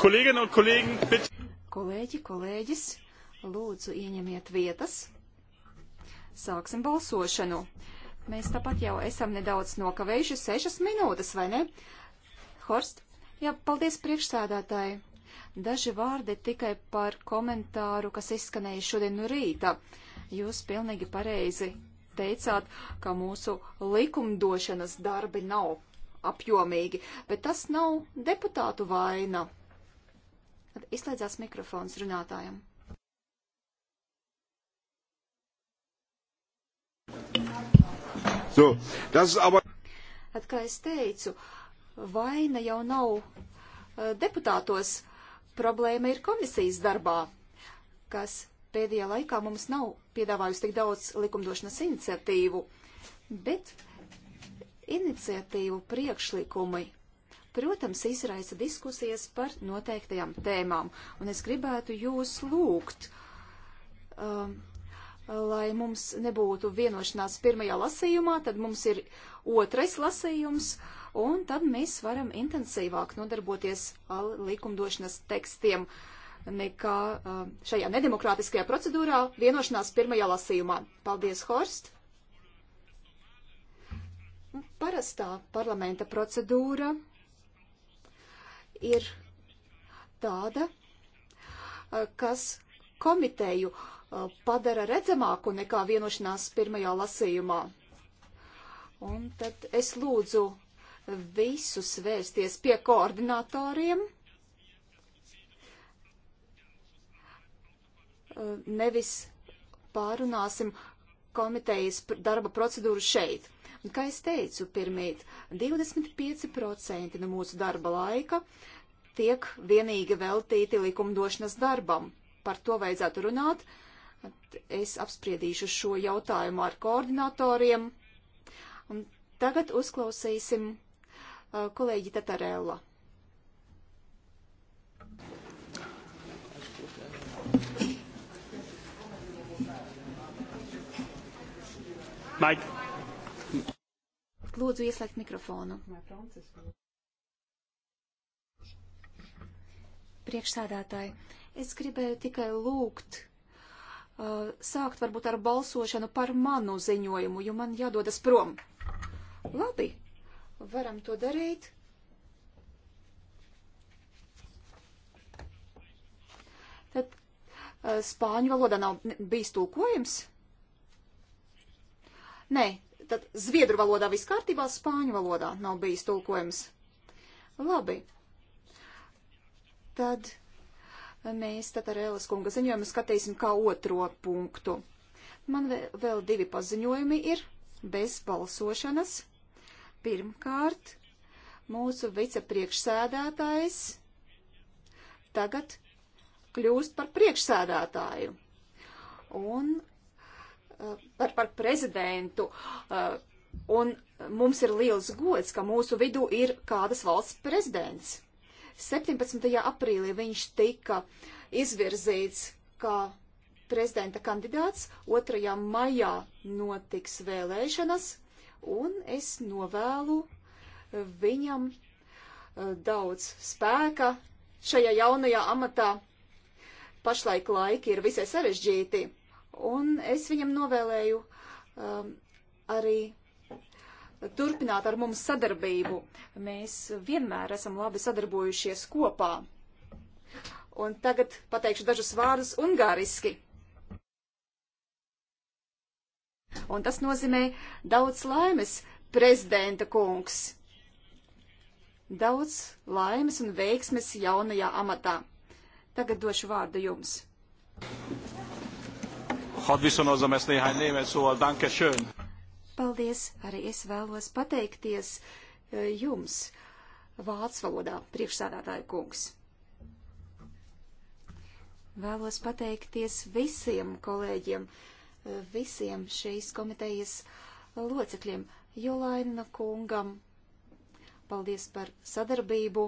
Kolēģi, kolēģi, bet... kolēģi, kolēģis, lūdzu ieņemiet vietas. Sāksim balsošanu. Mēs tāpat jau esam nedaudz nokavējuši sešas minūtes, vai ne? Horst, jā, paldies priekšsēdētāji. Daži vārdi tikai par komentāru, kas izskanēja šodien no rīta. Jūs pilnīgi pareizi teicāt, ka mūsu likumdošanas darbi nav apjomīgi, bet tas nav deputātu vaina. Tad izslēdzās mikrofons runātājam. So, tas aber... Tad, kā es teicu, vaina jau nav uh, deputātos, problēma ir komisijas darbā, kas pēdējā laikā mums nav piedāvājusi tik daudz likumdošanas iniciatīvu, bet uh, Iniciatīvu priekšlikumi, protams, izraisa diskusijas par noteiktajām tēmām, un es gribētu jūs lūgt, um, lai mums nebūtu vienošanās pirmajā lasījumā, tad mums ir otrais lasījums, un tad mēs varam intensīvāk nodarboties ar likumdošanas tekstiem. Uh, nekā šajā nedemokrātiskajā procedūrā vienošanās pirmajā lasījumā. Paldies, Horst! Parastā parlamenta procedūra ir tāda, kas komiteju padara redzamāku nekā vienošanās pirmajā lasījumā. Un tad es lūdzu visus vērsties pie koordinatoriem, nevis pārunāsim komitejas darba procedūru šeit. Kā es teicu, pirmīt, 25% no mūsu darba laika tiek vienīgi veltīti likumdošanas darbam. Par to vajadzētu runāt. Es apspriedīšu šo jautājumu ar koordinatoriem. Un tagad uzklausīsim uh, kolēģi Tatarella. Mike. Lūdzu, ieslēgt mikrofonu. Priekšsēdētāji, es gribēju tikai lūgt, uh, sākt varbūt ar balsošanu par manu ziņojumu, jo man jādodas prom. Labi, varam to darīt. Tad uh, spāņu valodā nav bijis tulkojums? Nē, Tad zviedru valodā viss kārtībā, spāņu valodā nav bijis tulkojums. Labi. Tad mēs Tatarēlas kunga ziņojumu skatīsim kā otro punktu. Man vēl divi paziņojumi ir bez balsošanas. Pirmkārt, mūsu vicepriekšsēdētājs tagad kļūst par priekšsēdētāju. Un Eh, par, par prezidentu. Eh, un mums ir liels gods, ka mūsu vidū ir kādas valsts prezidents. 17. aprīlī viņš tika izvirzīts kā prezidenta kandidāts, 2. maijā notiks vēlēšanas, un es novēlu viņam eh, daudz spēka šajā jaunajā amatā. Pašlaik laiki ir visai sarežģīti Un es viņam novēlēju um, arī turpināt ar mums sadarbību. Mēs vienmēr esam labi sadarbojušies kopā. Un tagad pateikšu dažus vārdus ungāriski. Un tas nozīmē daudz laimes, prezidenta kungs. Daudz laimes un veiksmes jaunajā amatā. Tagad došu vārdu jums. Hadd viszonozom ezt néhány német szóval. Danke schön! Paldies! Arī es vēlos pateikties eh, jums, vācu valodā, priekšsādātāju kungs. Vēlos pateikties visiem kolēģiem, eh, visiem šīs komitejas locekļiem, Jolaina kungam. Paldies par sadarbību.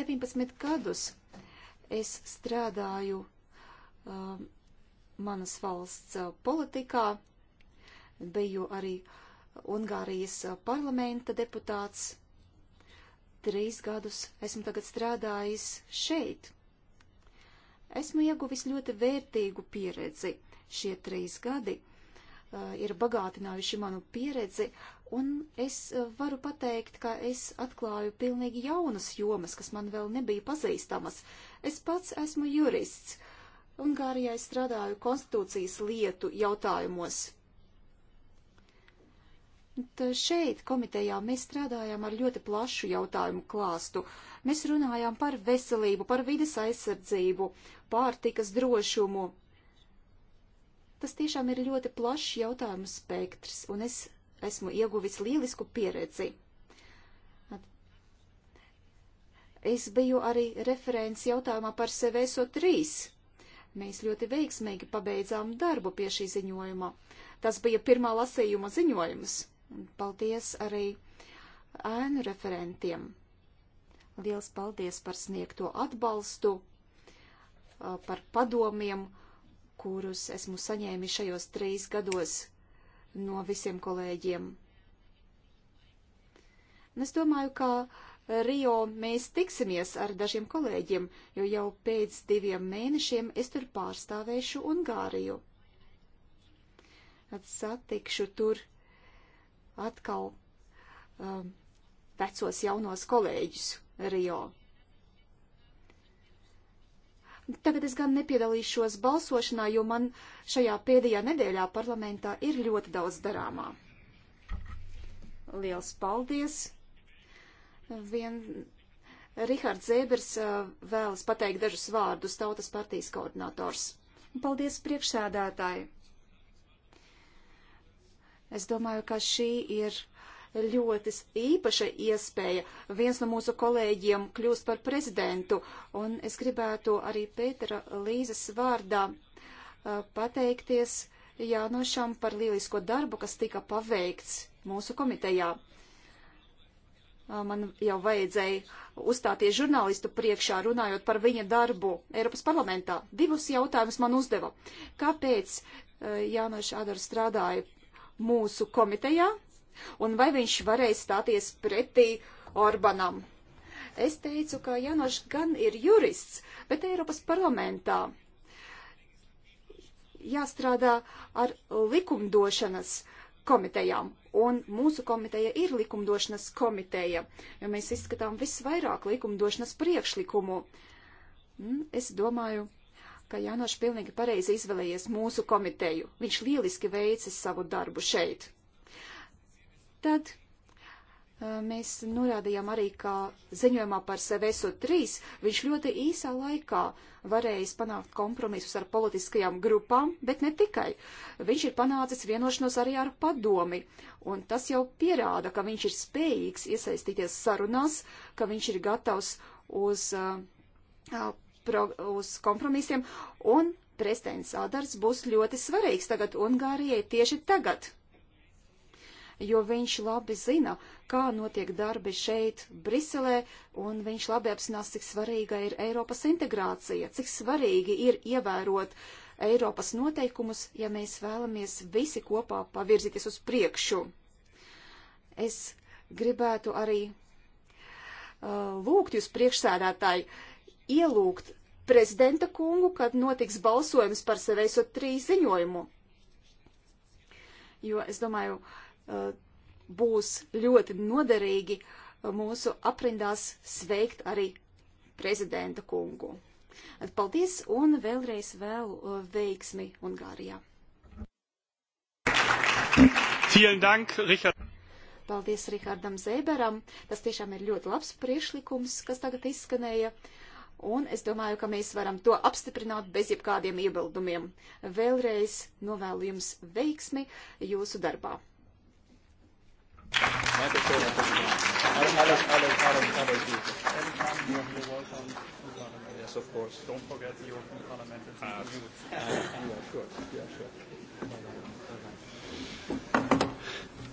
19 gadus es strādāju um, manas valsts uh, politikā, biju arī Ungārijas uh, parlamenta deputāts. Trīs gadus esmu tagad strādājis šeit. Esmu ieguvis ļoti vērtīgu pieredzi. Šie trīs gadi uh, ir bagātinājuši manu pieredzi, un es uh, varu pateikt, ka es atklāju pilnīgi jaunas jomas, kas man vēl nebija pazīstamas. Es pats esmu jurists, uh, Ungārijai strādāju konstitūcijas lietu jautājumos. Tad šeit komitejā mēs strādājām ar ļoti plašu jautājumu klāstu. Mēs runājām par veselību, par vides aizsardzību, pārtikas drošumu. Tas tiešām ir ļoti plašs jautājumu spektrs, un es esmu ieguvis lielisku pieredzi. Es biju arī referents jautājumā par Seveso 3. Mēs ļoti veiksmīgi pabeidzām darbu pie šī ziņojuma. Tas bija pirmā lasījuma ziņojums. Paldies arī ēnu referentiem. Liels paldies par sniegto atbalstu, par padomiem, kurus esmu saņēmis šajos trīs gados no visiem kolēģiem. Un es domāju, ka Rio mēs tiksimies ar dažiem kolēģiem, jo jau pēc diviem mēnešiem es tur pārstāvēšu Ungāriju. Satikšu tur atkal um, vecos jaunos kolēģus Rio. Tagad es gan nepiedalīšos balsošanā, jo man šajā pēdējā nedēļā parlamentā ir ļoti daudz darāmā. Liels paldies! Vien Rihards Zēbers uh, vēlas pateikt dažus vārdus Tautas partijas koordinators. Paldies priekšsēdētāji! Es domāju, ka šī ir ļoti īpaša iespēja. Viens no mūsu kolēģiem kļūst par prezidentu, un es gribētu arī Pētera Līzes vārdā uh, pateikties Jānošam par lielisko darbu, kas tika paveikts mūsu komitejā man jau vajadzēja uzstāties žurnālistu priekšā, runājot par viņa darbu Eiropas parlamentā. Divus jautājumus man uzdeva. Kāpēc e, Jānoš Adars strādāja mūsu komitejā un vai viņš varēja stāties pretī Orbanam? Es teicu, ka Jānoš gan ir jurists, bet Eiropas parlamentā jāstrādā ar likumdošanas uh, komitejām. Un mūsu komiteja ir likumdošanas komiteja, jo mēs izskatām visvairāk likumdošanas priekšlikumu. Mm, es domāju, ka Jānoš pilnīgi pareizi izvēlējies mūsu komiteju. Viņš lieliski veicis savu darbu šeit. Tad mēs norādījām arī, ka ziņojumā par Seveso 3 viņš ļoti īsā laikā varējis panākt kompromisus ar politiskajām grupām, bet ne tikai. Viņš ir panācis vienošanos arī ar padomi, un tas jau pierāda, ka viņš ir spējīgs iesaistīties sarunās, ka viņš ir gatavs uz, uh, pro, uz kompromisiem, un prezidents Adars būs ļoti svarīgs tagad Ungārijai tieši tagad jo viņš labi zina, kā notiek darbi šeit, Briselē, un viņš labi apzinās, cik svarīga ir Eiropas integrācija, cik svarīgi ir ievērot Eiropas noteikumus, ja mēs vēlamies visi kopā pavirzīties uz priekšu. Es gribētu arī uh, lūgt jūs priekšsēdētāji ielūgt prezidenta kungu, kad notiks balsojums par seveisot trīs ziņojumu. Jo es domāju, uh, Uh, būs ļoti noderīgi uh, mūsu aprindās sveikt arī prezidenta kungu. Paldies un vēlreiz vēlu uh, veiksmi Ungārijā. Dank, Richard. Paldies Rihardam Zēberam. Tas tiešām ir ļoti labs priešlikums, kas tagad izskanēja. Un es domāju, ka mēs varam to apstiprināt bez jebkādiem iebildumiem. Vēlreiz novēlu jums veiksmi jūsu darbā. Alles, alles, alles, alles gut. Yes, of course. Don't forget the European Parliament. Uh, yeah, sure. Yeah, sure.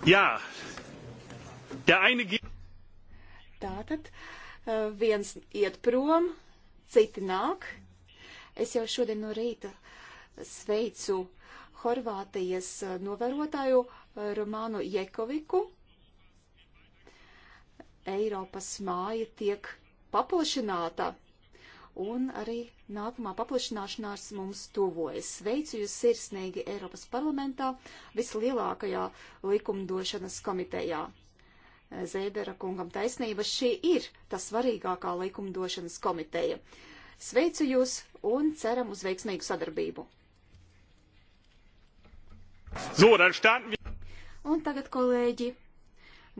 Jā, ja eine geht. Tātad eh, viens iet prom, citi nāk. Es jau šodien no rīta sveicu Horvātijas eh, novērotāju eh, Romānu Jekoviku. Eiropas māja tiek paplašināta, un arī nākamā paplašināšanās mums tuvojas. Sveicu jūs sirsnīgi Eiropas parlamentā, vislielākajā likumdošanas komitejā. Zēbera kungam taisnība šī ir tā svarīgākā likumdošanas komiteja. Sveicu jūs un ceram uz veiksmīgu sadarbību. Un tagad, kolēģi,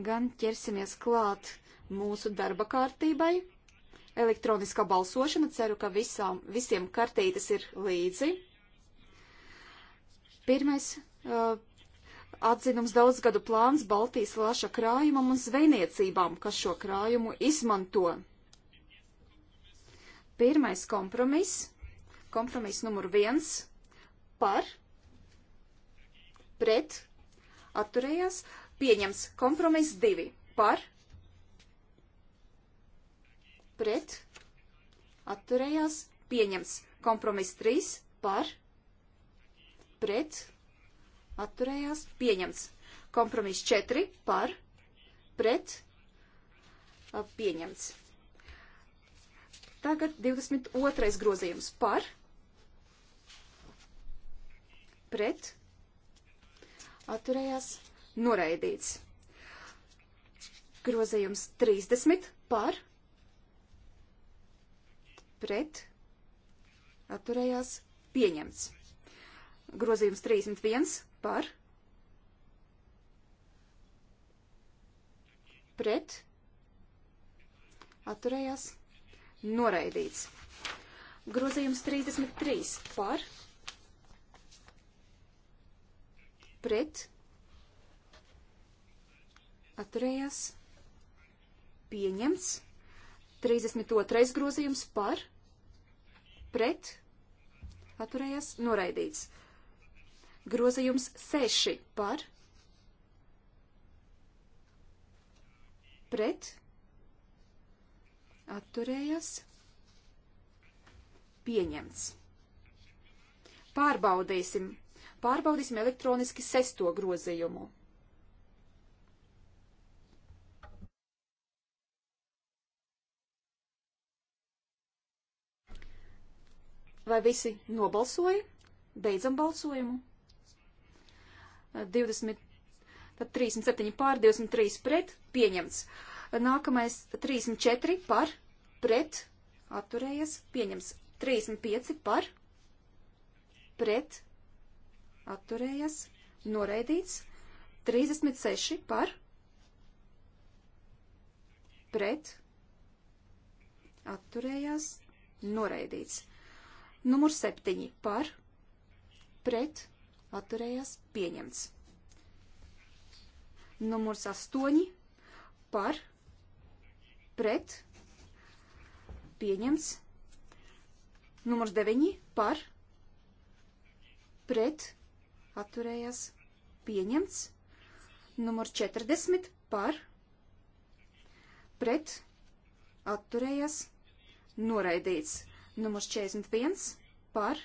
gan ķersimies klāt mūsu darba kārtībai. Elektroniskā balsošana, ceru, ka visām, visiem kartītes ir līdzi. Pirmais uh, atzinums daudzgadu plāns Baltijas laša krājumam un zvejniecībām, kas šo krājumu izmanto. Pirmais kompromiss, kompromiss numur viens par, pret, atturējās, Pieņems kompromiss divi par, pret, atturējās, pieņems kompromiss trīs par, pret, atturējās, pieņems kompromiss četri par, pret, pieņemts. Tagad 22. grozījums par, pret, atturējās, pieņems noraidīts. Grozījums 30 par, pret, atturējās, pieņemts. Grozījums 31 par, pret, atturējās, noraidīts. Grozījums 33 par, pret, atturējās, pieņemts atturējās pieņemts. 32. grozījums par, pret, atturējās noraidīts. Grozījums 6 par, pret, atturējās pieņemts. Pārbaudīsim. Pārbaudīsim elektroniski sesto grozījumu. Vai visi nobalsoja? Beidzam balsojumu. 20, eh, tad 37 pār, 23 pret, pieņemts. Eh, nākamais 34 par, pret, atturējies, pieņemts. 35 par, pret, atturējies, noraidīts. 36 par, pret, atturējās, noraidīts. Numur septiņi par, pret, atturējās pieņemts. Numurs astoņi par, pret, pieņemts. Numurs deviņi par, pret, atturējās pieņemts. Numur 40 par, pret, atturējās, noraidīts. Numurs 41 par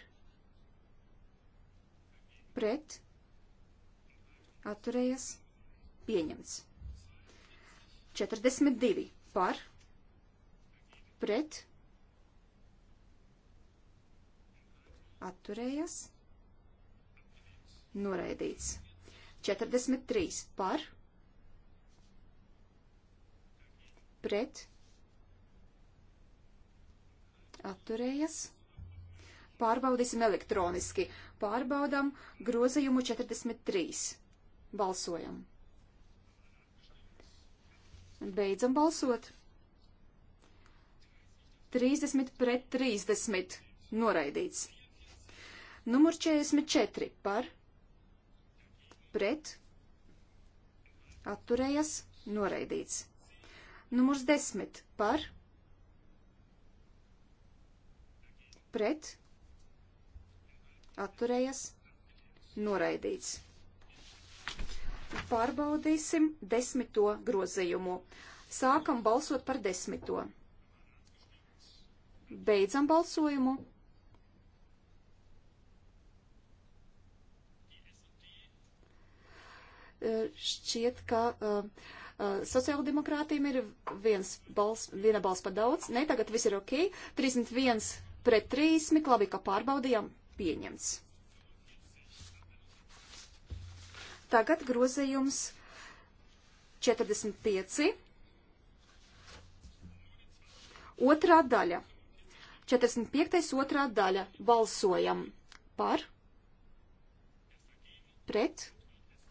pret atturējies pieņemts. 42 par pret atturējies noraidīts. 43 par pret atturējies noraidīts Pārbaudīsim elektroniski. Pārbaudām grozījumu 43. Balsojam. Beidzam balsot. 30 pret 30. Noraidīts. Numur 44 par pret atturējas noraidīts. Numurs 10 par pret atturējies, noraidīts. Pārbaudīsim desmito grozījumu. Sākam balsot par desmito. Beidzam balsojumu. E, šķiet, ka uh, uh, sociāldemokrātiem ir viens balss, viena balss par daudz. Nē, tagad viss ir ok. 31 pret 3, Miklabika pārbaudījām pieņemts. Tagad grozījums 45. Otrā daļa. 45. otrā daļa. Balsojam par, pret,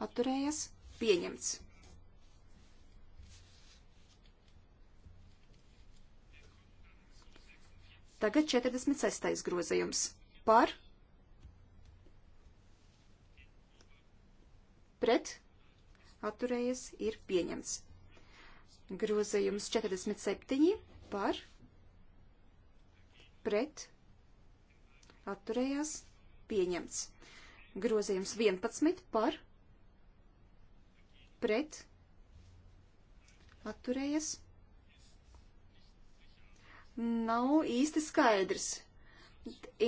atturējas, pieņemts. Tagad 46. grozījums. Par, pret atturējies ir pieņemts. Grozījums 47 par pret atturējās pieņemts. Grozījums 11 par pret atturējies. Nav īsti skaidrs.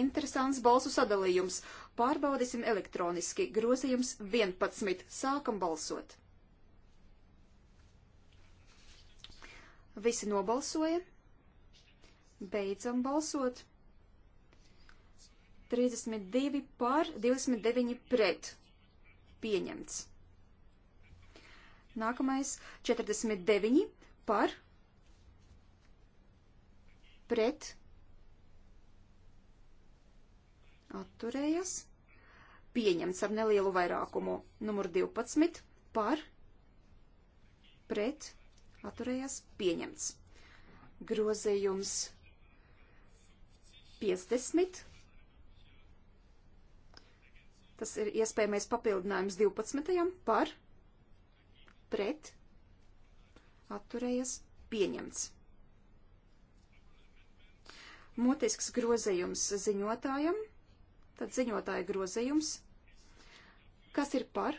Interesants balsu sadalījums. Pārbaudīsim elektroniski. Grozījums 11. Sākam balsot. Visi nobalsoja. Beidzam balsot. 32 pār 29 pret. Pieņemts. Nākamais 49 par pret atturējas, pieņemts ar nelielu vairākumu. Numur 12 par, pret, atturējas, pieņemts. Grozījums 50. Tas ir iespējamais papildinājums 12. par, pret, atturējas, pieņemts. Mutisks grozījums ziņotājam Tad ziņotāja grozījums. Kas ir par?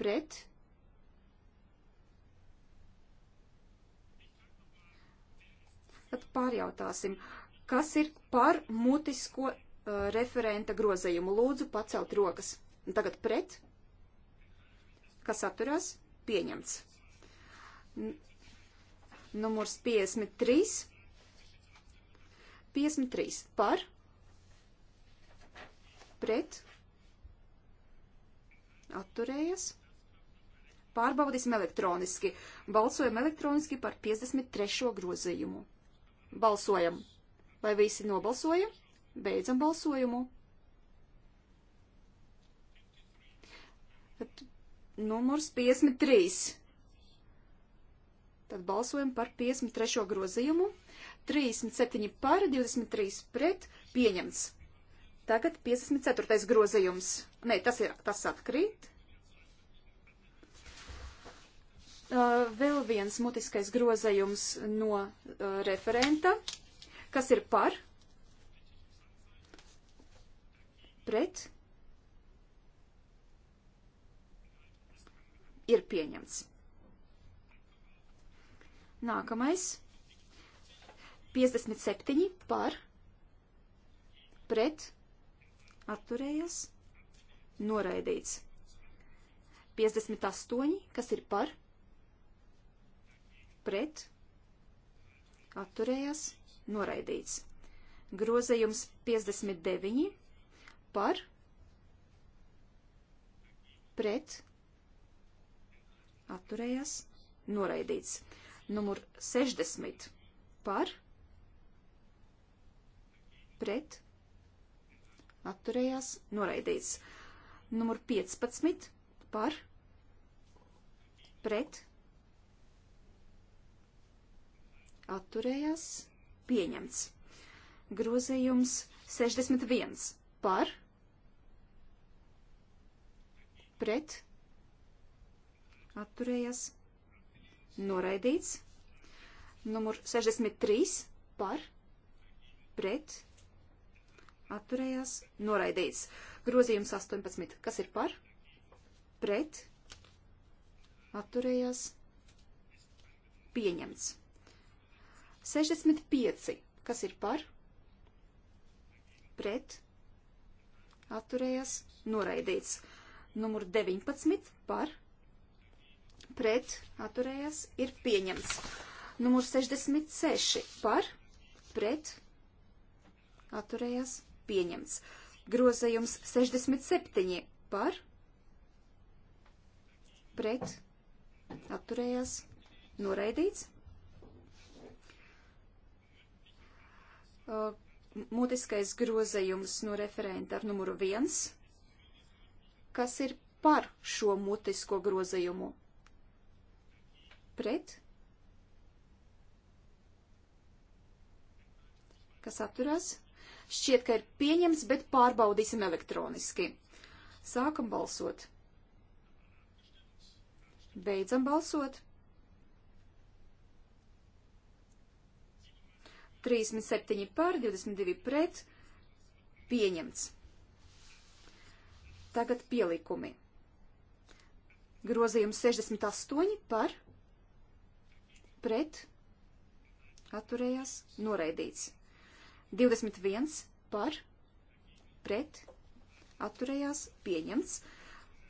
Pret? Tad pārjautāsim, kas ir par mutisko uh, referenta grozījumu. Lūdzu, pacelt rokas. Un tagad pret? Kas atturās? Pieņemts. N numurs 53 53 par, pret, atturējas. Pārbaudīsim elektroniski. Balsojam elektroniski par 53. grozījumu. Balsojam. Vai visi nobalsoja? Beidzam balsojumu. Tad numurs 53. Tad balsojam par 53. grozījumu. 37 par, 23 pret, pieņemts. Tagad 54. grozījums. Nē, tas ir, tas atkrīt. Vēl viens mutiskais grozējums no referenta. Kas ir par? Pret? Ir pieņemts. Nākamais. 57 par pret atturējas noraidīts. 58, kas ir par pret atturējas noraidīts. Grozējums 59 par pret atturējas noraidīts. Numur 60 par pret pret, atturējās, noraidīts. Numur 15 par, pret, atturējās, pieņemts. Grozījums 61 par, pret, atturējās, noraidīts. Numur 63 par, pret, atturējās atturējās, noraidīts. Grozījums 18. Kas ir par? Pret, atturējās, pieņemts. 65. Kas ir par? Pret, atturējās, noraidīts. Numur 19. Par, pret, atturējās, ir pieņemts. Numur 66. Par, pret, atturējās, noraidīts atturējās pieņemts. Grozējums 67 par, pret, atturējās, noraidīts. Uh, mutiskais grozējums no referenta ar numuru 1, kas ir par šo mutisko grozējumu. Pret? Kas atturās? Šķiet, ka ir pieņems, bet pārbaudīsim elektroniski. Sākam balsot. Beidzam balsot. 37 pār, 22 pret, pieņemts. Tagad pielikumi. Grozījums 68 par, pret, atturējās, noraidīts. 21 par, pret, atturējās, pieņemts.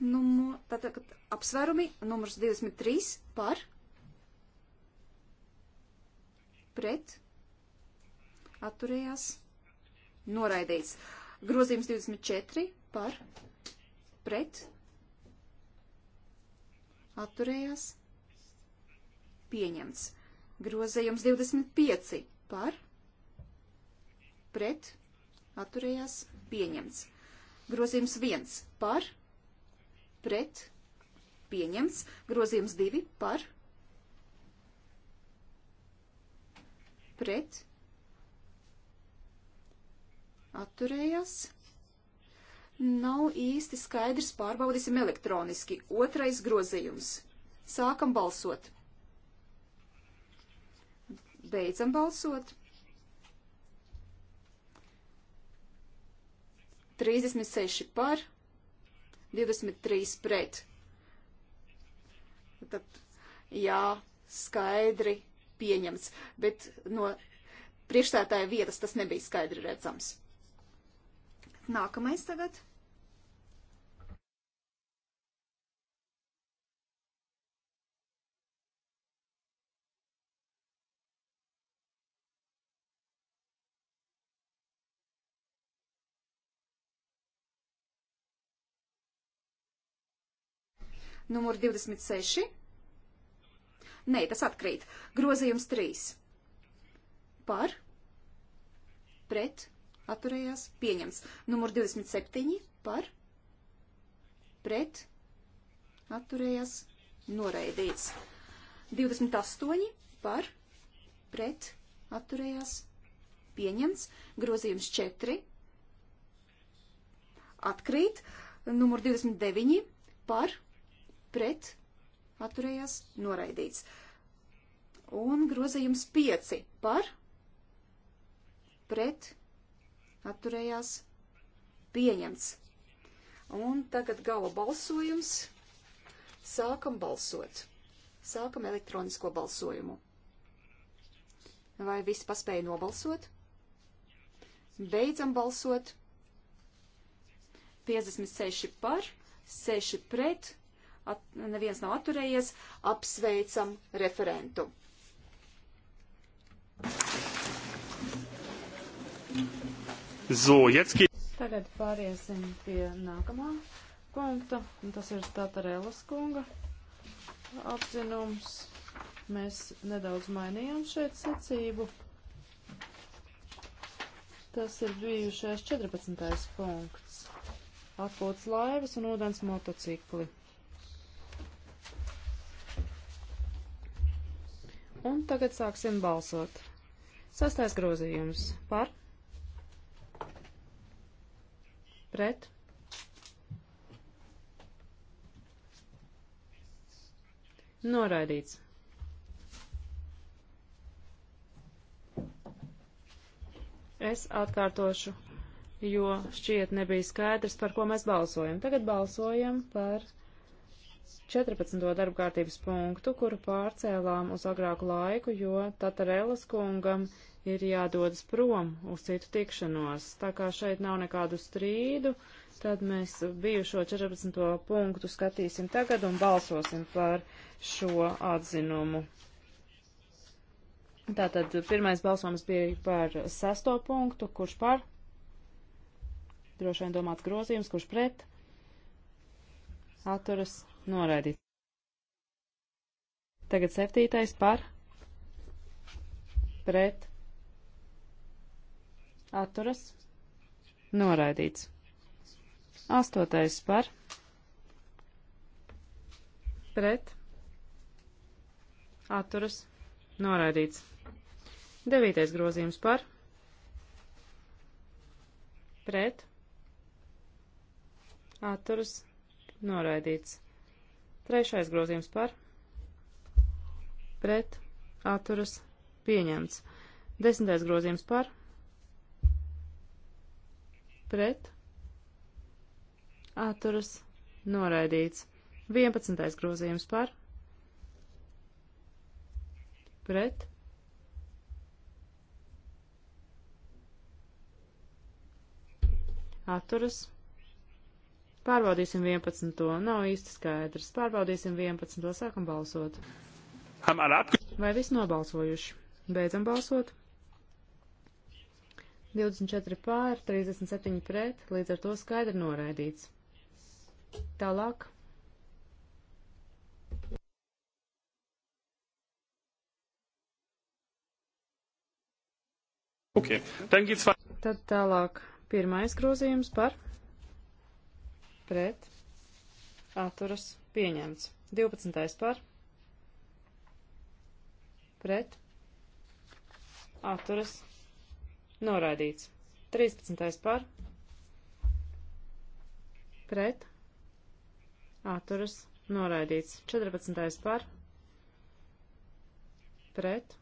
Numu, tātad apsvērumi numurs 23 par, pret, atturējās, noraidīts. Grozījums 24 par, pret, atturējās, pieņemts. Grozījums 25 par, pret pret, atturējās, pieņemts. Grozījums 1 par, pret, pieņemts. Grozījums 2 par, pret, atturējās. Nav īsti skaidrs, pārbaudīsim elektroniski. Otrais grozījums. Sākam balsot. Beidzam balsot. 36 par, 23 pret. Tad, jā, skaidri pieņemts, bet no priekšstādāja vietas tas nebija skaidri redzams. Nākamais tagad. numur 26. Nē, tas atkrīt. Grozījums 3. Par, pret, atturējās, pieņems. Numur 27. Par, pret, atturējās, noraidīts. 28. Par, pret, atturējās, pieņems. Grozījums 4. Atkrīt. Numur 29. Par, pret pret atturējās noraidīts. Un grozījums 5 par pret atturējās pieņemts. Un tagad gala balsojums. Sākam balsot. Sākam elektronisko balsojumu. Vai visi paspēja nobalsot? Beidzam balsot. 56 par, 6 pret, at, neviens nav atturējies, apsveicam referentu. So, jetzt geht... Tagad pāriesim pie nākamā punkta, un tas ir Tatarēlas kunga apzinums. Mēs nedaudz mainījām šeit secību. Tas ir bijušais 14. punkts. Atpūtas laivas un ūdens motocikli. Un tagad sāksim balsot. Sastais grozījums par, pret, noraidīts. Es atkārtošu, jo šķiet nebija skaidrs, par ko mēs balsojam. Tagad balsojam par 14. darba kārtības punktu, kuru pārcēlām uz agrāku laiku, jo Tatarēlas kungam ir jādodas prom uz citu tikšanos. Tā kā šeit nav nekādu strīdu, tad mēs bijušo 14. punktu skatīsim tagad un balsosim par šo atzinumu. Tātad pirmais balsojums bija par sesto punktu, kurš par? Droši vien domāts grozījums, kurš pret? Atturas Noraidīts. Tagad septītais par pret atturas noraidīts. Astotais par pret atturas noraidīts. Devītais grozījums par pret atturas noraidīts. Trešais grozījums par pret atturas pieņemts. Desmitais grozījums par pret atturas noraidīts. Vienpadsmitais grozījums par pret atturas noraidīts. Pārbaudīsim 11. Nav īsti skaidrs. Pārbaudīsim 11. Sākam balsot. Vai viss nobalsojuši? Beidzam balsot. 24 pār, 37 pret, līdz ar to skaidri noraidīts. Tālāk. Okay. Tad tālāk pirmais grozījums par pret, atturas, pieņemts. 12. par, pret, atturas, noraidīts. 13. par, pret, atturas, noraidīts. 14. par, pret,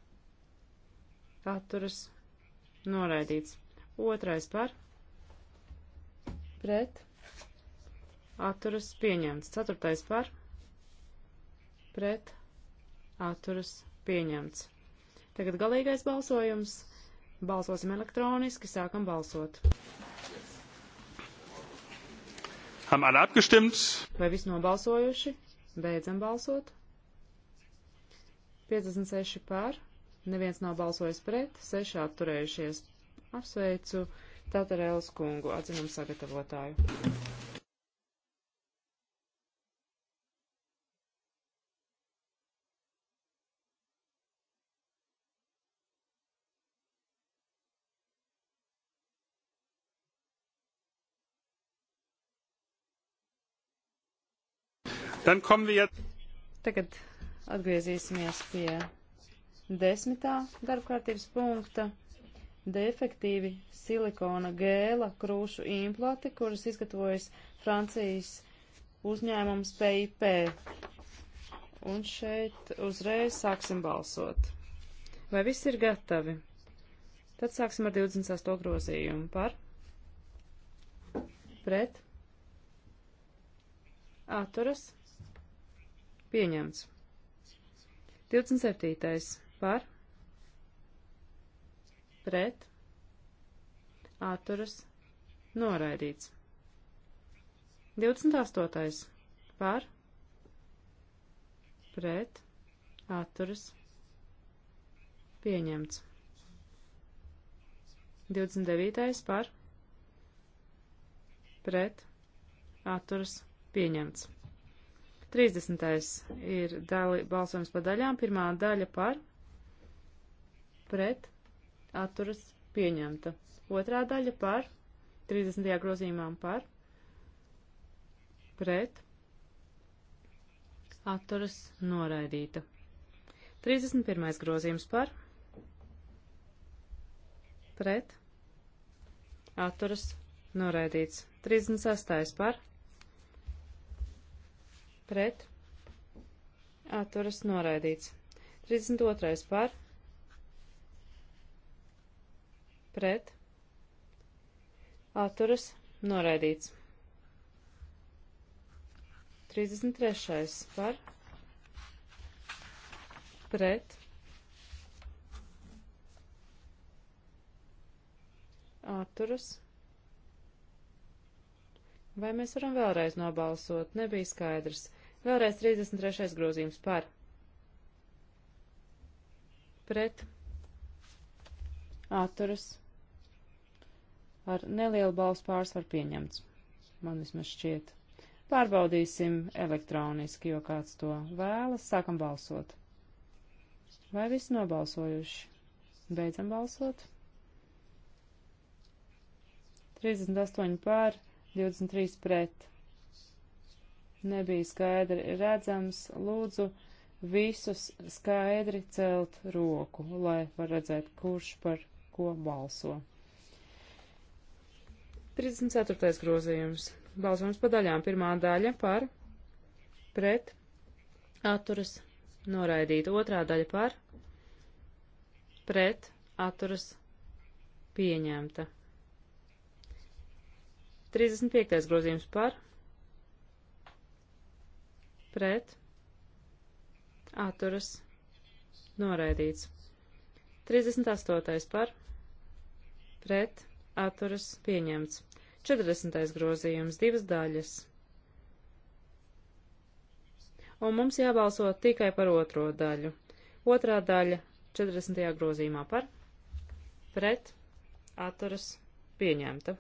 atturas, noraidīts. 2. par, pret, atturas pieņemts. Ceturtais par pret atturas pieņemts. Tagad galīgais balsojums. Balsosim elektroniski, sākam balsot. Haben alle abgestimmt? Vai viss nobalsojuši? Beidzam balsot. 56 pār, neviens nav balsojis pret, 6 atturējušies. Apsveicu Tatarēlas kungu, atzinam sagatavotāju. Dann kommen wir jetzt. Tagad atgriezīsimies pie desmitā darbkārtības punkta defektīvi silikona gēla krūšu implati, kuras izgatavojas Francijas uzņēmums PIP. Un šeit uzreiz sāksim balsot. Vai viss ir gatavi? Tad sāksim ar 28. grozījumu par pret atturas Pieņemts. 27. par, pret, atturas, noraidīts. 28. par, pret, atturas, pieņemts. 29. par, pret, atturas, pieņemts. 30. ir dali, balsojums pa daļām. Pirmā daļa par, pret, atturas pieņemta. Otrā daļa par, 30. grozījumām par, pret, atturas noraidīta. 31. grozījums par, pret, atturas noraidīts. 36. par, pret, pret, atturas noraidīts. 32. par, pret, atturas noraidīts. 33. par, pret, atturas. Vai mēs varam vēlreiz nobalsot? Nebija skaidrs. Vēlreiz 33. grozījums par. Pret. Atturas. Ar nelielu balsu pārsvaru pieņemts. Man vismaz šķiet. Pārbaudīsim elektroniski, jo kāds to vēlas. Sākam balsot. Vai visi nobalsojuši? Beidzam balsot. 38 pār, 23 pret nebija skaidri redzams, lūdzu visus skaidri celt roku, lai var redzēt, kurš par ko balso. 34. grozījums. Balsojums pa daļām. Pirmā daļa par, pret, atturas, noraidīt. Otrā daļa par, pret, atturas, pieņemta. 35. grozījums par, pret, atturas, noraidīts. 38. par, pret, atturas, pieņemts. 40. grozījums, divas daļas. Un mums jābalso tikai par otro daļu. Otrā daļa 40. grozījumā par, pret, atturas, pieņemta.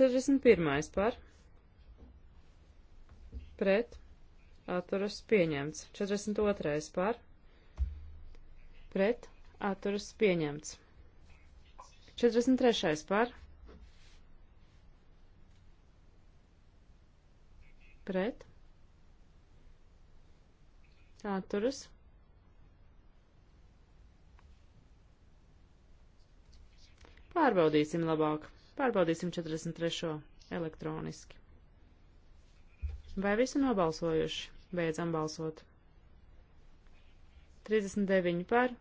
41. par pret atturas pieņemts. 42. par pret atturas pieņemts. 43. par pret atturas Pārbaudīsim labāk. Pārbaudīsim 43. elektroniski. Vai visi nobalsojuši? Beidzam balsot. 39 par,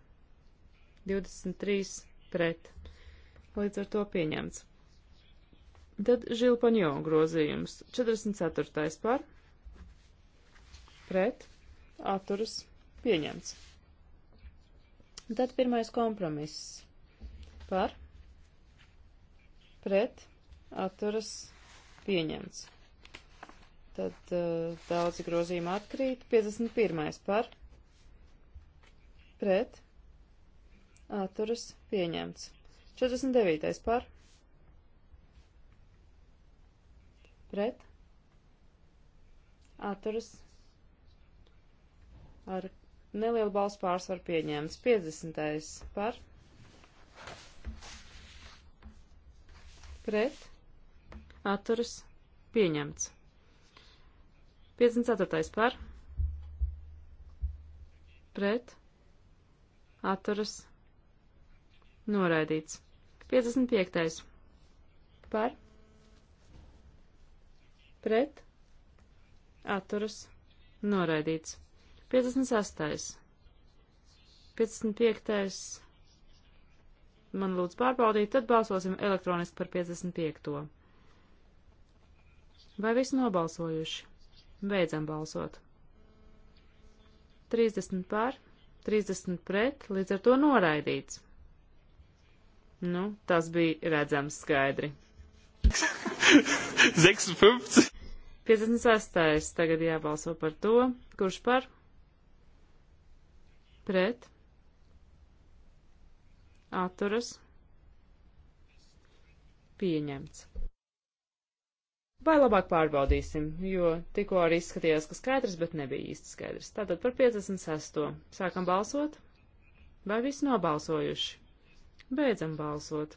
23 pret. Līdz ar to pieņemts. Tad Žilpaņo grozījums 44. par, pret, atturas, pieņemts. Tad pirmais kompromiss par, pret pret atturas pieņemts. Tad uh, daudzi grozījumi atkrīt. 51. par pret atturas pieņemts. 49. par pret atturas ar nelielu balsu pārsvaru pieņemts. 50. par pret pret, atturas, pieņemts. 54. par, pret, atturas, noraidīts. 55. par, pret, atturas, noraidīts. 56. 55 man lūdz pārbaudīt, tad balsosim elektroniski par 55. Vai visi nobalsojuši? Beidzam balsot. 30 pār, 30 pret, līdz ar to noraidīts. Nu, tas bija redzams skaidri. 56. 56. Tagad jābalso par to, kurš par? Pret atturas pieņemts. Vai labāk pārbaudīsim, jo tikko arī izskatījās, ka skaidrs, bet nebija īsti skaidrs. Tātad par 56. Sākam balsot. Vai visi nobalsojuši? Beidzam balsot.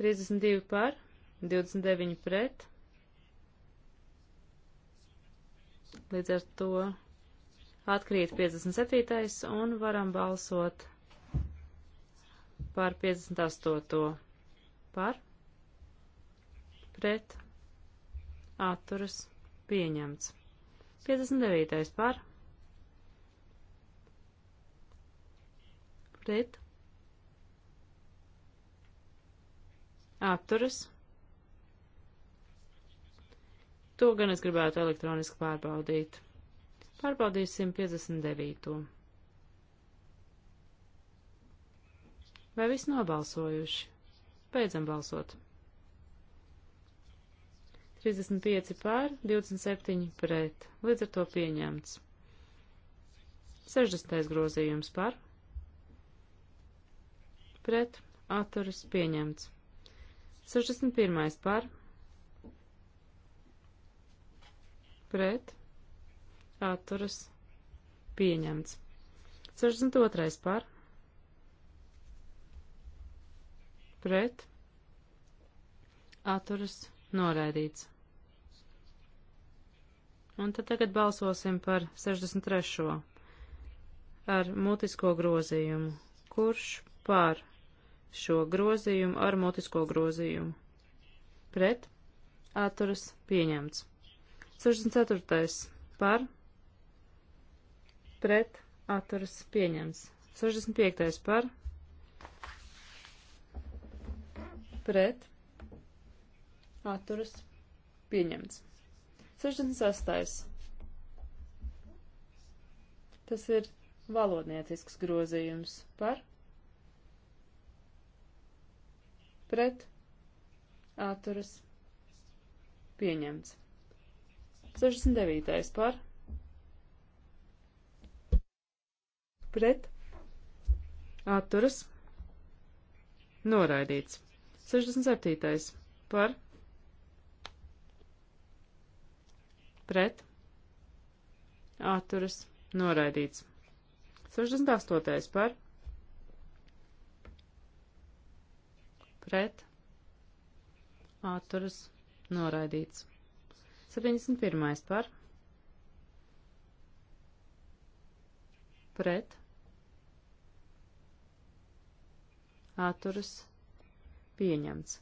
32 par, 29 pret. Līdz ar to atkrīt 57. un varam balsot par 58. par pret atturas pieņemts. 59. par pret atturas. To gan es gribētu elektroniski pārbaudīt. Pārbaudīsim 59. Vai viss nobalsojuši? Beidzam balsot. 35 pār, 27 pret. Līdz ar to pieņemts. 60. grozījums par. Pret. Atturas pieņemts. 61. par. Pret atturas pieņemts. 62. par pret atturas noraidīts. Un tad tagad balsosim par 63. ar mutisko grozījumu. Kurš par šo grozījumu ar mutisko grozījumu? Pret? Atturas pieņemts. 64. par pret atturas pieņems. 65. par pret atturas pieņemts. 68. Tas ir valodniecisks grozījums par pret atturas pieņemts. 69. par pret atturas noraidīts. 67. par pret atturas noraidīts. 68. par pret atturas noraidīts. 71. par pret atturas pieņemts.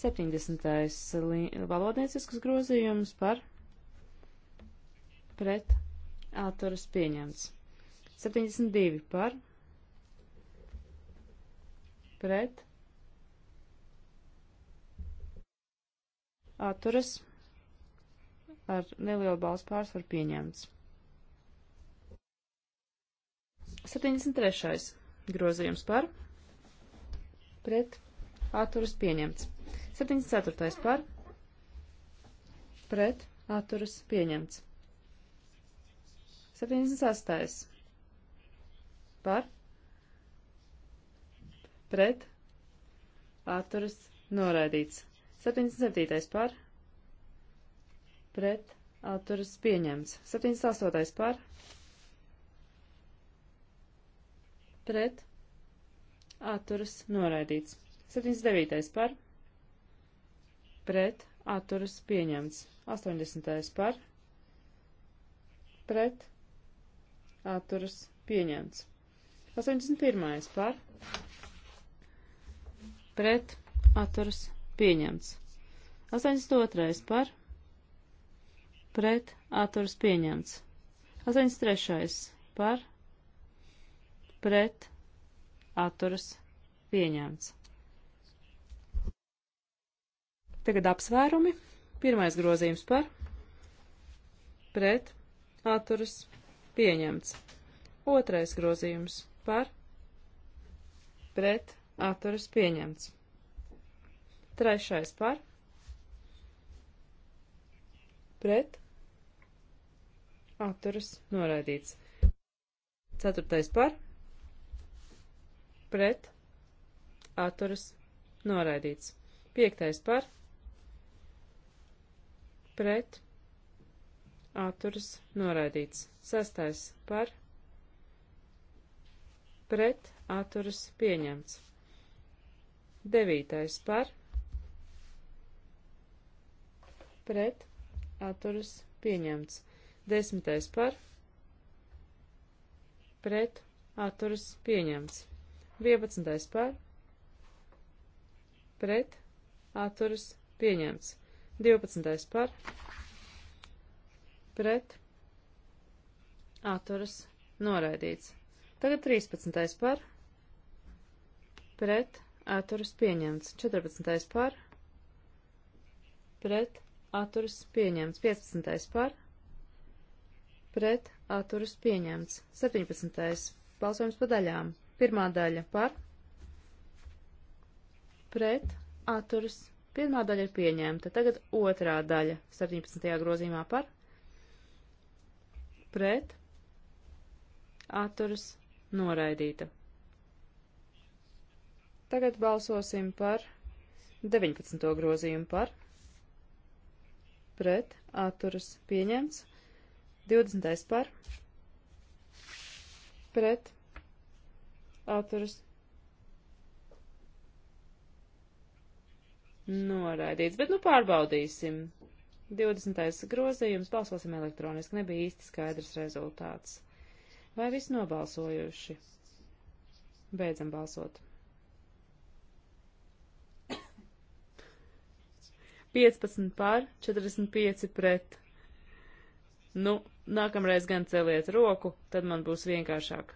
70. valodniecisks grozījums par pret atturas pieņemts. 72 par pret atturas ar nelielu balsu pārsvaru pieņemts. 73. grozījums par pret pret atturas pieņemts. 74. par pret atturas pieņemts. 78. par pret atturas noraidīts. 77. par pret atturas pieņemts. 78. par pret atturas noraidīts. 79. par pret atturas pieņemts. 80. par pret atturas pieņemts. 81. par pret atturas pieņemts. 82. par pret atturas pieņemts. 83. par pret atturas pieņemts. Tagad apsvērumi. Pirmais grozījums par, pret, atturas pieņemts. Otrais grozījums par, pret, atturas pieņemts. Trešais par, pret, atturas noraidīts. Ceturtais par, pret pret, atturas, noraidīts. Piektais par, pret, atturas, noraidīts. Sestais par, pret, atturas, pieņemts. Devītais par, pret, atturas, pieņemts. Desmitais par, pret, atturas, pieņemts. 11. par, pret, atturas, pieņemts. 12. par, pret, atturas, noraidīts. Tagad 13. par, pret, atturas, pieņemts. 14. par, pret, atturas, pieņemts. 15. par, pret, atturas, pieņemts. 17. balsojums pa daļām. Pirmā daļa par pret atturas. Pirmā daļa ir pieņemta. Tagad otrā daļa 17. grozījumā par pret atturas noraidīta. Tagad balsosim par 19. grozījumu par pret atturas pieņemts. 20. par pret atturas atturas noraidīts, bet nu pārbaudīsim. 20. grozījums balsosim elektroniski, nebija īsti skaidrs rezultāts. Vai visi nobalsojuši? Beidzam balsot. 15 pār, 45 pret. Nu, nākamreiz gan celiet roku, tad man būs vienkāršāk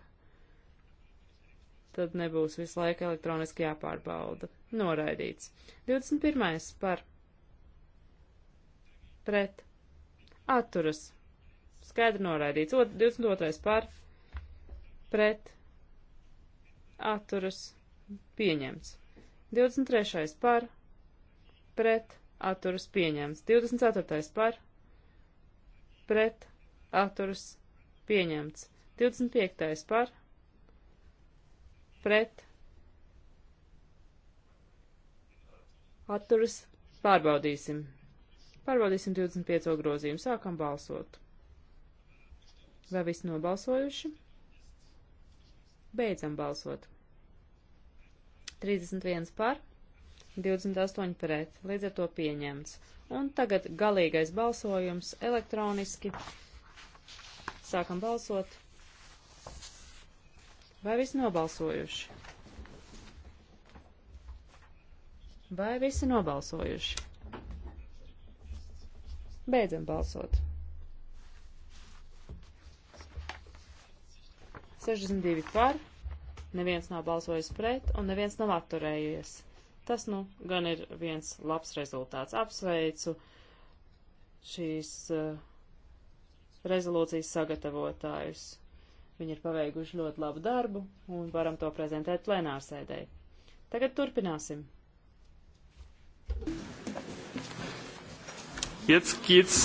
tad nebūs visu laiku elektroniski jāpārbauda. Noraidīts. 21. par pret atturas. Skaidri noraidīts. O, 22. par pret atturas pieņemts. 23. par pret atturas pieņemts. 24. par pret atturas pieņemts. 25. par pret pret atturas pārbaudīsim. Pārbaudīsim 25. grozījumu. Sākam balsot. Vai visi nobalsojuši? Beidzam balsot. 31 par, 28 pret, līdz ar to pieņemts. Un tagad galīgais balsojums elektroniski. Sākam balsot. Vai visi nobalsojuši? Vai visi nobalsojuši? Beidzam balsot. 62 par, neviens nav balsojis pret un neviens nav atturējies. Tas nu gan ir viens labs rezultāts. Apsveicu šīs uh, rezolūcijas sagatavotājus. Viņi ir paveikuši ļoti labu darbu un varam to prezentēt plenārsēdē. Tagad turpināsim. Jetzt geht's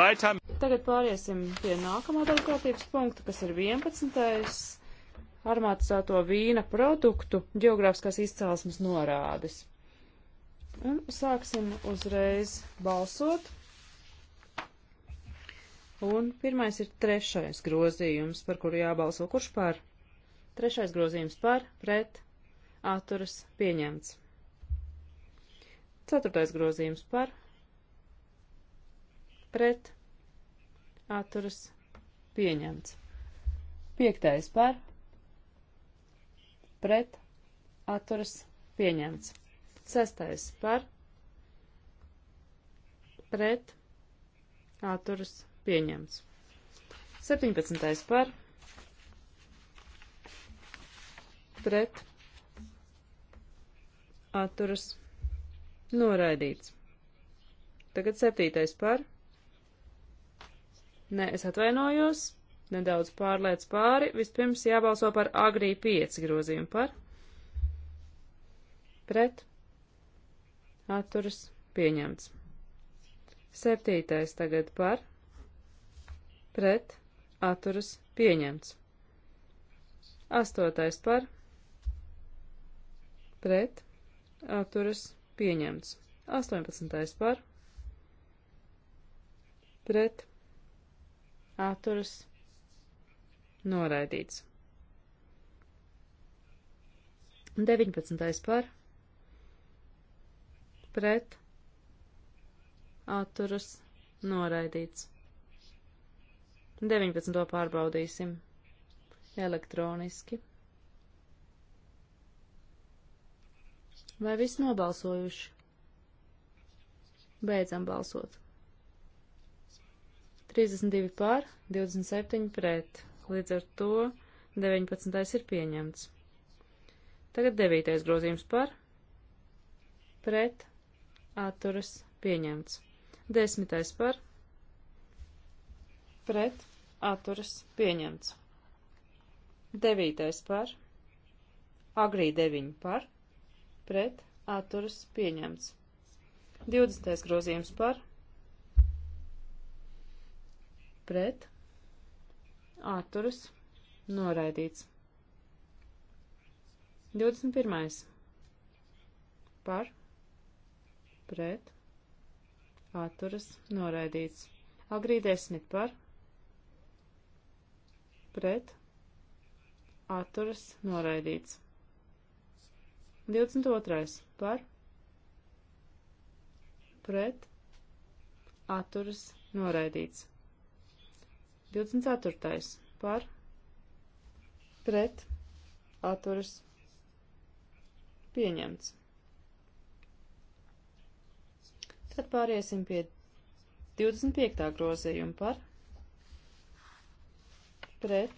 weiter. Tagad pāriesim pie nākamā darbkārtības punkta, kas ir 11. armatizēto vīna produktu geogrāfiskās izcelsmes norādes. Un sāksim uzreiz balsot. Un pirmais ir trešais grozījums, par kuru jābalso. Kurš par? Trešais grozījums par, pret, atturas, pieņemts. Ceturtais grozījums par, pret, atturas, pieņemts. Piektais par, pret, atturas, pieņemts. Sestais par, pret, atturas, pieņemts pieņemts. 17. par pret atturas noraidīts. Tagad 7. par Nē, es atvainojos, nedaudz pārliec pāri. Vispirms jābalso par agrī 5 grozījumu par pret atturas pieņemts. Septītais tagad par pret pret atturas pieņemts. Astotais par pret atturas pieņemts. 18. par pret atturas noraidīts. 19. par pret atturas noraidīts. 19. pārbaudīsim elektroniski. Vai viss nobalsojuši? Beidzam balsot. 32 pār, 27 pret. Līdz ar to 19. ir pieņemts. Tagad 9. grozījums par, pret, atturas, pieņemts. 10. par, pret atturas pieņemts. 9. par agrī 9 par pret atturas pieņemts. 20. grozījums par pret atturas noraidīts. 21. par pret atturas noraidīts. Agrī 10 par pret pret atturas noraidīts. 22. par pret atturas noraidīts. 24. par pret atturas pieņemts. Tad pāriesim pie 25. grozījuma par pret pret,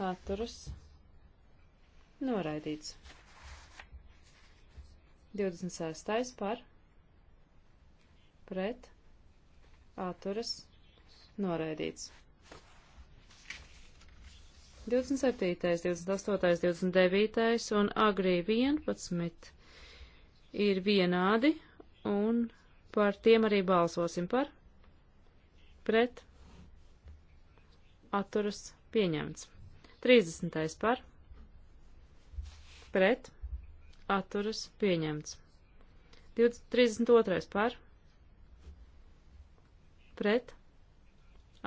atturas, noraidīts. 26. par, pret, atturas, noraidīts. 27., 28., 29. un agrī 11 ir vienādi, un par tiem arī balsosim par, pret, atturas pieņemts. 30. par pret atturas pieņemts. 20, 32. par pret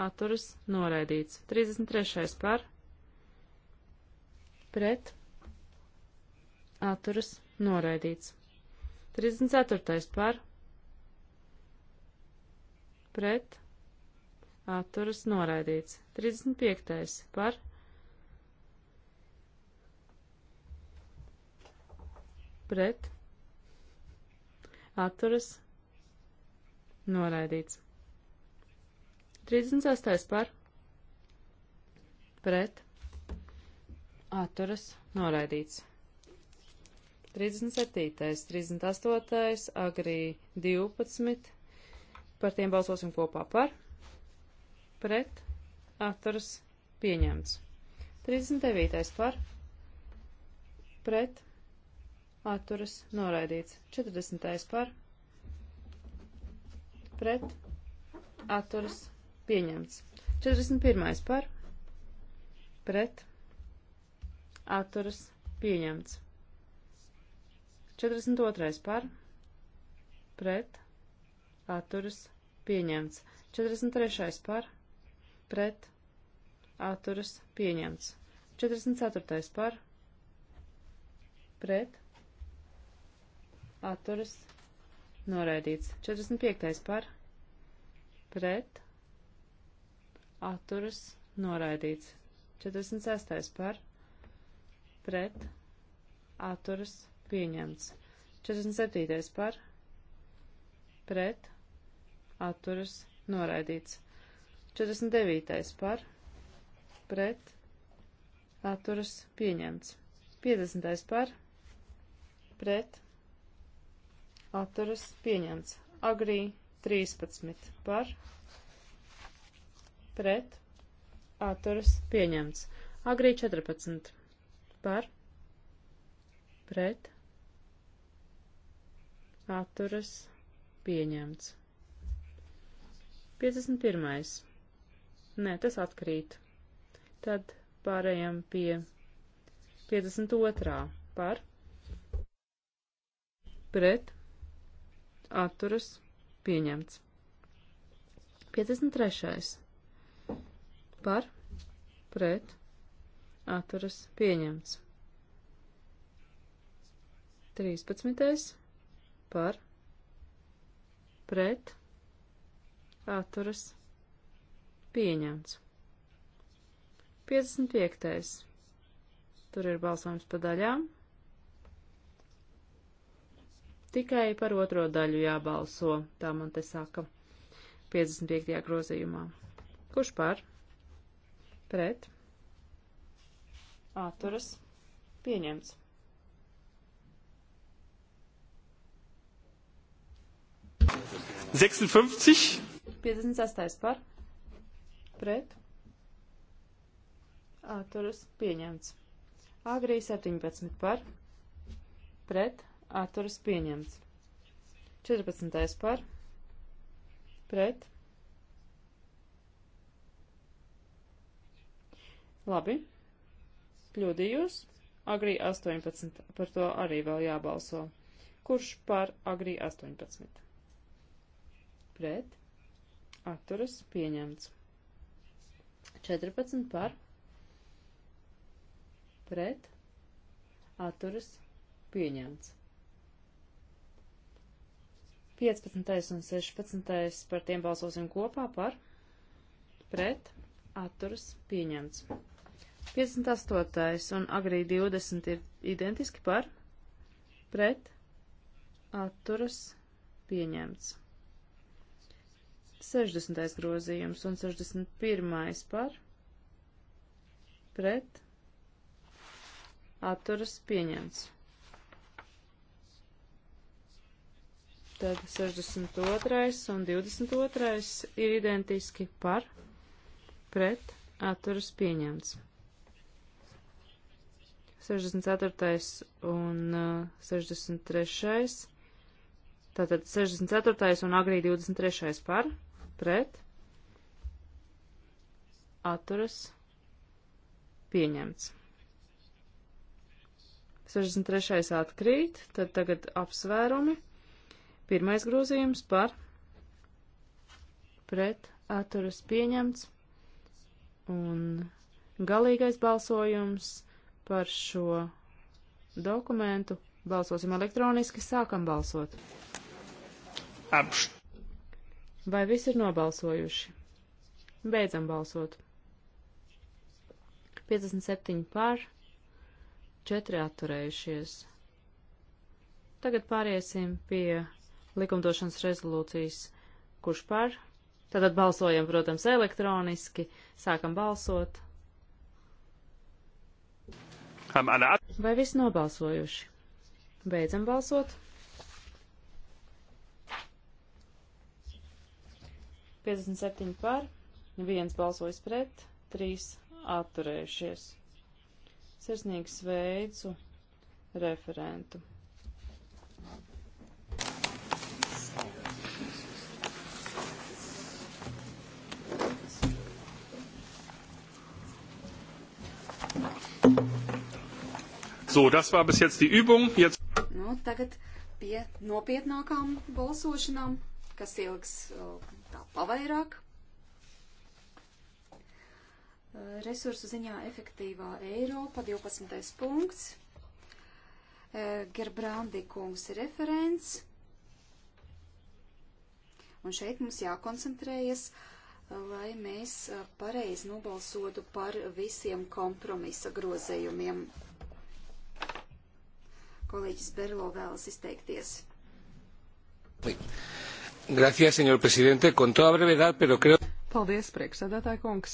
atturas noraidīts. 33. par pret atturas noraidīts. 34. par pret atturas noraidīts. 35. par pret atturas noraidīts. 36. par pret atturas noraidīts. 37., 38., agrī 12. Par tiem balsosim kopā par, pret, atturas pieņemts. 39. par pret atturas noraidīts. 40. par pret atturas pieņemts. 41. par pret atturas pieņemts. 42. par pret atturas pieņemts. 43. par pret pret atturas pieņemts. 44. par pret atturas noraidīts. 45. par pret atturas noraidīts. 46. par pret atturas pieņemts. 47. par pret atturas noraidīts. 49. par pret atturas pieņemts. 50. par pret atturas pieņemts. Agrī 13. par pret atturas pieņemts. Agrī 14. par pret atturas pieņemts. 51. Nē, tas atkrīt. Tad pārējām pie 52. par pret atturas pieņemts. 53. par pret atturas pieņemts. 13. par pret atturas pieņemts Pieņemts. 55. Tur ir balsojums pa daļām. Tikai par otro daļu jābalso, tā man te saka, 55. grozījumā. Kurš par? Pret. Atturas. Pieņemts. Sechsundfünfzig. Piecdesmit sestais par pret atturas pieņemts. Agrī 17 par pret atturas pieņemts. 14. par pret. Labi, kļūdījos. Agrī 18, par to arī vēl jābalso. Kurš par agrī 18? Pret. Atturas pieņemts. 14 par pret atturas pieņemts. 15. un 16. par tiem balsosim kopā par pret atturas pieņemts. 58. un agrī 20 ir identiski par pret atturas pieņemts. 60. grozījums un 61. par pret atturas pieņemts. Tad 62. un 22. ir identiski par pret atturas pieņemts. 64. un 63. Uh, Tātad 64. un agrī 23. par pret, atturas, pieņemts. 63. atkrīt, tad tagad apsvērumi. Pirmais grozījums par pret atturas pieņemts un galīgais balsojums par šo dokumentu. Balsosim elektroniski, sākam balsot. Apšt. Vai visi ir nobalsojuši? Beidzam balsot. 57 pār, 4 atturējušies. Tagad pāriesim pie likumdošanas rezolūcijas, kurš par. Tātad balsojam, protams, elektroniski, sākam balsot. Vai viss nobalsojuši? Beidzam balsot. 57 par, 1 balsojis pret, 3 atturējušies. Sirsnīgi sveicu referentu. So, das war bis jetzt die Übung. Jetzt nu, tagad pie nopietnākām balsošanām, kas ilgs uh, tā pavairāk. Resursu ziņā efektīvā Eiropa, 12. punkts. Eh, Gerbrandi kungs ir referents. Un šeit mums jākoncentrējas, lai mēs eh, pareizi nobalsotu par visiem kompromisa grozējumiem. Kolēģis Berlo vēlas izteikties. Līdz. Gracias, señor presidente. Con toda brevedad, pero creo. Paldies, priekšsēdētāj kungs.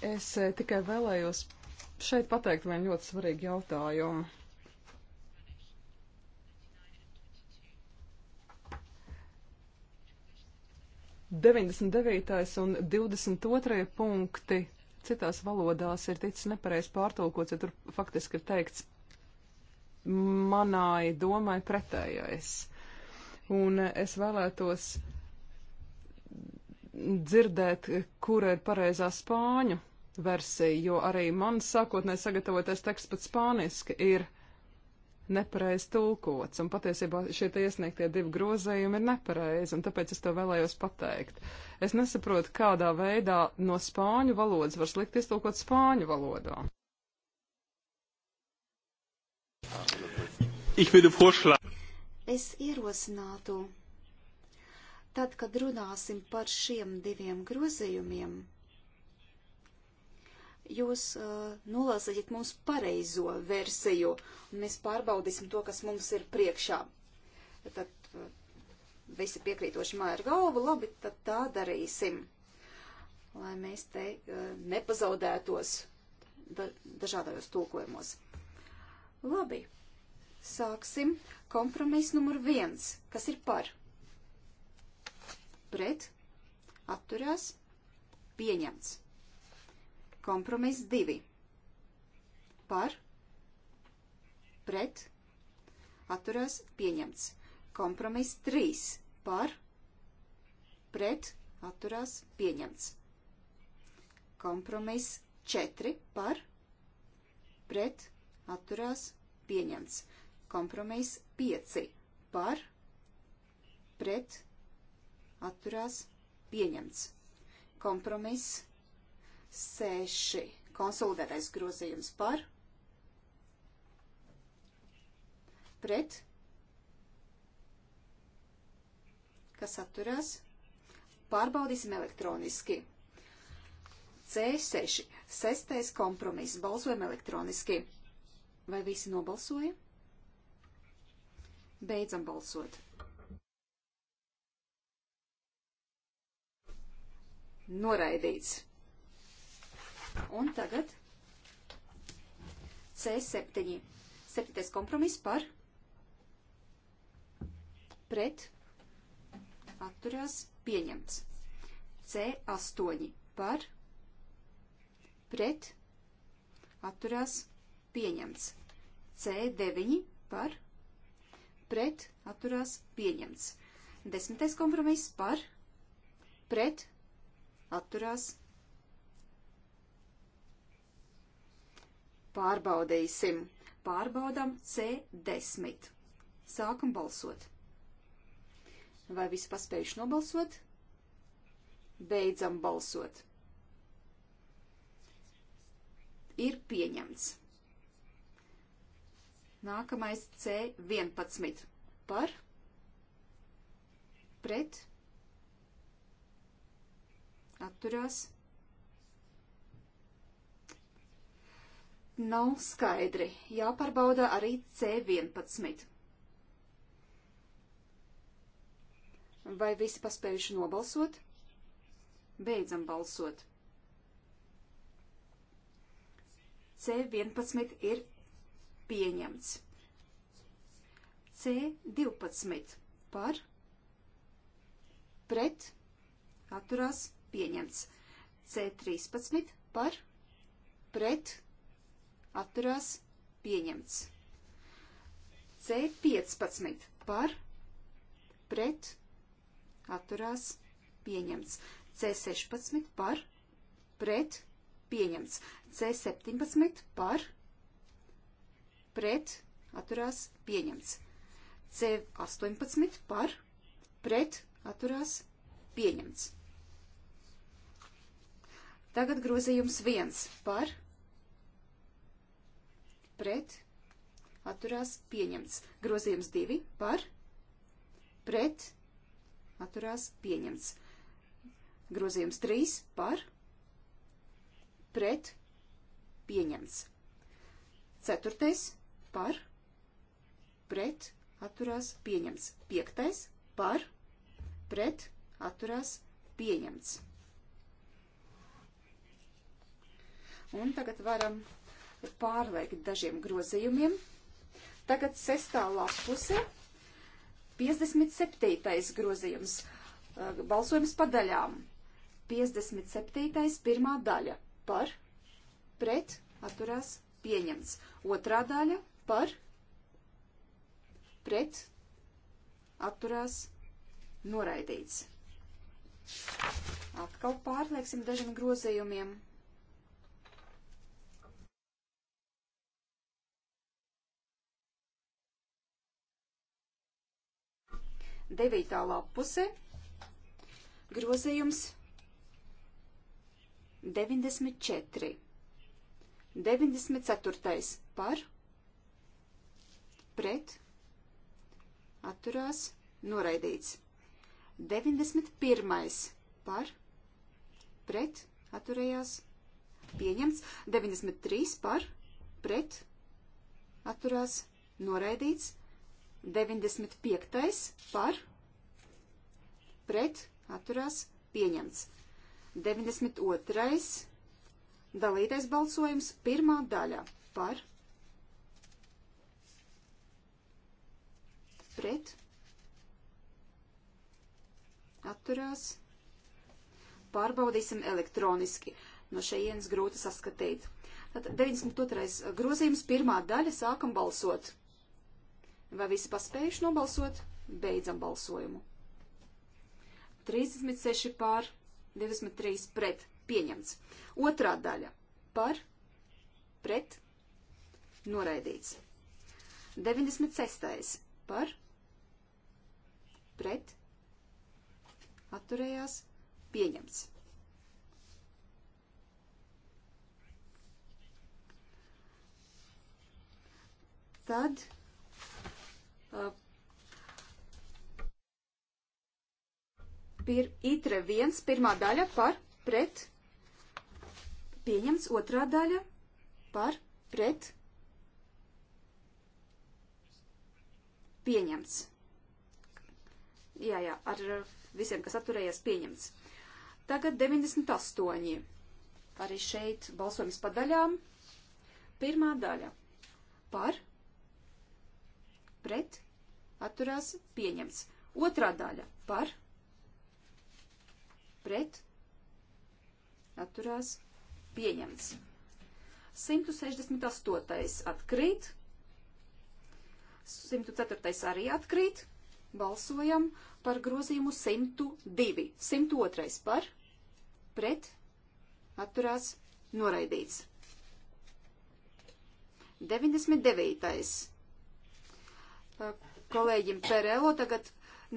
Es eh, tikai vēlējos šeit pateikt vienu ļoti svarīgu jautājumu. Deviņdesmit devītais un divdesmit otrie punkti citās valodās ir ticis nepareiz pārtulkots, ja tur faktiski ir teikts manai domai pretējais. Un es vēlētos dzirdēt, kura ir pareizā spāņu versija, jo arī man sākotnēji sagatavotais teksts pat spāniski ir nepareiz tulkots, un patiesībā šie iesniegtie divi grozējumi ir nepareizi, un tāpēc es to vēlējos pateikt. Es nesaprotu, kādā veidā no spāņu valodas var slikt iztulkot spāņu valodā. Ich würde vorschlagen. Es ierosinātu, tad, kad runāsim par šiem diviem grozījumiem, jūs uh, nolasīsiet mums pareizo versiju, un mēs pārbaudīsim to, kas mums ir priekšā. Tad uh, visi piekrītoši māja ar galvu, labi, tad tā darīsim, lai mēs te uh, nepazaudētos da dažādajos tulkojumos. Labi, Sāksim kompromisu numur viens, kas ir par. Pret, atturās, pieņemts. Kompromiss divi. Par, pret, atturās, pieņemts. Kompromiss trīs. Par, pret, atturās, pieņemts. Kompromiss četri. Par, pret, atturās, pieņemts Kompromiss 5 par, pret, atturās, pieņemts. Kompromiss 6 konsolidētais grozījums par, pret, kas atturās, pārbaudīsim elektroniski. C6, sestais kompromiss, balsojam elektroniski. Vai visi nobalsoja? Beidzam balsot. Noraidīts. Un tagad C7. Septītais kompromiss par pret atturās pieņemts. C8 par pret atturās pieņemts. C9 par pret pret atturās pieņemts. Desmitais kompromiss par pret atturās pārbaudīsim. Pārbaudam C10. Sākam balsot. Vai visi paspējuši nobalsot? Beidzam balsot. Ir pieņemts. Nākamais C11 par pret atturās. Nav skaidri. Jāpārbauda arī C11. Vai visi paspējuši nobalsot? Beidzam balsot. C11 ir pieņemts. C12 par pret atturās pieņemts. C13 par pret atturās pieņemts. C15 par pret atturās pieņemts. C16 par pret pieņemts. C17 par pret pret, atturās, pieņemts. C18 par, pret, atturās, pieņemts. Tagad grozījums 1 par, pret, atturās, pieņemts. Grozījums 2 par, pret, atturās, pieņemts. Grozījums 3 par, pret, pieņemts. Ceturtais par, pret, atturās, pieņemts. Piektais par, pret, atturās, pieņemts. Un tagad varam pārveikt dažiem grozījumiem. Tagad sestā lapuse, 57. grozījums, balsojums pa daļām. 57. pirmā daļa par, pret, atturās, pieņemts. Otrā daļa par pret atturās noraidīts. Atkal pārlieksim dažiem grozējumiem. Devītā lapuse grozījums 94. 94. par pret, atturās, noraidīts. 91. par, pret, atturējās, pieņemts. 93. par, pret, atturās, noraidīts. 95. par, pret, atturās, pieņemts. 92. dalītais balsojums, pirmā daļa par, pret pret, atturās. Pārbaudīsim elektroniski. No šejienes grūti saskatīt. Tātad 92. grozījums pirmā daļa sākam balsot. Vai visi paspējuši nobalsot? Beidzam balsojumu. 36 pār, 23 pret. Pieņemts. Otrā daļa. Par, pret, noraidīts. 96. par, pret, atturējās, pieņemts. Tad uh, pir, itre viens, pirmā daļa par pret, pieņemts otrā daļa par pret, pieņemts. Jā, jā, ar visiem, kas atturējās, pieņemts. Tagad 98. Arī šeit balsojums pa daļām. Pirmā daļa. Par, pret, atturās, pieņemts. Otrā daļa. Par, pret, atturās, pieņemts. 168. atkrīt. 104. arī atkrīt. Balsojam par grozījumu 102. 102. par pret atturās noraidīts. 99. Kolēģim Perelo tagad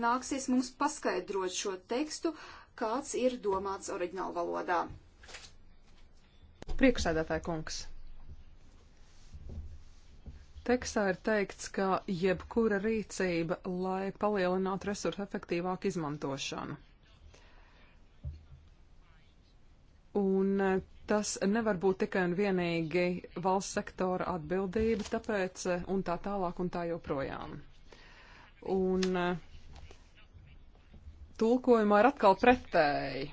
nāksies mums paskaidrot šo tekstu, kāds ir domāts oriģināla valodā. Priekšsēdētāja kungs. Teksā ir teikts, ka jebkura rīcība, lai palielinātu resursu efektīvāku izmantošanu. Un eh, tas nevar būt tikai un vienīgi valsts sektora atbildība, tāpēc eh, un tā tālāk un tā joprojām. Un eh, tulkojumā ir atkal pretēji.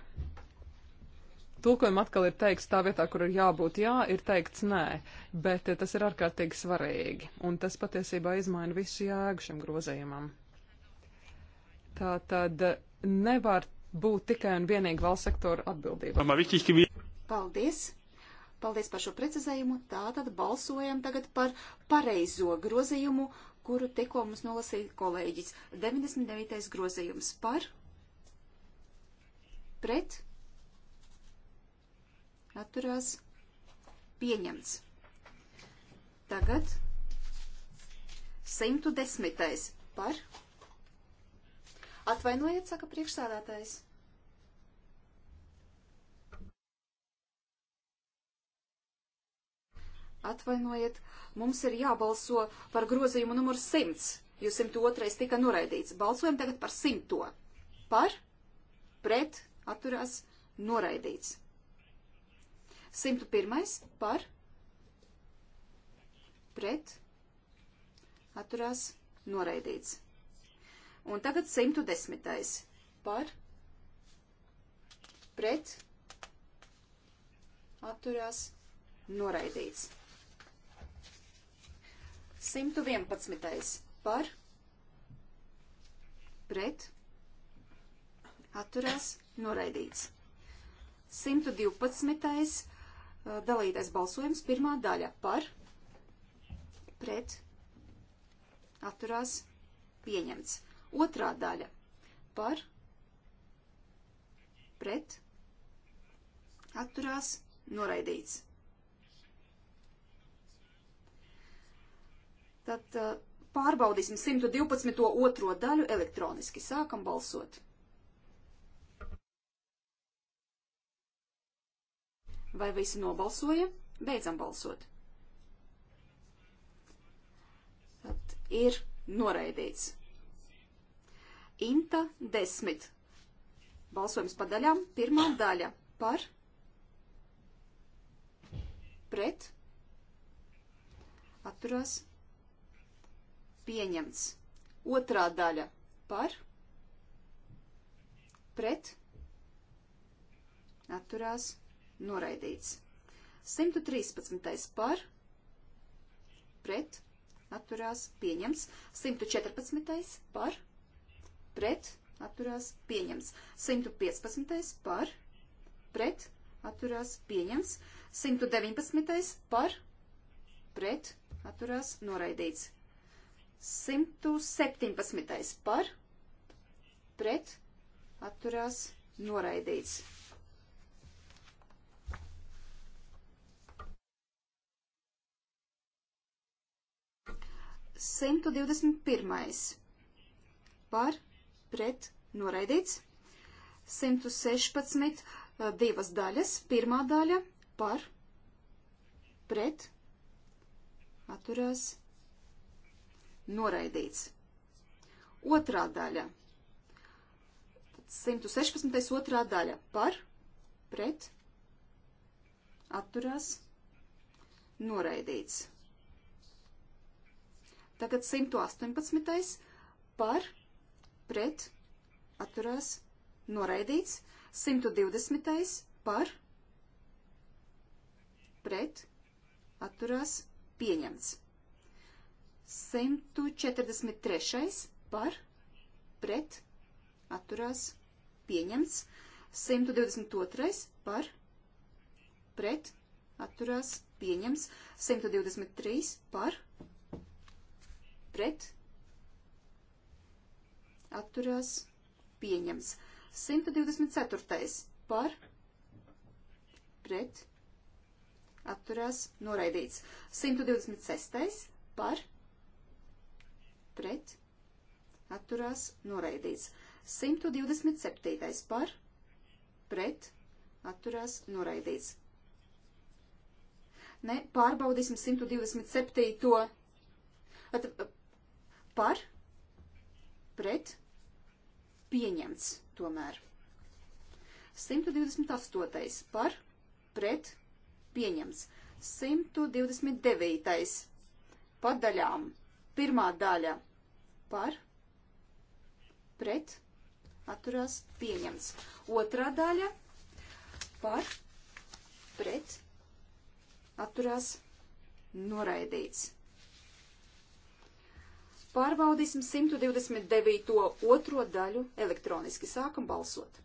Tulkojumā atkal ir teikts tā vietā, kur ir jābūt jā, ir teikts nē, bet eh, tas ir ārkārtīgi svarīgi, un tas patiesībā izmaina visu jēgu šim grozījumam. Tā tad eh, nevar būt tikai un vienīgi valsts sektora atbildība. Paldies! Paldies par šo precizējumu. Tātad balsojam tagad par pareizo grozījumu, kuru tikko mums nolasīja kolēģis. 99. grozījums par, pret, atturās pieņemts. Tagad 110. par. Atvainojiet, saka priekšsādātājs. Atvainojiet, mums ir jābalso par grozījumu numur 100, jo 102 tika noraidīts. Balsojam tagad par 100. Par, pret, atturās, noraidīts. 101. par pret atturās noraidīts. Un tagad 110. par pret atturās noraidīts. 111. par pret atturās noraidīts. 112 dalītais balsojums. Pirmā daļa par, pret, atturās, pieņemts. Otrā daļa par, pret, atturās, noraidīts. Tad pārbaudīsim 112. otro daļu elektroniski. Sākam balsot. Vai visi nobalsoja? Beidzam balsot. Tad ir noraidīts. Inta desmit. Balsojums pa daļām. Pirmā daļa par, pret, atturās, pieņemts. Otrā daļa par, pret, atturās, pieņemts noraidīts. 113. par, pret, atturās, pieņems. 114. par, pret, atturās, pieņems. 115. par, pret, atturās, pieņems. 119. par, pret, atturās, noraidīts. 117. par, pret, atturās, noraidīts. 121. par pret noraidīts. 116. Eh, divas daļas. Pirmā daļa par pret atturās noraidīts. Otrā daļa. 116. otrā daļa par pret atturās noraidīts. Tagad 118. par pret atturās noraidīts. 120. par pret atturās pieņemts. 143. par pret atturās pieņemts. 122. par pret atturās pieņemts. 123. par pret pret, atturās, pieņems. 124. par, pret, atturās, noraidīts. 126. par, pret, atturās, noraidīts. 127. par, pret, atturās, noraidīts. Ne, pārbaudīsim 127. At, par, pret, pieņemts tomēr. 128. par, pret, pieņemts. 129. pa daļām. Pirmā daļa par, pret, atturās, pieņemts. Otrā daļa par, pret, atturās, noraidīts. Pārbaudīsim 129. otro daļu elektroniski. Sākam balsot.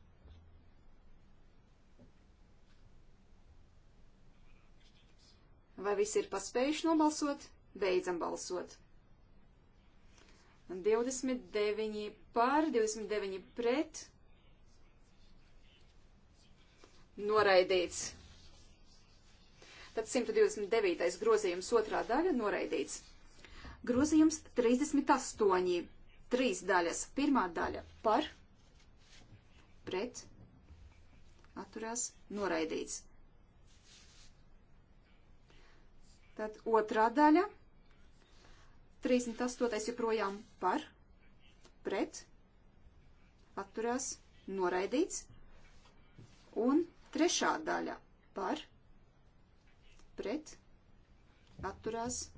Vai visi ir paspējuši nobalsot? Beidzam balsot. 29 pār, 29 pret. Noraidīts. Tad 129. grozījums otrā daļa noraidīts. Grozījums 38. Trīs daļas. Pirmā daļa par, pret, atturās, noraidīts. Tad otrā daļa. 38. joprojām par, pret, atturās, noraidīts. Un trešā daļa par, pret, atturās, noraidīts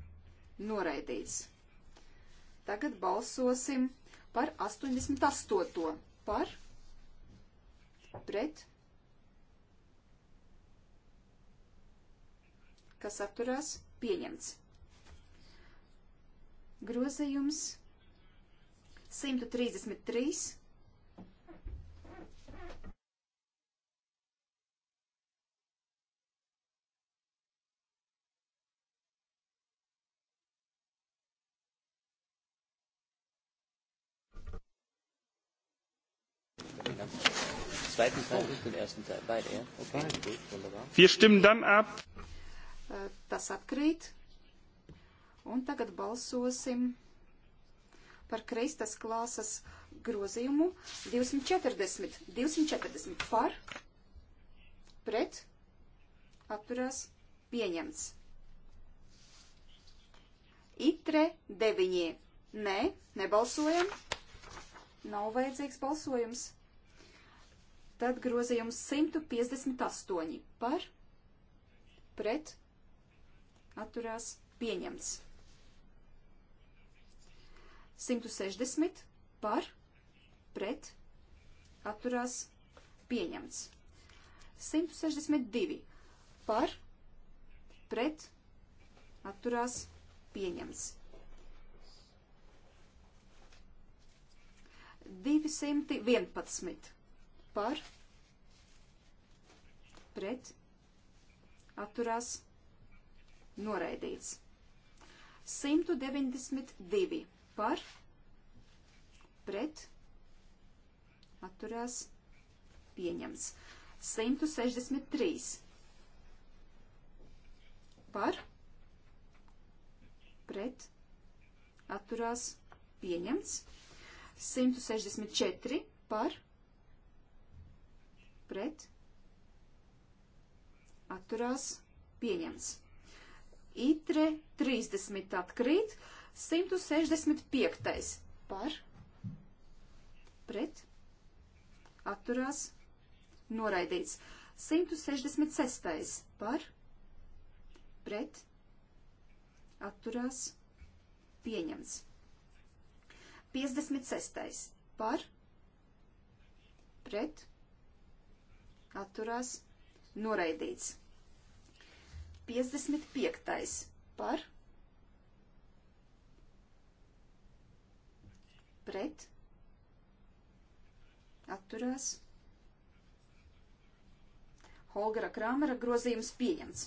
noraidīts. Tagad balsosim par 88. par pret, kas atturās pieņemts. Grozījums 133 Zweiten Teil und den ersten Teil. Beide, ja? Okay, gut, wunderbar. Wir stimmen dann ab. Tas äh, atkrīt. Un tagad balsosim par Kristas klāsas grozījumu 240. 240 par, pret, atturās, pieņemts. Itre 9. Nē, nebalsojam. Nav vajadzīgs balsojums. Tad grozījums 158 par pret atturās pieņemts. 160 par pret atturās pieņemts. 162 par pret atturās pieņemts. 211 par pret atturās noraidīts. 192 par pret atturās pieņems. 163 par pret atturās pieņems. 164 par pret, atturās, pieņems. Itre 30 atkrīt, 165 par, pret, atturās, noraidīts. 166 par, pret, atturās, pieņems. 56 par, pret, atturās, pieņems. 56 par, pret, atturās noraidīts. 55. par pret atturās Holgara Krāmera grozījums pieņemts.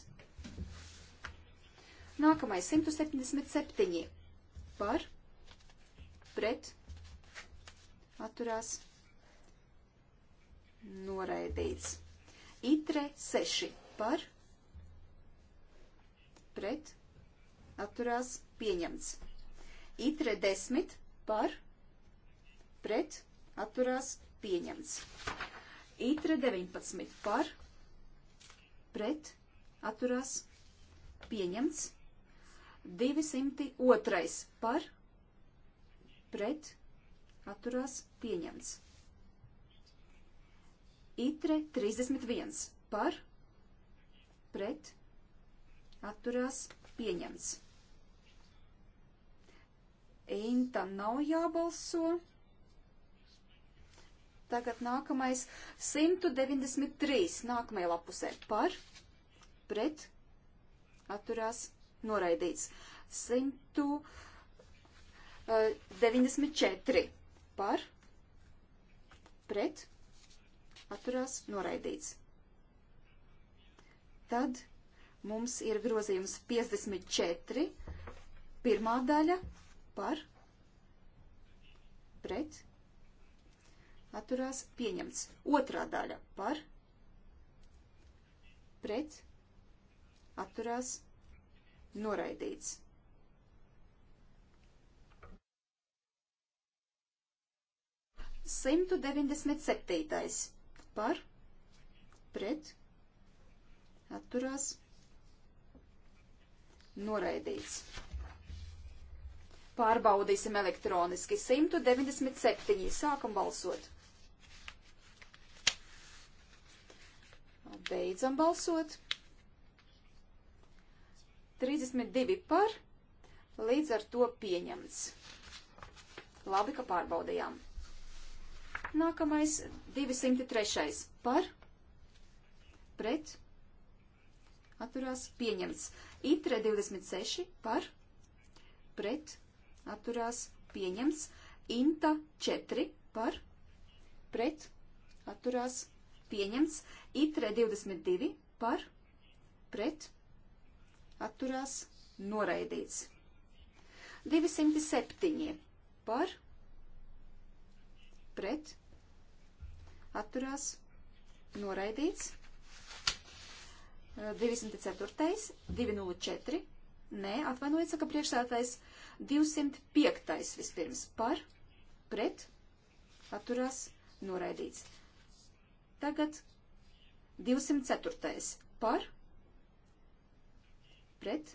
Nākamais 177 par pret atturās noraidīts noraidīts. Itre 6 par, pret, atturās, pieņemts. Itre 10 par, pret, atturās, pieņemts. Itre 19 par, pret, atturās, pieņemts. 202 par, pret, atturās, pieņemts. Itre 31 par, pret, atturās, pieņemts. Inta nav jābalso. Tagad nākamais 193 nākamajā lapusē par, pret, atturās, noraidīts. 194 eh, par, pret, atturās atturās noraidīts. Tad mums ir grozījums 54, pirmā daļa par pret atturās pieņemts. Otrā daļa par pret atturās noraidīts. Simtu deviņdesmit septītais par, pret, atturās, noraidīts. Pārbaudīsim elektroniski 197. Sākam balsot. Beidzam balsot. 32 par, līdz ar to pieņemts. Labi, ka pārbaudījām. Nākamais 203. par pret atturās pieņemts. Itre 26 par pret atturās pieņemts. Inta 4 par pret atturās pieņemts. Itre 22 par pret atturās noraidīts. 207 par pret atturās noraidīts. 204. 204. Nē, atvainojiet, saka priekšsētājs. 205. vispirms par, pret, atturās noraidīts. Tagad 204. par, pret,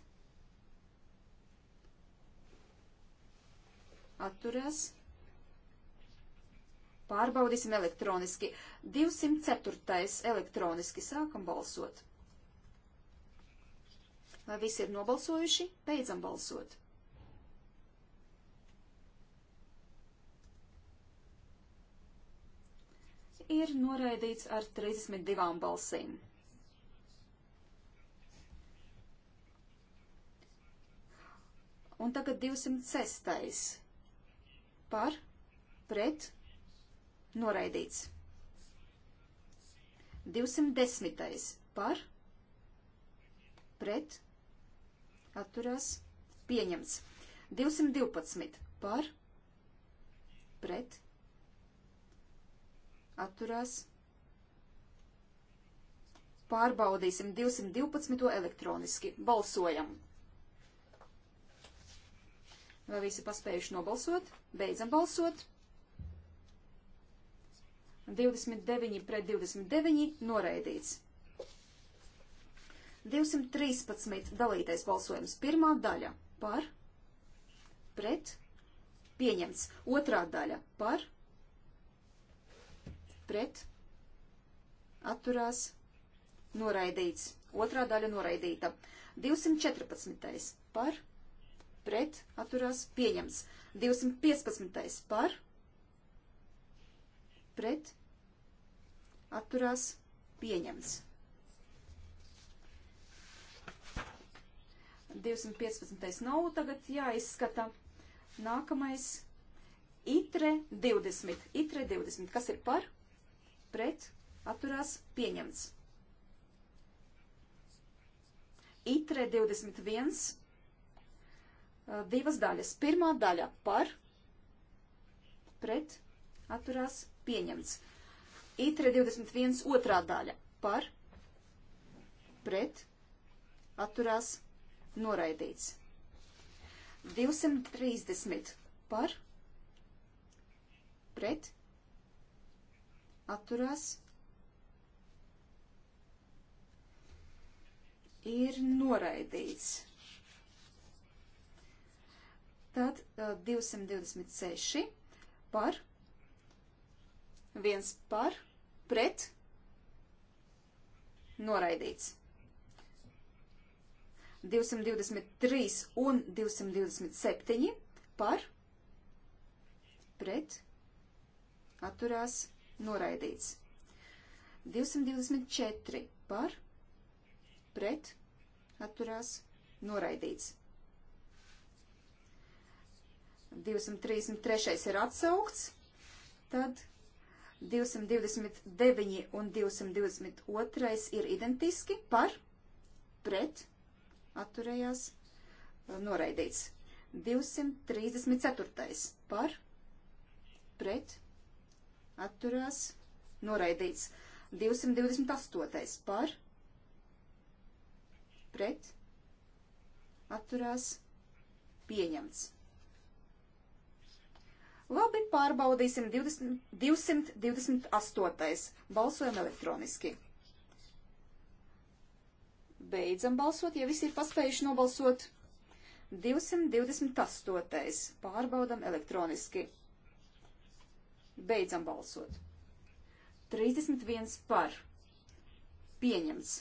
atturās noraidīts. Pārbaudīsim elektroniski. 204. elektroniski sākam balsot. Vai visi ir nobalsojuši? Beidzam balsot. Ir noraidīts ar 32 balsīm. Un tagad 206. par pret Noraidīts. 210. par, pret, atturās, pieņemts. 212. par, pret, atturās, pārbaudīsim 212. elektroniski. Balsojam! Vai visi paspējuši nobalsot? Beidzam balsot! 29 pret 29 noraidīts. 213 dalītais balsojums. Pirmā daļa par, pret, pieņemts. Otrā daļa par, pret, atturās, noraidīts. Otrā daļa noraidīta. 214 par, pret, atturās, pieņemts. 215 par, pret pret atturās pieņemts. 215. nav tagad jāizskata. Nākamais itre 20. Itre 20. Kas ir par? Pret atturās pieņemts. Itre 21. Divas daļas. Pirmā daļa par, pret, atturās pieņemts. Itre 21 otrā daļa par, pret, atturās, noraidīts. 230 par, pret, atturās, ir noraidīts. Tad 226 uh, par, pret, viens par, pret, noraidīts. 223 un 227 par, pret, atturās, noraidīts. 224 par, pret, atturās, noraidīts. 233 ir atsaukts, tad 229 un 222 ir identiski par, pret, atturējās, noraidīts. 234 par, pret, atturās, noraidīts. 228 par, pret, atturās, pieņemts. Labi, pārbaudīsim 20, 228. Balsojam elektroniski. Beidzam balsot, ja visi ir paspējuši nobalsot. 228. Pārbaudam elektroniski. Beidzam balsot. 31 par. Pieņemts.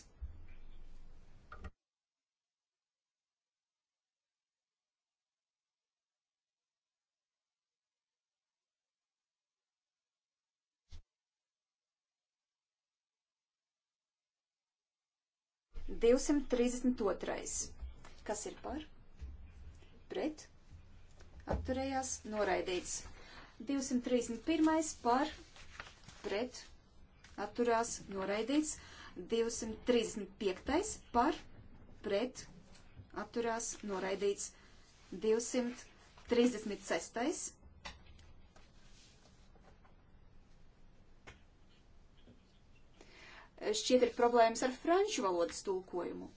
232. Kas ir par? Pret. Atturējās. Noraidīts. 231. par. Pret. Atturās. Noraidīts. 235. par. Pret. Atturās. Noraidīts. 236. šķiet ir problēmas ar franču valodas tulkojumu.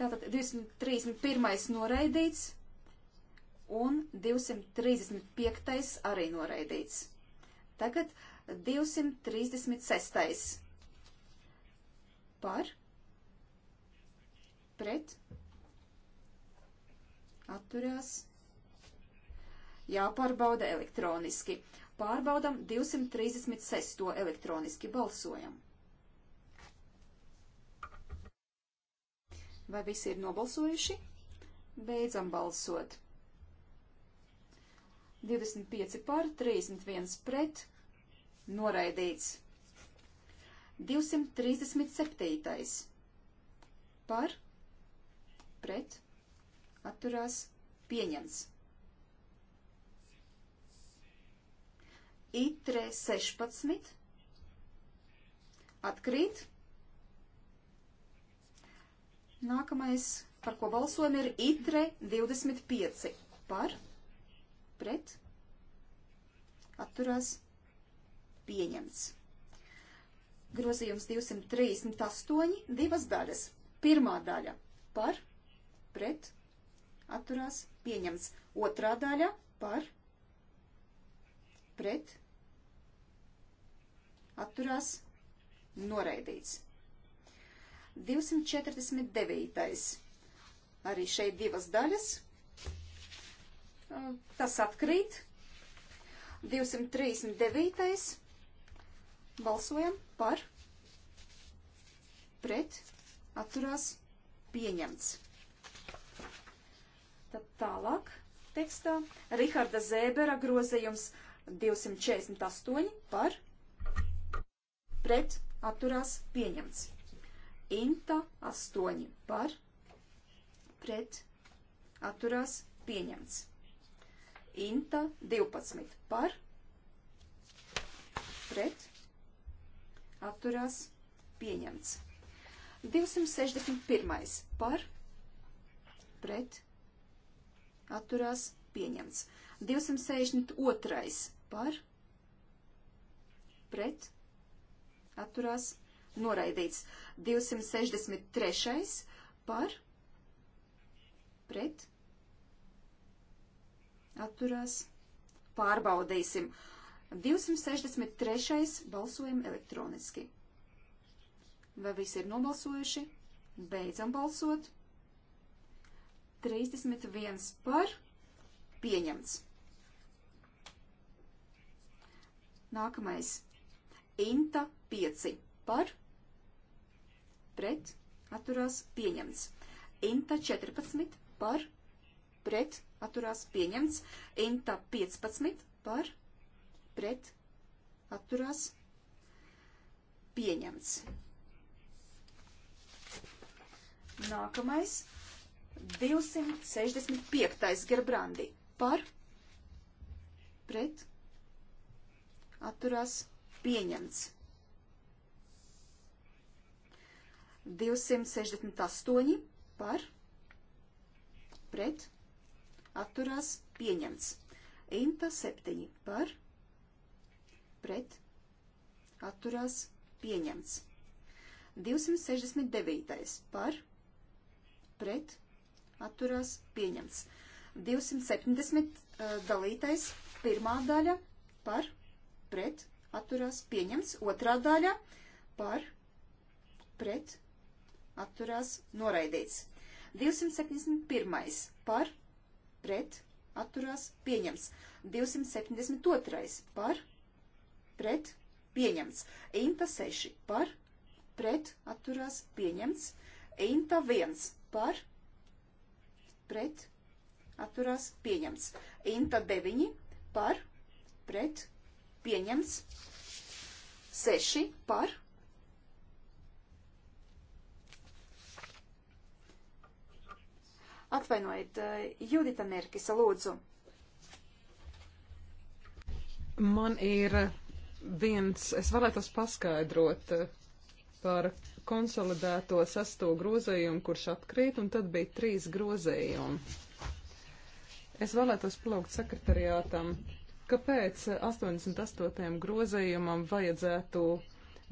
Tātad 231. noraidīts un 235. arī noraidīts. Tagad 236. par pret atturās jāpārbauda elektroniski. Pārbaudam 236. elektroniski balsojam. Vai visi ir nobalsojuši? Beidzam balsot. 25 par, 31 pret, noraidīts. 237. par, pret, atturās, pieņemts. itre 16 atkrīt. Nākamais, par ko balsojam, ir itre 25 par pret atturās pieņemts. Grozījums 238, divas daļas. Pirmā daļa par, pret, atturās, pieņemts. Otrā daļa par, pret, atturās noraidīts. 249. Arī šeit divas daļas. Tas atkrīt. 239. Balsojam par pret atturās pieņemts. Tad tālāk tekstā Riharda Zēbera grozījums 248 par pret pret atturās pieņemts. Inta 8 par pret atturās pieņemts. Inta 12 par pret atturās pieņemts. 261 par pret atturās pieņemts. 262 par pret atturās pieņemts atturās noraidīts. 263. par pret atturās pārbaudīsim. 263. balsojam elektroniski. Vai visi ir nobalsojuši? Beidzam balsot. 31 par pieņemts. Nākamais Inta 5 par, pret, atturās pieņemts. Inta 14 par, pret, atturās pieņemts. Inta 15 par, pret, atturās pieņemts. Nākamais 265. Gerbrandi par, pret, atturās pieņemts atturās pieņemts. 268 par pret atturās pieņemts. Inta 7 par pret atturās pieņemts. 269 par pret atturās pieņemts. 270 uh, eh, dalītais pirmā daļa par pret atturās pieņemts. Otrā daļa par pret atturās noraidīts. 271. par pret atturās pieņemts. 272. par pret pieņemts. Inta 6 par pret atturās pieņemts. Inta 1 par pret atturās pieņemts. Inta 9 par pret pieņemts. 6 par. Atvainojiet, eh, Judita Merkisa, lūdzu. Man ir viens, es vēlētos paskaidrot eh, par konsolidēto sesto grozījumu, kurš atkrīt, un tad bija trīs grozījumi. Es vēlētos plaukt sekretariātam Kāpēc 88. grozījumam vajadzētu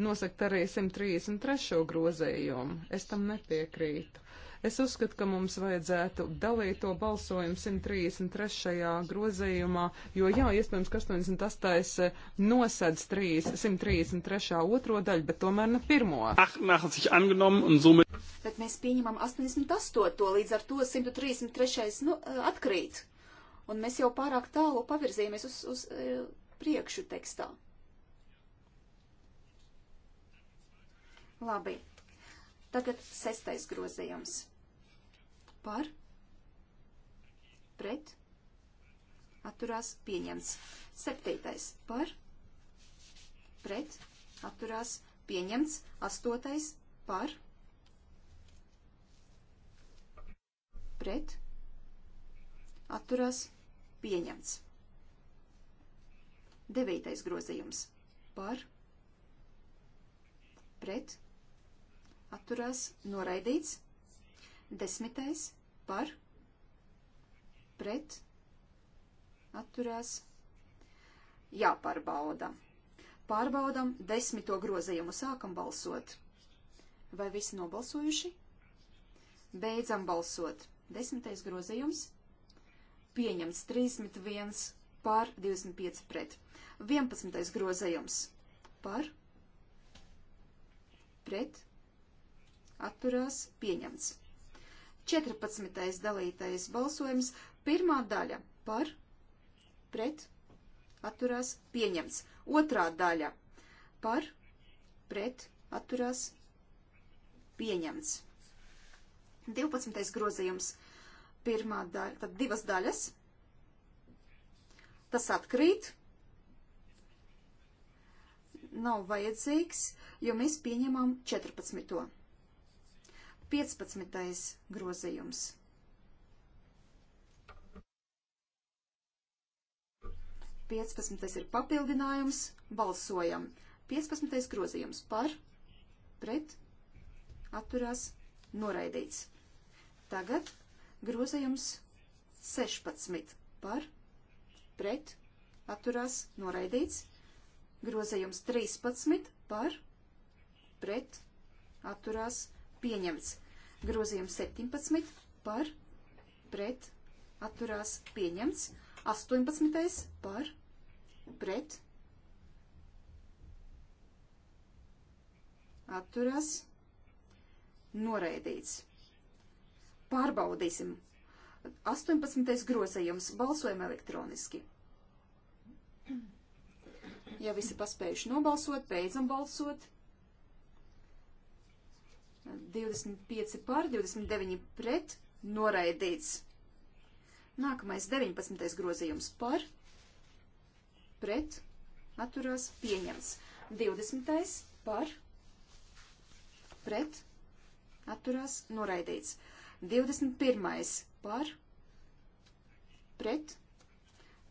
nosakt arī 133. grozījumu? Es tam nepiekrītu. Es uzskatu, ka mums vajadzētu dalīt to balsojumu 133. grozījumā, jo jā, iespējams, ka 88. nosedz 3, 133. otro daļu, bet tomēr ne pirmo. Bet mēs pieņemam 88. līdz ar to 133. Nu, eh, atkrīt un mēs jau pārāk tālu pavirzījāmies uz, uz e, priekšu tekstā. Labi. Tagad sestais grozījums. Par, pret, atturās pieņemts. Septītais par, pret, atturās pieņemts. Astotais par, pret, atturās pieņemts pieņemts. Devītais grozījums par pret atturās noraidīts. Desmitais par pret atturās jāpārbauda. Pārbaudam desmito grozījumu, sākam balsot. Vai visi nobalsojuši? Beidzam balsot. Desmitais grozījums – pieņemts 31 pār 25 pret. 11. grozējums par pret atturās pieņemts. 14. dalītais balsojums pirmā daļa par pret atturās pieņemts. Otrā daļa par pret atturās pieņemts. 12. grozījums pirmā daļa, tad divas daļas. Tas atkrīt. Nav vajadzīgs, jo mēs pieņemam 14. 15. grozījums. Piecpadsmitais ir papildinājums, balsojam. Piecpadsmitais grozījums par, pret, atturās, noraidīts. Tagad Grozījums 16 par, pret, atturās, noraidīts. Grozījums 13 par, pret, atturās, pieņemts. Grozījums 17 par, pret, atturās, pieņemts. 18 par, pret, atturās, noraidīts. Pārbaudīsim. 18. grozējums. Balsojam elektroniski. Ja visi paspējuši nobalsot, beidzam balsot. 25 pār, 29 pret, noraidīts. Nākamais 19. grozījums par, pret, atturās, pieņems. 20. par, pret, atturās, noraidīts. 21. par pret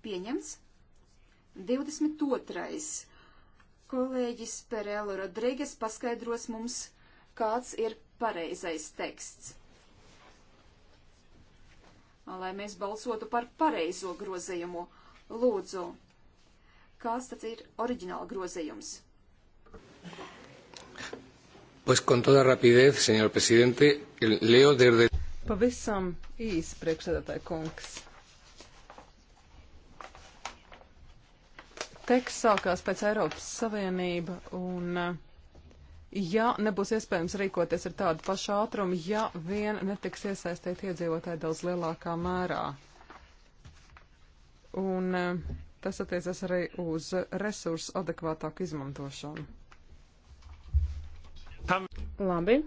pieņemts. 22. kolēģis Perelo Rodriges paskaidros mums, kāds ir pareizais teksts. Lai mēs balsotu par pareizo grozījumu, lūdzu, kāds tad ir oriģināla grozījums? Pues con toda rapidez, señor presidente, leo desde Pavisam īsi priekšsēdētāji kungs. Teksts sākās pēc Eiropas Savienība un eh, ja nebūs iespējams rīkoties ar tādu pašu ātrumu, ja vien netiks iesaistīt iedzīvotāji daudz lielākā mērā. Un eh, tas attiecas arī uz resursu adekvātāku izmantošanu. Labi.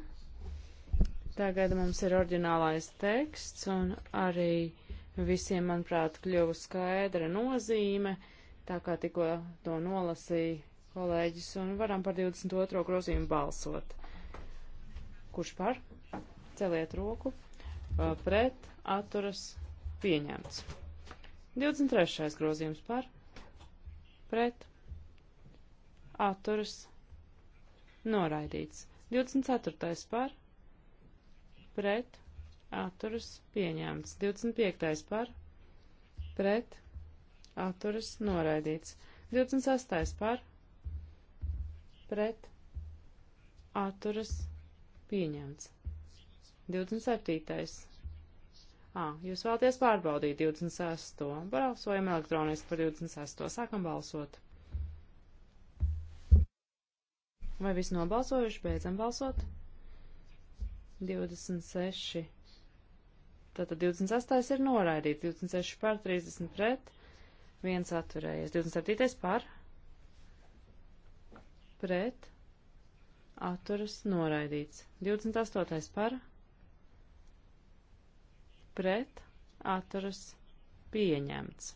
Tagad mums ir oriģinālais teksts un arī visiem, manuprāt, kļuva skaidra nozīme, tā kā tikko to nolasīja kolēģis, un varam par 22. grozījumu balsot. Kurš par? Celiet roku. Pret, atturas, pieņemts. 23. grozījums par? Pret, atturas, noraidīts. 24. par? pret, atturas pieņemts. 25. par, pret, atturas noraidīts. 26. par, pret, atturas pieņemts. 27. Ā, jūs vēlaties pārbaudīt 26. Balsojam elektroniski par 26. Sākam balsot. Vai visi nobalsojuši? Beidzam balsot. 26. Tātad 28. ir noraidīts, 26 par, 30 pret, 1 atturējies. 27. par, pret, atturas, noraidīts. 28. par, pret, atturas, pieņemts.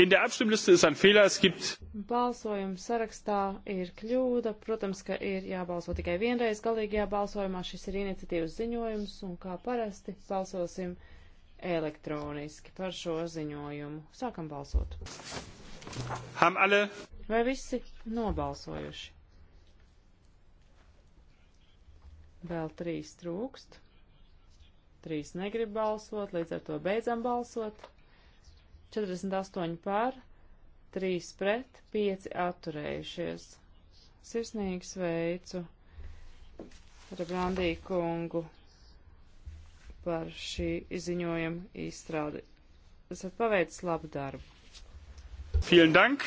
In der Abstimmliste ist ein Fehler. Es gibt balsojuma sarakstā ir kļūda. Protams, ka ir jābalso tikai vienreiz galīgajā balsojumā. Šis ir iniciatīvas ziņojums, un kā parasti balsosim elektroniski par šo ziņojumu. Sākam balsot. Hamale. Vai visi nobalsojuši? Vēl trīs trūkst. Trīs negrib balsot, līdz ar to beidzam balsot. 48 pār, 3 pret, 5 atturējušies. Sirsnīgi sveicu Rebrandī kungu par šī izziņojuma izstrādi. Esat paveicis labu darbu. Vielen Dank!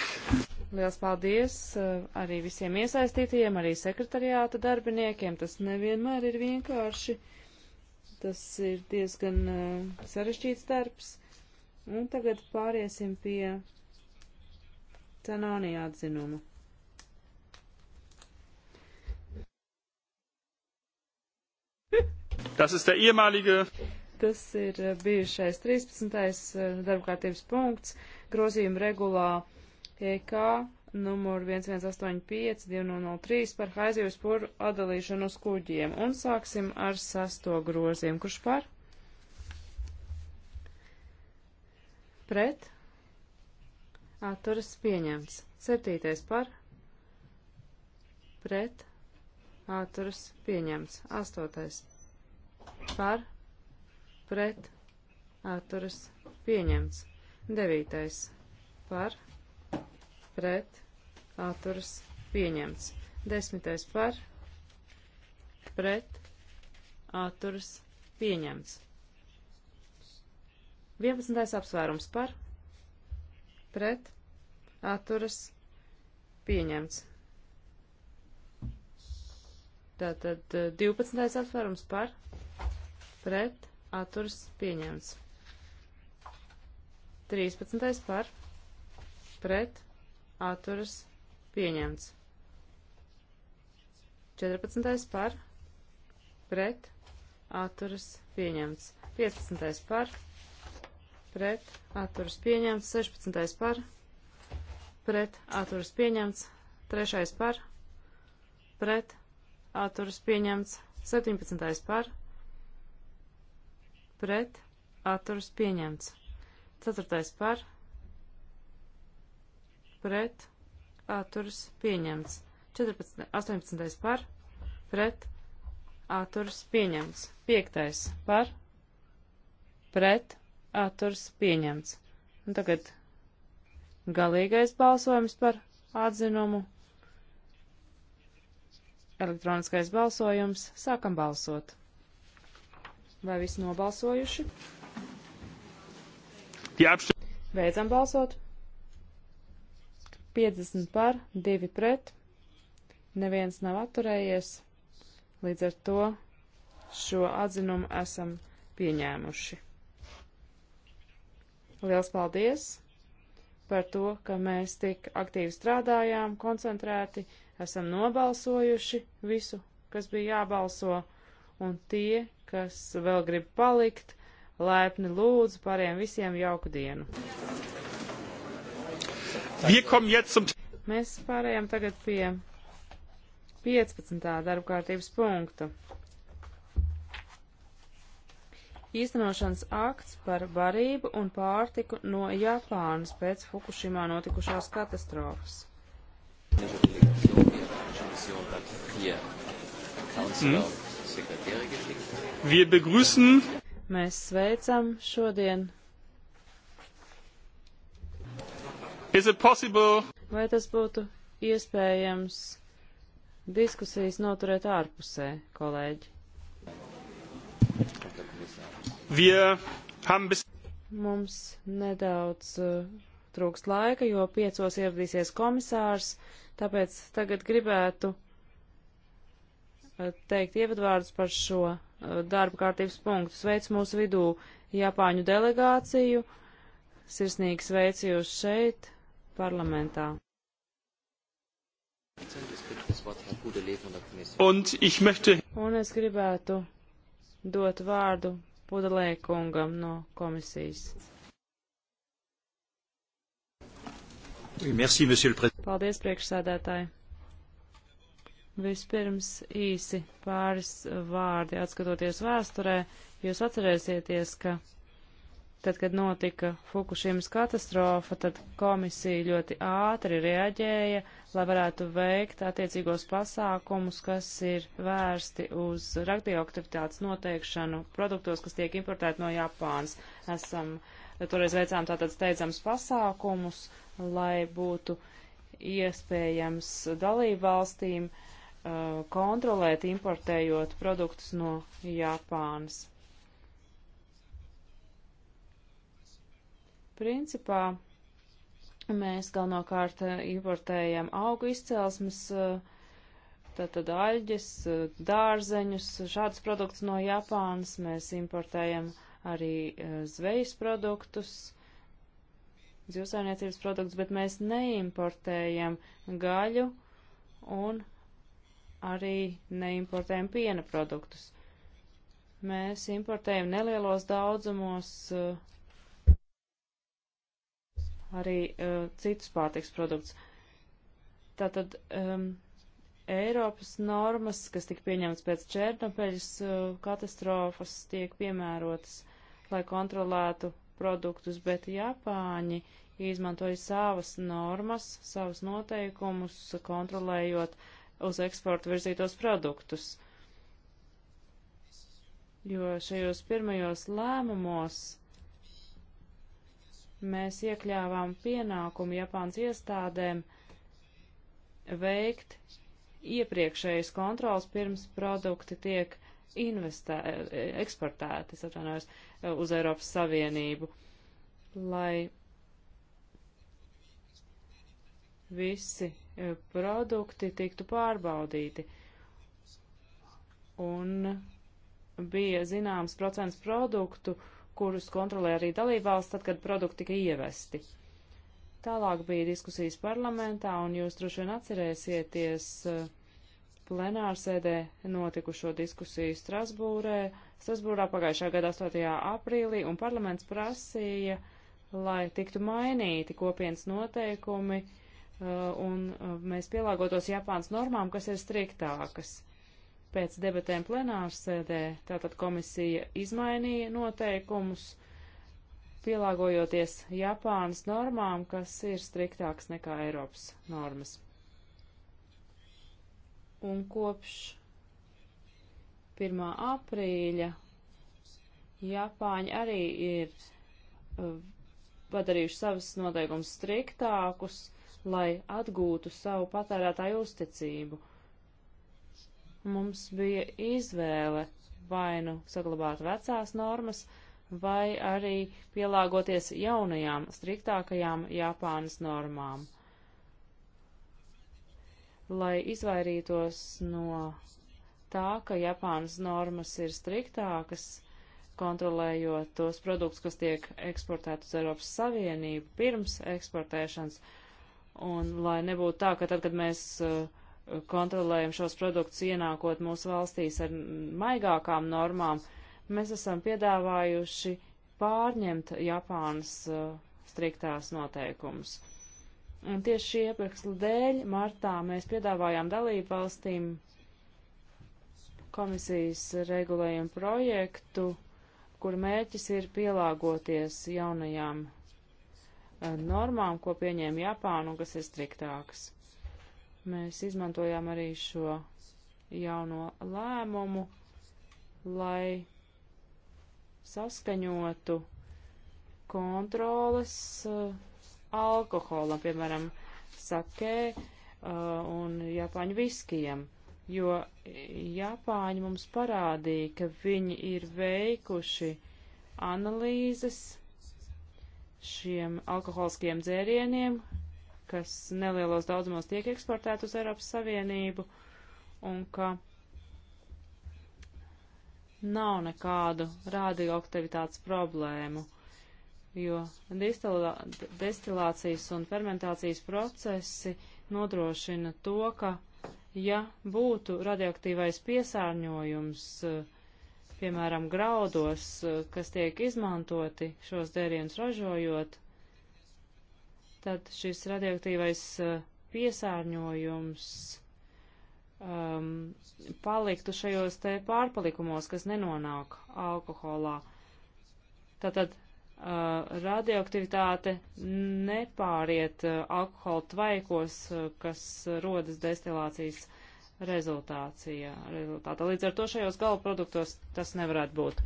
Liels paldies uh, arī visiem iesaistītajiem, arī sekretariāta darbiniekiem. Tas nevienmēr ir vienkārši. Tas ir diezgan uh, sarežģīts darbs. Un tagad pāriesim pie Tanoni atzinumu. Tas ir iemaļīga. Eh, Tas ir bijušais 13. Eh, darbkārtības punkts grozījuma regulā EK numur 1185-2003 par haizivas puru atdalīšanu uz kuģiem. Un sāksim ar sesto grozījumu. Kurš par? Pret? atturas pieņemts. Septītais par, pret, atturas pieņemts. Astotais par, pret, atturas pieņemts. Devītais par, pret, atturas pieņemts. Desmitais par, pret, atturas pieņemts. 11. apsvērums par pret atturas pieņemts. Tātad 12. Eh, apsvērums par pret atturas pieņemts. 13. par pret atturas pieņemts. 14. par pret atturas pieņemts. 15. par pret pret, atturas pieņemts, 16. par, pret, atturas pieņemts, 3. par, pret, atturas pieņemts, 17. par, pret, atturas pieņemts, 4. par, pret, atturas pieņemts, 14, 18. par, pret, atturas pieņemts, 5. par, pret, atturs pieņemts. Un tagad galīgais balsojums par atzinumu. Elektroniskais balsojums. Sākam balsot. Vai visi nobalsojuši? Jāpšķi. Beidzam balsot. 50 par, 2 pret. Neviens nav atturējies. Līdz ar to šo atzinumu esam pieņēmuši. Liels paldies par to, ka mēs tik aktīvi strādājām, koncentrēti, esam nobalsojuši visu, kas bija jābalso, un tie, kas vēl grib palikt, laipni lūdzu pariem visiem jauku dienu. Mēs pārējām tagad pie 15. darba kārtības punkta īstenošanas akts par barību un pārtiku no Japānas pēc Fukushimā notikušās katastrofas. Mm. Mēs sveicam šodien. Vai tas būtu iespējams diskusijas noturēt ārpusē, kolēģi? Wir haben bis. Mums nedaudz uh, trūkst laika, jo piecos ieradīsies komisārs, tāpēc tagad gribētu uh, teikt ievadvārdus par šo uh, darba kārtības punktu. Sveic mūsu vidū Japāņu delegāciju, sirsnīgi sveicu jūs šeit, parlamentā. Un es gribētu dot vārdu Pudelē kungam no komisijas. Merci, Paldies, priekšsēdētāji. Vispirms īsi pāris vārdi atskatoties vēsturē. Jūs atcerēsieties, ka Tad, kad notika Fukušīmas katastrofa, tad komisija ļoti ātri reaģēja, lai varētu veikt attiecīgos pasākumus, kas ir vērsti uz radioaktivitātes noteikšanu produktos, kas tiek importēti no Japānas. Esam toreiz veicām tātad steidzams pasākumus, lai būtu iespējams dalību valstīm uh, kontrolēt importējot produktus no Japānas. Principā mēs galvenokārt eh, importējam augu izcelsmes, tātad eh, aļģes, eh, dārzeņus, šādus produktus no Japānas. Mēs importējam arī zvejas produktus, dzīvesainiecības produktus, bet mēs neimportējam gaļu un arī neimportējam piena produktus. Mēs importējam nelielos daudzumos uh, arī uh, citus pārtiks produktus. Tātad um, Eiropas normas, kas tika pieņemtas pēc Černopeļas uh, e, katastrofas, tiek piemērotas, lai kontrolētu produktus, bet Japāņi izmantoja savas normas, savus noteikumus, kontrolējot uz eksportu virzītos produktus. Jo šajos pirmajos lēmumos mēs iekļāvām pienākumu Japānas iestādēm veikt iepriekšējas kontrols pirms produkti tiek investē, eksportēti, atvainojos, uz Eiropas Savienību, lai visi e, produkti tiktu pārbaudīti. Un bija zināms procents produktu, uh, kurus kontrolē arī dalībvalsts, tad, kad produkti tika ievesti. Tālāk bija diskusijas parlamentā, un jūs droši vien atcerēsieties eh, plenārsēdē notikušo diskusiju Strasbūrē, Strasbūrā pagājušā gada 8. aprīlī, un parlaments prasīja, lai tiktu mainīti kopienas noteikumi, eh, un eh, mēs pielāgotos Japānas normām, kas ir striktākas pēc debatēm plenārsēdē tātad komisija izmainīja noteikumus, pielāgojoties Japānas normām, kas ir striktāks nekā Eiropas normas. Un kopš 1. aprīļa Japāņi arī ir uh, padarījuši savus noteikumus striktākus, lai atgūtu savu patērētāju uzticību – Mums bija izvēle vai nu saglabāt vecās normas, vai arī pielāgoties jaunajām, striktākajām Japānas normām. Lai izvairītos no tā, ka Japānas normas ir striktākas, kontrolējot tos produktus, kas tiek eksportēt uz Eiropas Savienību pirms eksportēšanas, un lai nebūtu tā, ka tad, kad mēs uh, kontrolējam šos produktus ienākot mūsu valstīs ar maigākām normām, mēs esam piedāvājuši pārņemt Japānas uh, striktās noteikumus. Un tieši šī iepirksla dēļ martā mēs piedāvājām dalību valstīm komisijas regulējumu projektu, kur mērķis ir pielāgoties jaunajām uh, normām, ko pieņēma Japāna un kas ir striktāks. Mēs izmantojām arī šo jauno lēmumu, lai saskaņotu kontroles uh, alkoholam, piemēram, sakē uh, un japāņu viskijam, jo japāņi mums parādīja, ka viņi ir veikuši analīzes šiem alkoholiskiem dzērieniem, kas nelielos daudzumos tiek eksportēt uz Eiropas Savienību un ka nav nekādu rādioaktivitātes problēmu, jo distilā, destilācijas un fermentācijas procesi nodrošina to, ka, ja būtu radioaktīvais piesārņojums, piemēram, graudos, kas tiek izmantoti šos dērienus ražojot, tad šis radioaktīvais eh, piesārņojums um, paliktu šajos te pārpalikumos, kas nenonāk alkoholā. Tātad uh, radioaktivitāte nepāriet uh, alkohola tvaikos, uh, kas rodas destilācijas rezultācijā. Rezultātā. Līdz ar to šajos galva produktos tas nevarētu būt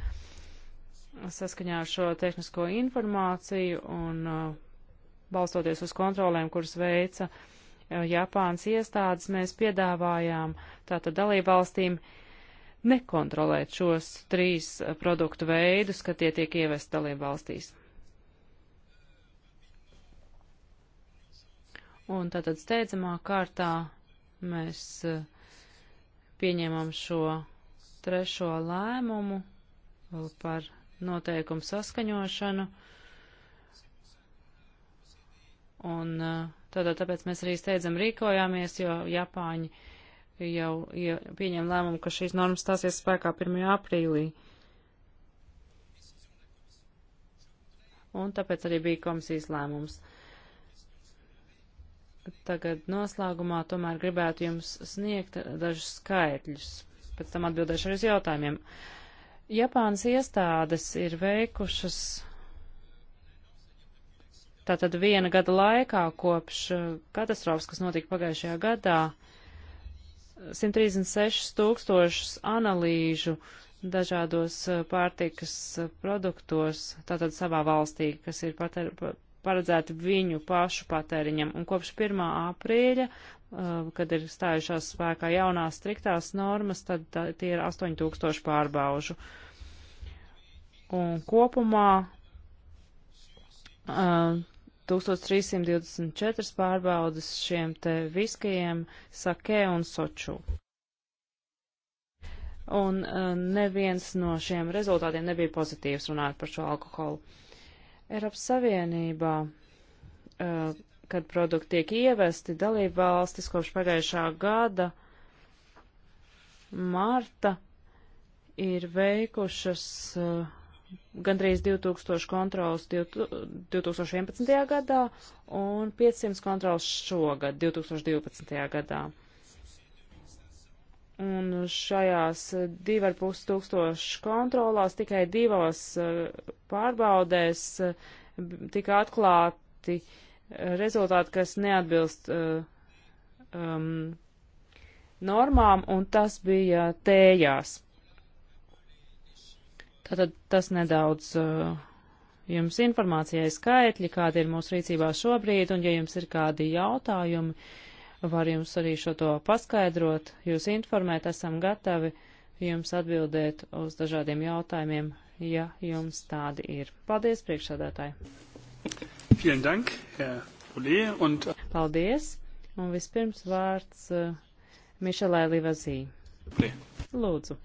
saskaņā ar šo tehnisko informāciju un uh, balstoties uz kontrolēm, kuras veica eh, Japānas iestādes, mēs piedāvājām tātad dalībvalstīm nekontrolēt šos trīs eh, produktu veidus, ka tie tiek ievest dalībvalstīs. Un tātad steidzamā kārtā mēs eh, pieņemam šo trešo lēmumu par noteikumu saskaņošanu. Uh, Un eh, tādā, tāpēc mēs arī steidzam rīkojāmies, jo Japāņi jau ja pieņem lēmumu, ka šīs normas stāsies spēkā 1. aprīlī. Un tāpēc arī bija komisijas lēmums. Tagad noslēgumā tomēr gribētu jums sniegt dažus skaitļus. Pēc tam atbildēšu arī uz jautājumiem. Japānas iestādes ir veikušas Tātad viena gada laikā kopš uh, katastrofas, kas notika pagājušajā gadā, 136 tūkstošus analīžu dažādos uh, pārtikas uh, produktos, tātad savā valstī, kas ir patēr, paredzēti viņu pašu patēriņam. Un kopš 1. aprīļa, kad ir stājušās spēkā jaunās striktās normas, tad tā, tie ir 8000 pārbaužu. Un kopumā 1324 pārbaudas šiem te viskajiem sakē un soču. Un uh, neviens no šiem rezultātiem nebija pozitīvs runāt par šo alkoholu. Eiropas Savienībā, uh, kad produkti tiek ievesti, dalība valstis kopš pagājušā gada marta ir veikušas uh, gandrīz 2000 kontrols 2011. gadā un 500 kontrols šogad, 2012. gadā. Un šajās 2,5 tūkstošu kontrolās tikai divās eh, pārbaudēs eh, tika atklāti eh, rezultāti, kas neatbilst um, normām, un tas bija tējās. Tātad tas nedaudz uh, jums informācijai skaitļi, kāda ir mūsu rīcībā šobrīd, un ja jums ir kādi jautājumi, var jums arī šo to paskaidrot, jūs informēt, esam gatavi jums atbildēt uz dažādiem jautājumiem, ja jums tādi ir. Paldies, priekšsādātāji! Dank, Olē, und... Äh, Paldies! Un vispirms vārds uh, Mišelai Livazī. Lūdzu!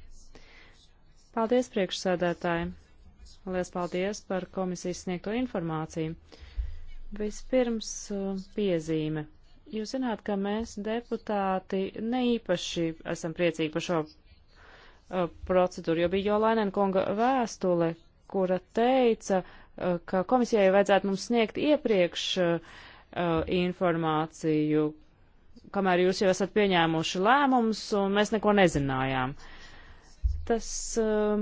Paldies, priekšsēdētāji! Lielas paldies par komisijas sniegto informāciju. Vispirms um, piezīme. Jūs zināt, ka mēs deputāti neīpaši esam priecīgi par šo uh, procedūru, jo bija Jolainen kunga vēstule, kura teica, uh, ka komisijai vajadzētu mums sniegt iepriekš uh, uh informāciju, kamēr jūs jau esat pieņēmuši lēmumus, un mēs neko nezinājām. Uh, tas uh,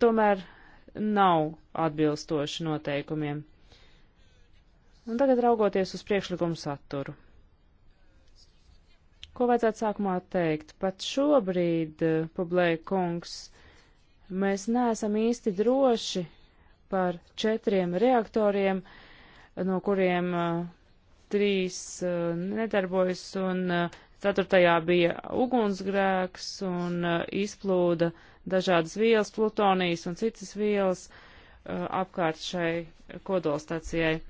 tomēr nav atbilstoši noteikumiem. Un tagad raugoties uz priekšlikumu saturu. Ko vajadzētu sākumā teikt? Pat šobrīd, uh, Publēja kungs, mēs neesam īsti droši par četriem reaktoriem, no kuriem uh, trīs uh, nedarbojas, un uh, ceturtajā bija ugunsgrēks un uh, izplūda uh, dažādas vielas, plutonijas un citas vielas uh, apkārt šai kodolstacijai.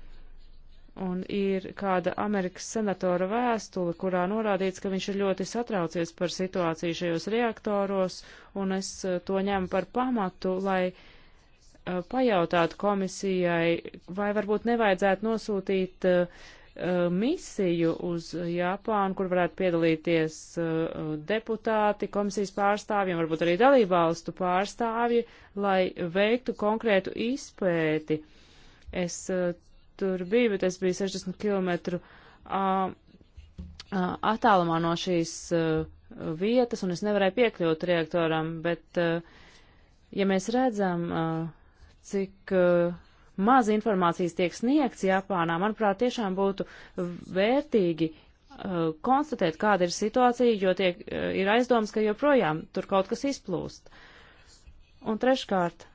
Un ir kāda Amerikas senatora vēstule, kurā norādīts, ka viņš ir ļoti satraucies par situāciju šajos reaktoros, un es uh, to ņemu par pamatu, lai uh, pajautātu komisijai, vai varbūt nevajadzētu nosūtīt uh, Uh, misiju uz Japānu, kur varētu piedalīties uh, deputāti, komisijas pārstāvji un varbūt arī dalībvalstu pārstāvji, lai veiktu konkrētu izpēti. Es uh, tur biju, bet es biju 60 km attālumā no šīs vietas un es nevarēju piekļūt reaktoram, bet ja mēs redzam, cik uh, maz informācijas tiek sniegts Japānā, manuprāt, tiešām būtu vērtīgi uh, konstatēt, kāda ir situācija, jo tiek, uh, ir aizdoms, ka joprojām tur kaut kas izplūst. Un treškārt,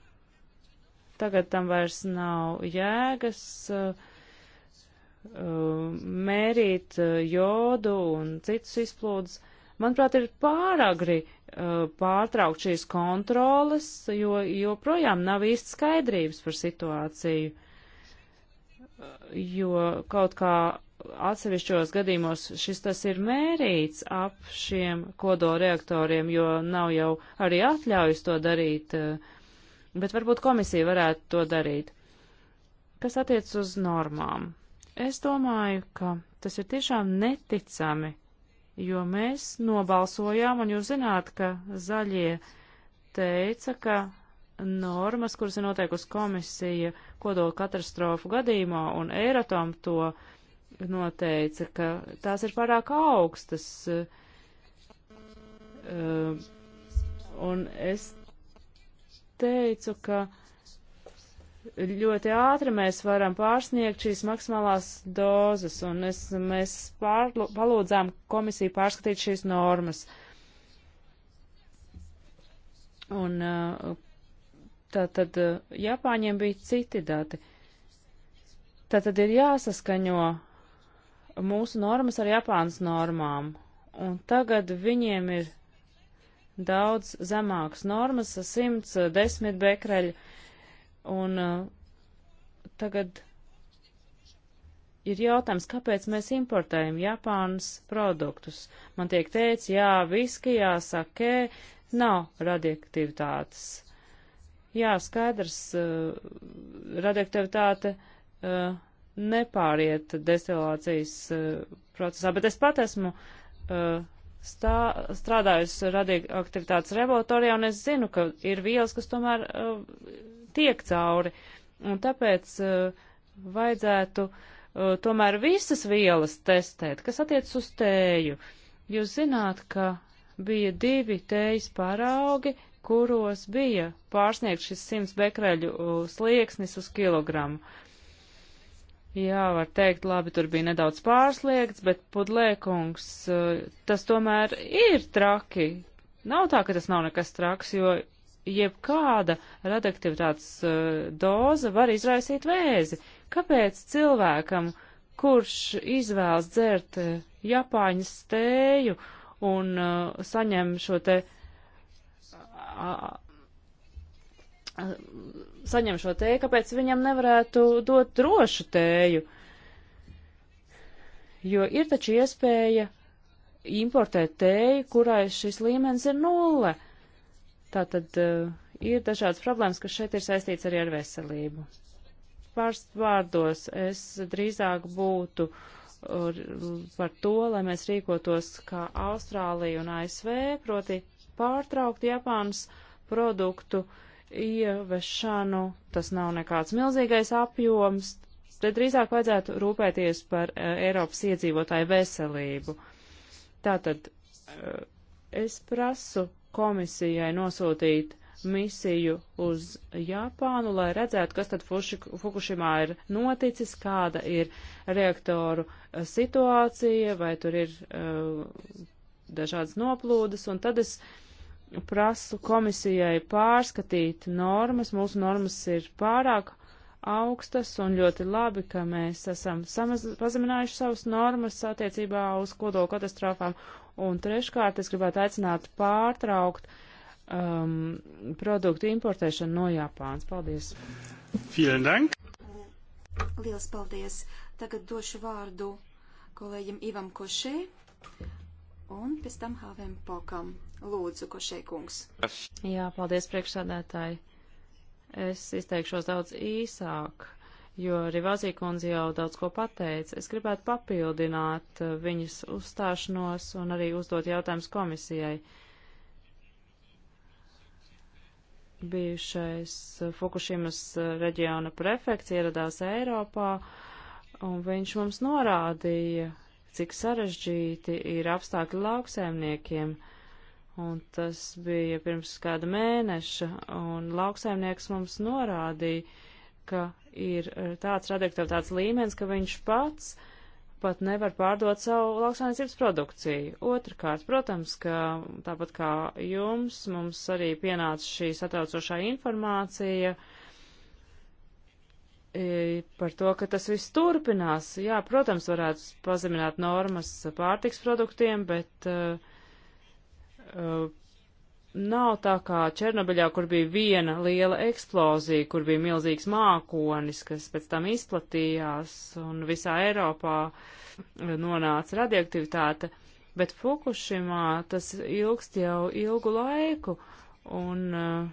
tagad tam vairs nav jēgas uh, uh mērīt uh, jodu un citus izplūdes. Manuprāt, ir pāragri uh, Uh, pārtraukt šīs kontroles, jo joprojām nav īsti skaidrības par situāciju, jo kaut kā atsevišķos gadījumos šis tas ir mērīts ap šiem kodoreaktoriem, jo nav jau arī atļaujas to darīt, uh, bet varbūt komisija varētu to darīt. Kas attiec uz normām? Es domāju, ka tas ir tiešām neticami, jo mēs nobalsojām, un jūs zināt, ka zaļie teica, ka normas, kuras ir noteikusi komisija kodola katastrofu gadījumā, un Eiratom to noteica, ka tās ir pārāk augstas. Uh, un es teicu, ka uh, ļoti ātri mēs varam pārsniegt šīs maksimālās dozes, un es, mēs pārlu, palūdzām komisiju pārskatīt šīs normas. Un uh, tā tad uh, Japāņiem bija citi dati. Tā tad ir jāsaskaņo mūsu normas ar Japānas normām, un tagad viņiem ir daudz zemākas normas, 110 bekreļu Un uh, tagad ir jautājums, kāpēc mēs importējam Japānas produktus. Man tiek teicis, jā, viski, jā, sakē, nav radioaktivitātes. Jā, skaidrs, uh, radioaktivitāte uh, nepāriet destilācijas uh, procesā, bet es pat esmu uh, stā, strādājusi radioaktivitātes laboratorijā un es zinu, ka ir vielas, kas tomēr. Uh, tiek cauri. Un tāpēc uh, vajadzētu uh, tomēr visas vielas testēt, kas attiec uz tēju. Jūs zināt, ka bija divi tējas paraugi, kuros bija pārsniegt šis 100 bekreļu eh, slieksnis uz kilogramu. Jā, var teikt, labi, tur bija nedaudz pārsliegts, bet pudlēkungs, tas tomēr ir traki. Nav tā, ka tas nav nekas traks, jo jebkāda radioaktivitātes uh, eh, doza var izraisīt vēzi. Kāpēc cilvēkam, kurš izvēlas dzert uh, Japāņas tēju un uh, saņem šo te. Uh, saņem šo tēju, kāpēc viņam nevarētu dot drošu tēju? Jo ir taču iespēja importēt tēju, kurai šis līmenis ir nulle. Uh, Tātad eh, ir dažādas problēmas, kas šeit ir saistīts arī ar veselību. Pāris vārdos es drīzāk būtu eh, par to, lai mēs rīkotos kā Austrālija un ASV, proti pārtraukt Japānas produktu ievešanu. Tas nav nekāds milzīgais apjoms. Te drīzāk vajadzētu rūpēties par uh, Eiropas iedzīvotāju veselību. Tātad uh, es prasu komisijai nosūtīt misiju uz Japānu, lai redzētu, kas tad Fukushimā ir noticis, kāda ir reaktoru eh, situācija, vai tur ir uh, dažādas noplūdes, un tad es prasu komisijai pārskatīt normas. Mūsu normas ir pārāk augstas un ļoti labi, ka mēs esam samaz, pazeminājuši savas normas attiecībā uz kodola katastrofām, Un treškārt es gribētu aicināt pārtraukt um, produktu importēšanu no Japānas. Paldies! Vielen Dank! Liels paldies! Tagad došu vārdu kolēģim Ivam Košē un pēc tam Hāvēm Pokam. Lūdzu, Košē kungs. Jā, paldies priekšsādētāji. Es izteikšos daudz īsāk jo Rivāzī kundze jau daudz ko pateica. Es gribētu papildināt eh, viņas uzstāšanos un arī uzdot jautājumus komisijai. Bijušais eh, Fukushimas eh, reģiona prefekts ieradās Eiropā, un viņš mums norādīja, cik sarežģīti ir apstākļi lauksēmniekiem. Un tas bija pirms kāda mēneša, un lauksaimnieks mums norādīja, ka ir eh, tāds radioaktivitātes līmenis, ka viņš pats pat nevar pārdot savu lauksainicības produkciju. Otrakārt, protams, ka tāpat kā jums, mums arī pienāca šī satraucošā informācija e, par to, ka tas viss turpinās. Jā, protams, varētu pazemināt normas pārtiks produktiem, bet uh, uh, nav tā kā Černobiļā, kur bija viena liela eksplozija, kur bija milzīgs mākonis, kas pēc tam izplatījās un visā Eiropā eh, nonāca radioaktivitāte, bet Fukushimā tas ilgst jau ilgu laiku un uh,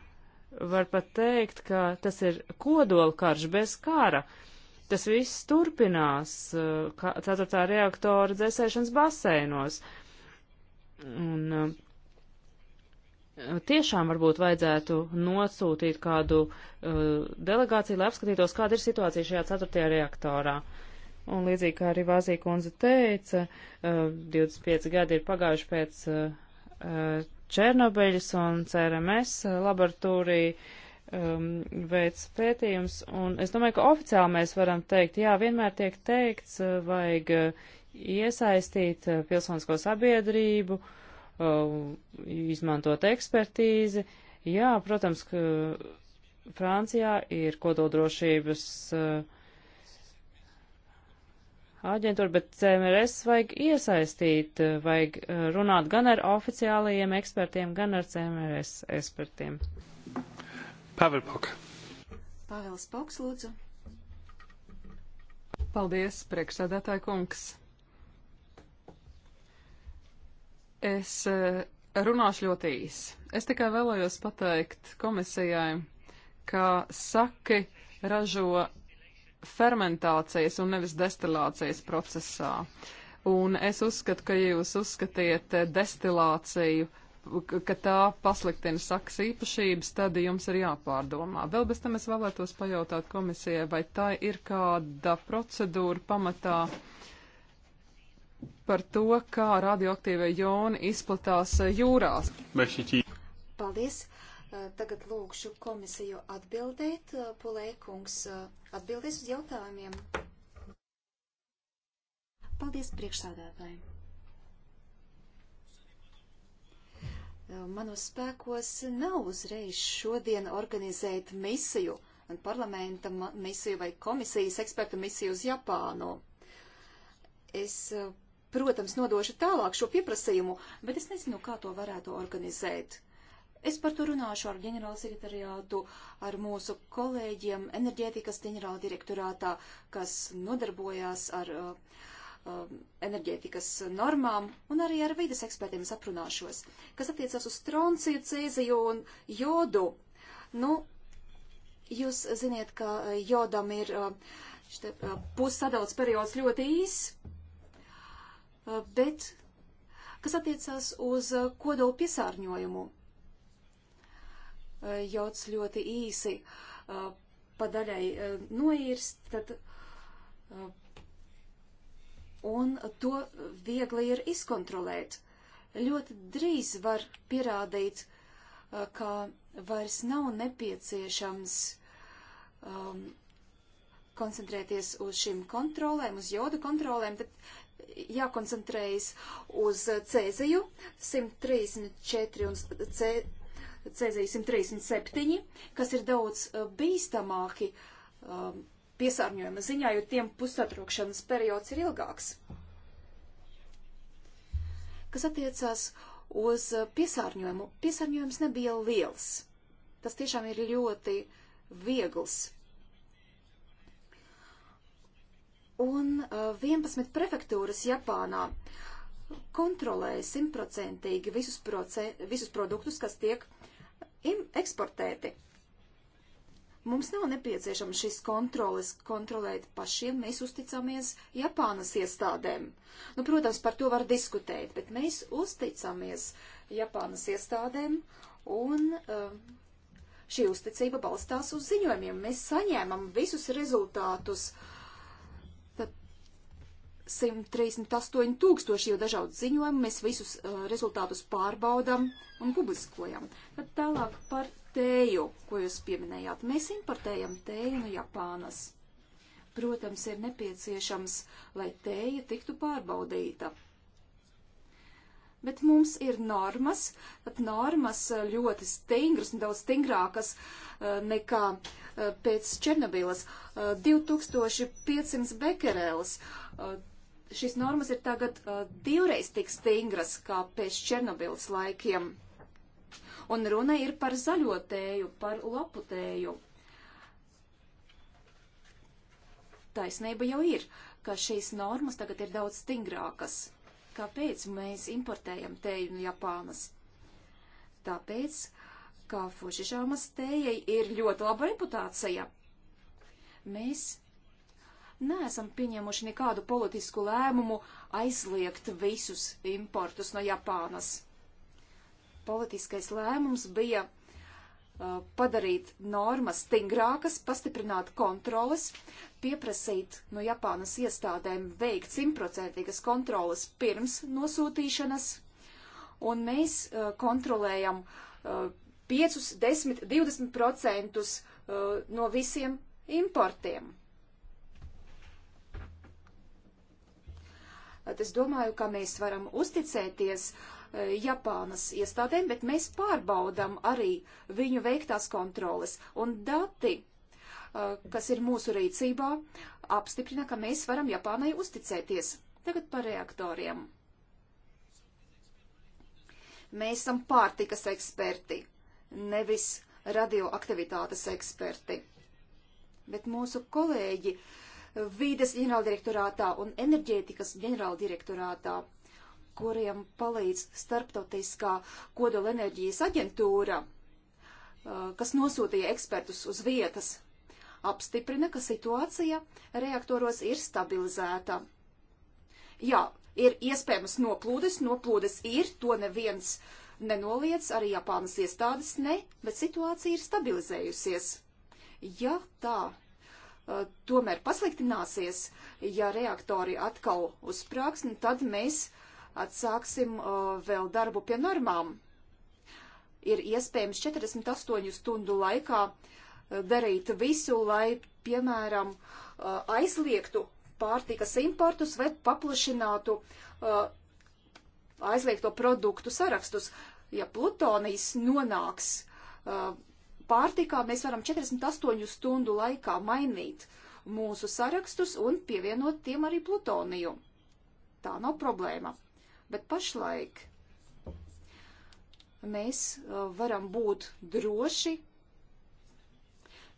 var pat teikt, ka tas ir kodola karš bez kara. Tas viss turpinās uh, ceturtā reaktora dzēsēšanas baseinos. Un uh, tiešām varbūt vajadzētu nosūtīt kādu uh, delegāciju, lai apskatītos, kāda ir situācija šajā ceturtajā reaktorā. Un līdzīgi kā arī Vāzija kundze teica, uh, 25 gadi ir pagājuši pēc uh, uh Černobeļas un CRMS uh, laboratorija um, veids pētījums. Un es domāju, ka oficiāli mēs varam teikt, jā, vienmēr tiek teikts, uh, vajag iesaistīt pilsonisko sabiedrību, uh, Uh, izmantot ekspertīzi. Jā, protams, ka Francijā ir kodoldrošības uh, aģentūra, bet CMRS vajag iesaistīt, uh, vajag runāt gan ar oficiālajiem ekspertiem, gan ar CMRS ekspertiem. Pavel Pok. Pavels Poks, lūdzu. Paldies, priekšsēdētāji kungs. Es eh, runāšu ļoti īsi. Es tikai vēlējos pateikt komisijai, ka saki ražo fermentācijas un nevis destilācijas procesā. Un es uzskatu, ka ja jūs uzskatiet eh, destilāciju, ka tā pasliktina sakas īpašības, tad jums ir jāpārdomā. Vēl bez tam es vēlētos pajautāt komisijai, vai tā ir kāda procedūra pamatā, uh, par to, kā radioaktīvie joni izplatās eh, jūrās. Paldies! Eh, tagad lūkšu komisiju atbildēt. Eh, Pulēkungs atbildēs uz jautājumiem. Paldies priekšsādātājiem! Manos spēkos nav uzreiz šodien organizēt misiju, un parlamenta misiju vai komisijas ekspertu misiju uz Japānu. Es protams, nodošu tālāk šo pieprasījumu, bet es nezinu, kā to varētu organizēt. Es par to runāšu ar ģenerālsekretariātu, ar mūsu kolēģiem enerģētikas ģenerāldirektorātā, kas nodarbojās ar uh, uh, enerģētikas normām un arī ar vides ekspertiem saprunāšos, kas attiecas uz tronciju, cēziju un jodu. Nu, jūs ziniet, ka uh, jodam ir uh, šitā, uh, pussadauts periods ļoti īs, Uh, bet kas attiecās uz uh, kodolu piesārņojumu. Uh, Jauts ļoti īsi padaļai noīrst, tad un to viegli ir izkontrolēt. Ļoti drīz var pierādīt, ka vairs nav nepieciešams um, koncentrēties uz šīm kontrolēm, uz jodu kontrolēm, tad jākoncentrējas uz Cēziju 134 un Cēziju 137, kas ir daudz e, bīstamāki um, piesārņojuma ziņā, jo tiem pusatrūkšanas periods ir ilgāks. Kas attiecās uz e, piesārņojumu, piesārņojums nebija liels. Tas tiešām ir ļoti viegls un 11 prefektūras Japānā kontrolē simtprocentīgi visus, procent, visus produktus, kas tiek eksportēti. Mums nav nepieciešams šis kontrolis kontrolēt pašiem, mēs uzticamies Japānas iestādēm. Nu, protams, par to var diskutēt, bet mēs uzticamies Japānas iestādēm un šī uzticība balstās uz ziņojumiem. Mēs saņēmam visus rezultātus uh, 138 tūkstoši jau dažādu ziņojumu, mēs visus uh, rezultātus pārbaudam un publiskojam. Tad tālāk par tēju, ko jūs pieminējāt. Mēs importējam tēju no Japānas. Protams, ir nepieciešams, lai tēja tiktu pārbaudīta. Bet mums ir normas, tad normas uh, ļoti stingras un daudz stingrākas uh, nekā uh, pēc Černobilas 2500 uh, bekerēlas uh, šīs normas ir tagad uh, divreiz tik stingras kā pēc Černobilas laikiem. Un runa ir par zaļotēju, par loputēju. Taisnība jau ir, ka šīs normas tagad ir daudz stingrākas. Kāpēc mēs importējam tēju no Japānas? Tāpēc, ka Fušišāmas tējai ir ļoti laba reputācija. Mēs neesam pieņēmuši nekādu politisku lēmumu aizliegt visus importus no Japānas. Politiskais lēmums bija uh, padarīt normas stingrākas, pastiprināt kontroles, pieprasīt no Japānas iestādēm veikt simtprocentīgas kontroles pirms nosūtīšanas, un mēs uh, kontrolējam uh, 5, 10, 20 procentus uh, no visiem importiem. Tad es domāju, ka mēs varam uzticēties eh, Japānas iestādēm, bet mēs pārbaudam arī viņu veiktās kontroles. Un dati, eh, kas ir mūsu rīcībā, apstiprina, ka mēs varam Japānai uzticēties. Tagad par reaktoriem. Mēs esam pārtikas eksperti, nevis radioaktivitātes eksperti. Bet mūsu kolēģi uh, vīdes ģenerāldirektorātā un enerģētikas ģenerāldirektorātā, kuriem palīdz starptautiskā kodolenerģijas aģentūra, uh, kas nosūtīja ekspertus uz vietas, apstiprina, ka situācija reaktoros ir stabilizēta. Jā, ir iespējams noplūdes, noplūdes ir, to neviens nenoliedz, arī Japānas iestādes ne, bet situācija ir stabilizējusies. Ja tā Uh, tomēr pasliktināsies, ja reaktori atkal uzsprāgs, tad mēs atsāksim uh, vēl darbu pie normām. Ir iespējams 48 stundu laikā uh, darīt visu, lai, piemēram, aizliegtu pārtikas importus vai paplašinātu aizliegto produktu sarakstus. Ja plutonijas nonāks pārtikā mēs varam 48 stundu laikā mainīt mūsu sarakstus un pievienot tiem arī plutoniju. Tā nav problēma. Bet pašlaik mēs uh, varam būt droši,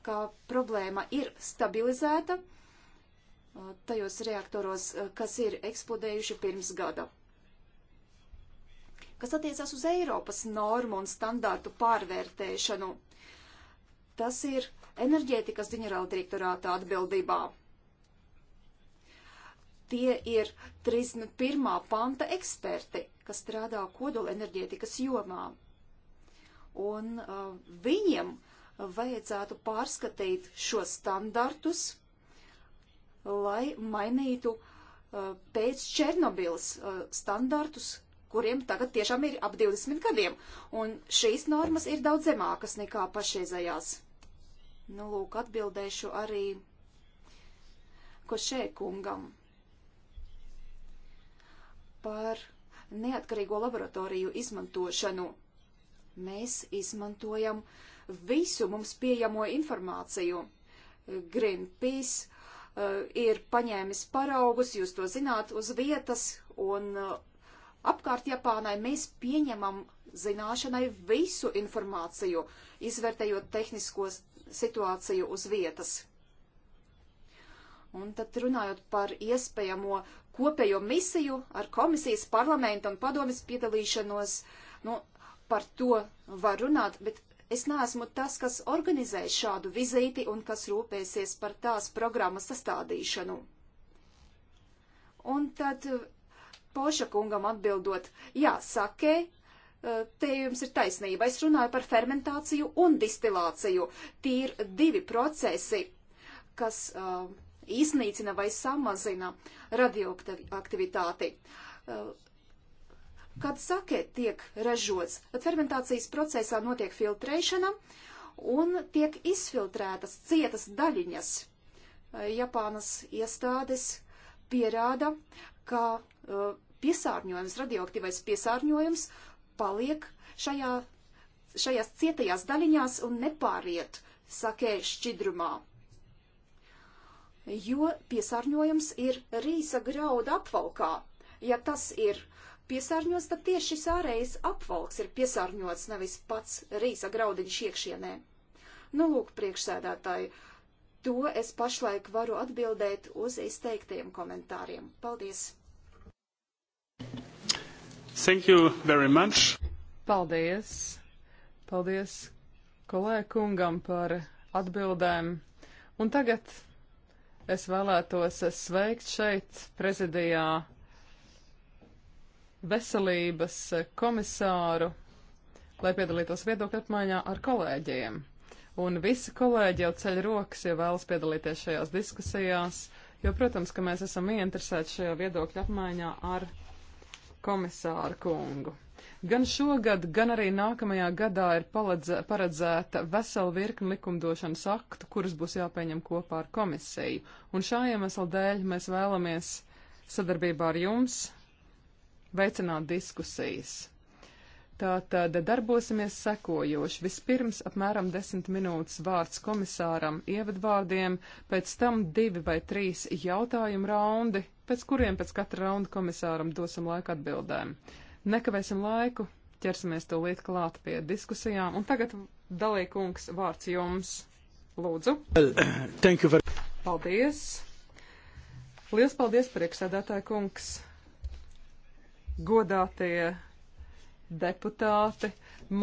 ka problēma ir stabilizēta uh, tajos reaktoros, uh, kas ir eksplodējuši pirms gada. Kas attiecas uz Eiropas normu un standārtu pārvērtēšanu, Tas ir enerģētikas ģenerāla direktorāta atbildībā. Tie ir 31. panta eksperti, kas strādā kodola enerģētikas jomā. Un uh, viņiem vajadzētu pārskatīt šos standartus, lai mainītu uh, pēc Černobilas uh, standartus, kuriem tagad tiešām ir ap 20 gadiem, un šīs normas ir daudz zemākas nekā pašreizējās. Nu, lūk, atbildēšu arī Košē kungam par neatkarīgo laboratoriju izmantošanu. Mēs izmantojam visu mums pieejamo informāciju. Greenpeace uh, ir paņēmis paraugus, jūs to zināt, uz vietas, un uh, apkārt Japānai mēs pieņemam zināšanai visu informāciju, izvērtējot tehniskos situāciju uz vietas. Un tad runājot par iespējamo kopējo misiju ar komisijas, parlamentu un padomis piedalīšanos, nu, par to var runāt, bet es neesmu tas, kas organizē šādu vizīti un kas rūpēsies par tās programmas sastādīšanu. Un tad Poša kungam atbildot, jā, sakē, Te jums ir taisnība. Es runāju par fermentāciju un distilāciju. Tie ir divi procesi, kas uh, iznīcina vai samazina radioaktivitāti. Uh, kad sakē tiek ražots, tad fermentācijas procesā notiek filtrēšana un tiek izfiltrētas cietas daļiņas. Uh, Japānas iestādes pierāda, ka uh, piesārņojums, radioaktīvais piesārņojums paliek šajā, šajās cietajās daļiņās un nepāriet sakē šķidrumā. Jo piesārņojums ir rīsa grauda apvalkā. Ja tas ir piesārņots, tad tieši šis ārējais apvalks ir piesārņots, nevis pats rīsa graudiņš iekšienē. Nu, lūk, priekšsēdētāji, to es pašlaik varu atbildēt uz izteiktiem komentāriem. Paldies! Thank you very much. Paldies. Paldies kolēkungam par atbildēm. Un tagad es vēlētos sveikt šeit prezidijā veselības komisāru, lai piedalītos viedokļu apmaiņā ar kolēģiem. Un visi kolēģi jau ceļ rokas, ja vēlas piedalīties šajās diskusijās, jo, protams, ka mēs esam ieinteresēti šajā viedokļu apmaiņā ar kolēģiem komisāru kungu. Gan šogad, gan arī nākamajā gadā ir paledzē, paredzēta vesela virkni likumdošanas aktu, kurus būs jāpieņem kopā ar komisiju. Un šā iemesla dēļ mēs vēlamies sadarbībā ar jums veicināt diskusijas. Tātad darbosimies sekojoši. Vispirms apmēram 10 minūtes vārds komisāram ievadvārdiem, pēc tam divi vai trīs jautājumu raundi, pēc kuriem pēc katra raunda komisāram dosim laiku atbildēm. Nekavēsim laiku, ķersimies to līdz klāt pie diskusijām, un tagad dalīkungs vārds jums. Lūdzu. For... Paldies. Lielas paldies, priekšsēdētāja kungs. Godātie deputāti,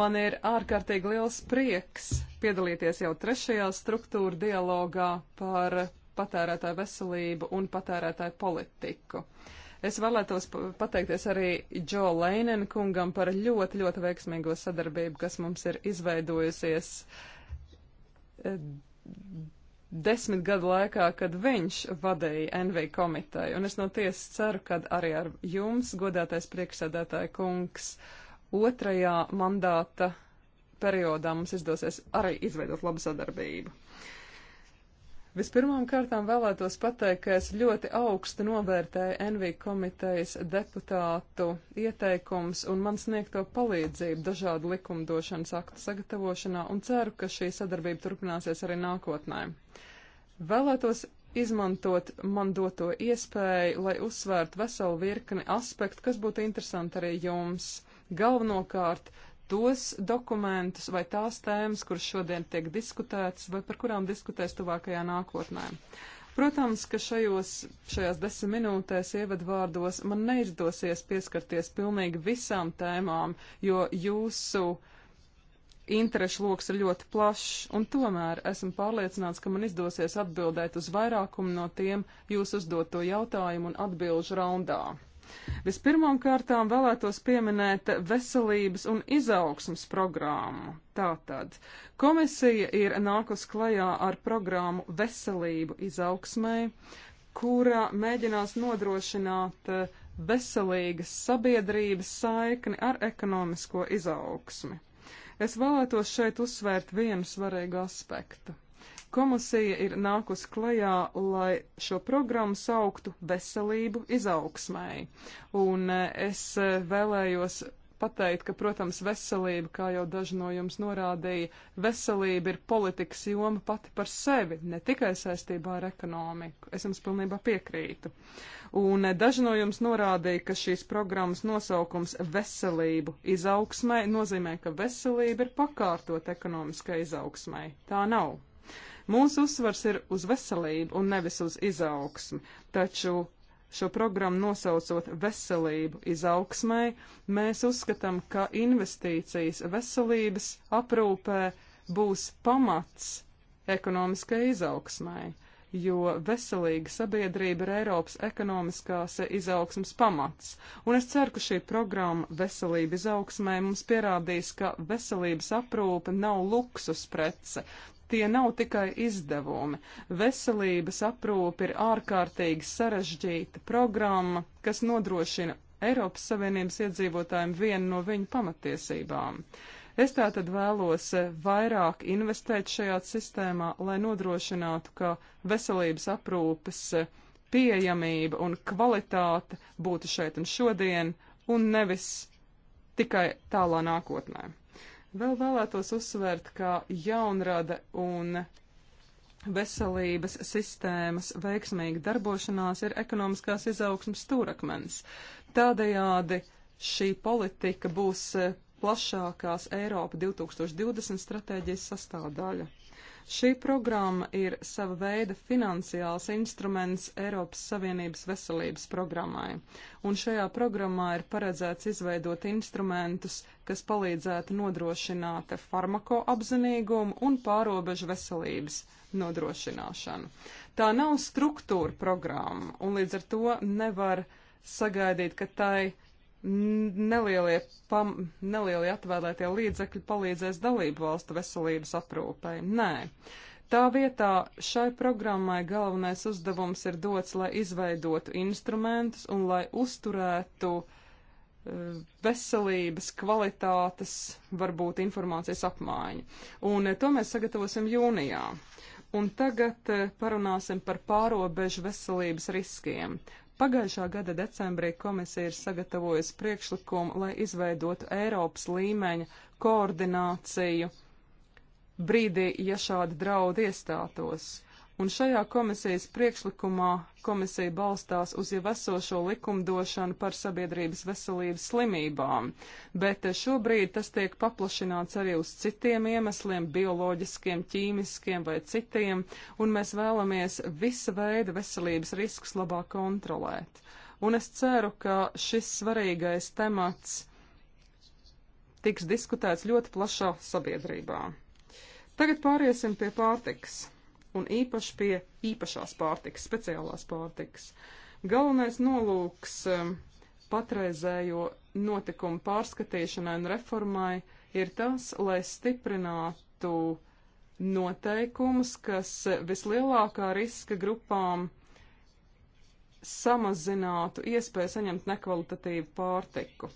man ir ārkārtīgi liels prieks piedalīties jau trešajā struktūra dialogā par patērētāju veselību un patērētāju politiku. Es vēlētos pateikties arī Džo Leinen kungam par ļoti, ļoti veiksmīgo sadarbību, kas mums ir izveidojusies eh, desmit gadu laikā, kad viņš vadīja NV komiteju. Un es no tiesas ceru, ka arī ar jums, godātais priekšsēdētāja kungs, otrajā mandāta periodā mums izdosies arī izveidot labu sadarbību. Vispirmām kārtām vēlētos pateikt, ka es ļoti augstu novērtēju NV komitejas deputātu ieteikums un man sniegto palīdzību dažādu likumdošanas aktu sagatavošanā un ceru, ka šī sadarbība turpināsies arī nākotnē. Vēlētos izmantot man doto iespēju, lai uzsvērtu veselu virkni aspektu, kas būtu interesanti arī jums. Galvenokārt tos dokumentus vai tās tēmas, kuras šodien tiek diskutētas vai par kurām diskutēs tuvākajā nākotnē. Protams, ka šajos, šajās desmit minūtēs ievadvārdos man neizdosies pieskarties pilnīgi visām tēmām, jo jūsu interešu lokus ir ļoti plašs, un tomēr esmu pārliecināts, ka man izdosies atbildēt uz vairākumu no tiem jūsu uzdoto jautājumu un atbilžu raundā. Vispirmām kārtām vēlētos pieminēt veselības un izaugsmas programmu. Tātad, komisija ir nākus klajā ar programmu Veselību izaugsmai, kura mēģinās nodrošināt eh, veselīgas sabiedrības saikni ar ekonomisko izaugsmi. Es vēlētos šeit uzsvērt vienu svarīgu aspektu. Komisija ir nākus klajā, lai šo programmu sauktu veselību izaugsmai. Un e, es e, vēlējos pateikt, ka, protams, veselība, kā jau daži no jums norādīja, veselība ir politikas joma pati par sevi, ne tikai saistībā ar ekonomiku. Es jums pilnībā piekrītu. Un e, daži no jums norādīja, ka šīs programmas nosaukums veselību izaugsmai nozīmē, ka veselība ir pakārtot ekonomiskai izaugsmai. Tā nav. Mūsu uzsvars ir uz veselību un nevis uz izaugsmu, taču šo programmu nosaucot veselību izaugsmai, mēs uzskatām, ka investīcijas veselības aprūpē būs pamats ekonomiskai izaugsmai, jo veselīga sabiedrība ir Eiropas ekonomiskās izaugsmas pamats. Un es ceru, ka šī programma veselība izaugsmai mums pierādīs, ka veselības aprūpe nav luksus prece, tie nav tikai izdevumi. Veselības aprūpe ir ārkārtīgi sarežģīta programma, kas nodrošina Eiropas Savienības iedzīvotājiem vienu no viņu pamatiesībām. Es tātad vēlos vairāk investēt šajā sistēmā, lai nodrošinātu, ka veselības aprūpes pieejamība un kvalitāte būtu šeit un šodien, un nevis tikai tālā nākotnē. Vēl vēlētos uzsvērt, ka jaunrada un veselības sistēmas veiksmīga darbošanās ir ekonomiskās izaugsmas stūrakmens. Tādējādi šī politika būs plašākās Eiropa 2020 stratēģijas sastāvdaļa. Šī programma ir sava veida finansiāls instruments Eiropas Savienības veselības programmai, un šajā programmā ir paredzēts izveidot instrumentus, kas palīdzētu nodrošināt farmako apzinīgumu un pārobežu veselības nodrošināšanu. Tā nav struktūra programma, un līdz ar to nevar sagaidīt, ka tai nelielie, pam, nelielie atvēlētie līdzekļi palīdzēs dalību valstu veselības aprūpai. Nē. Tā vietā šai programmai galvenais uzdevums ir dots, lai izveidotu instrumentus un lai uzturētu e, veselības kvalitātes, varbūt informācijas apmaiņu. Un e, to mēs sagatavosim jūnijā. Un tagad e, parunāsim par pārobežu veselības riskiem. Pagājušā gada decembrī komisija ir sagatavojusi priekšlikumu, lai izveidotu Eiropas līmeņa koordināciju brīdī, ja šādi draudi iestātos un šajā komisijas priekšlikumā komisija balstās uz jau esošo likumdošanu par sabiedrības veselības slimībām, bet eh, šobrīd tas tiek paplašināts arī uz citiem iemesliem, bioloģiskiem, ķīmiskiem vai citiem, un mēs vēlamies visa veida veselības riskus labāk kontrolēt. Un es ceru, ka šis svarīgais temats tiks diskutēts ļoti plašā sabiedrībā. Tagad pāriesim pie pārtiks un īpaši pie īpašās pārtikas, speciālās pārtikas. Galvenais nolūks um, patreizējo notikumu pārskatīšanai un reformai ir tas, lai stiprinātu noteikumus, kas vislielākā riska grupām samazinātu iespēju saņemt nekvalitatīvu pārtiku.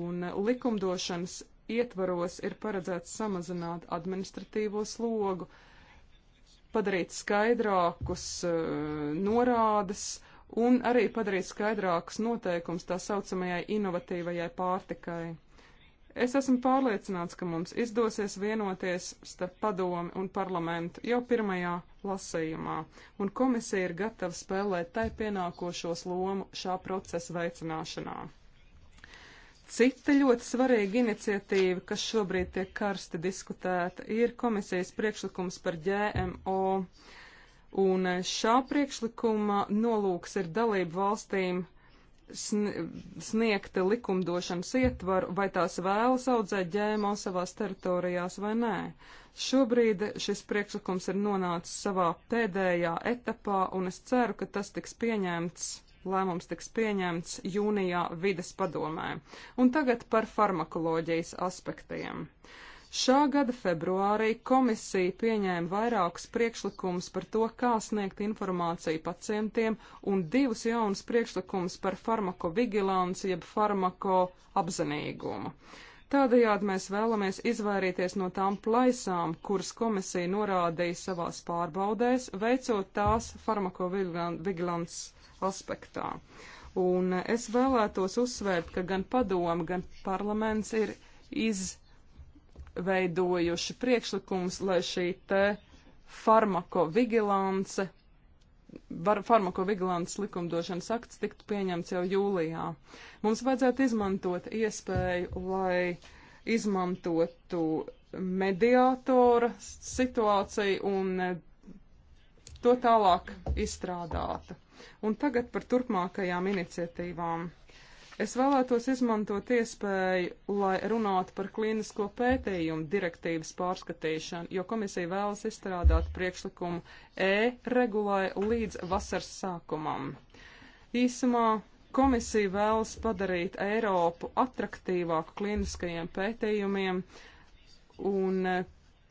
Un likumdošanas ietvaros ir paredzēts samazināt administratīvo slogu, padarīt skaidrākus eh, norādes un arī padarīt skaidrākus noteikums tā saucamajai inovatīvajai pārtikai. Es esmu pārliecināts, ka mums izdosies vienoties starp padomi un parlamentu jau pirmajā lasījumā, un komisija ir gatava spēlēt tai pienākošos lomu šā procesa veicināšanā. Cita ļoti svarīga iniciatīva, kas šobrīd tiek karsti diskutēta, ir komisijas priekšlikums par GMO. Un šā priekšlikuma nolūks ir dalību valstīm sniegta likumdošanas ietvaru, vai tās vēlas audzēt ģēmo savās teritorijās vai nē. Šobrīd šis priekšlikums ir nonācis savā pēdējā etapā, un es ceru, ka tas tiks pieņemts Lēmums tiks pieņemts jūnijā vides padomē. Un tagad par farmakoloģijas aspektiem. Šā gada februārī komisija pieņēma vairākus priekšlikumus par to, kā sniegt informāciju pacientiem, un divus jaunus priekšlikumus par farmakovigilanci jeb farmako apzinīgumu. Tādējādi mēs vēlamies izvairīties no tām plaisām, kuras komisija norādīja savās pārbaudēs, veicot tās farmakovigilants aspektā. Un es vēlētos uzsvērt, ka gan padoma, gan parlaments ir izveidojuši priekšlikums, lai šī te farmakovigilance, var, farmakovigilants likumdošanas akts tiktu pieņemts jau jūlijā. Mums vajadzētu izmantot iespēju, lai izmantotu mediātora situāciju un to tālāk izstrādātu. Un tagad par turpmākajām iniciatīvām. Es vēlētos izmantot iespēju, lai runātu par klīnisko pētījumu direktīvas pārskatīšanu, jo komisija vēlas izstrādāt priekšlikumu E-regulai līdz vasaras sākumam. Īsumā komisija vēlas padarīt Eiropu attraktīvāku klīniskajiem pētījumiem, un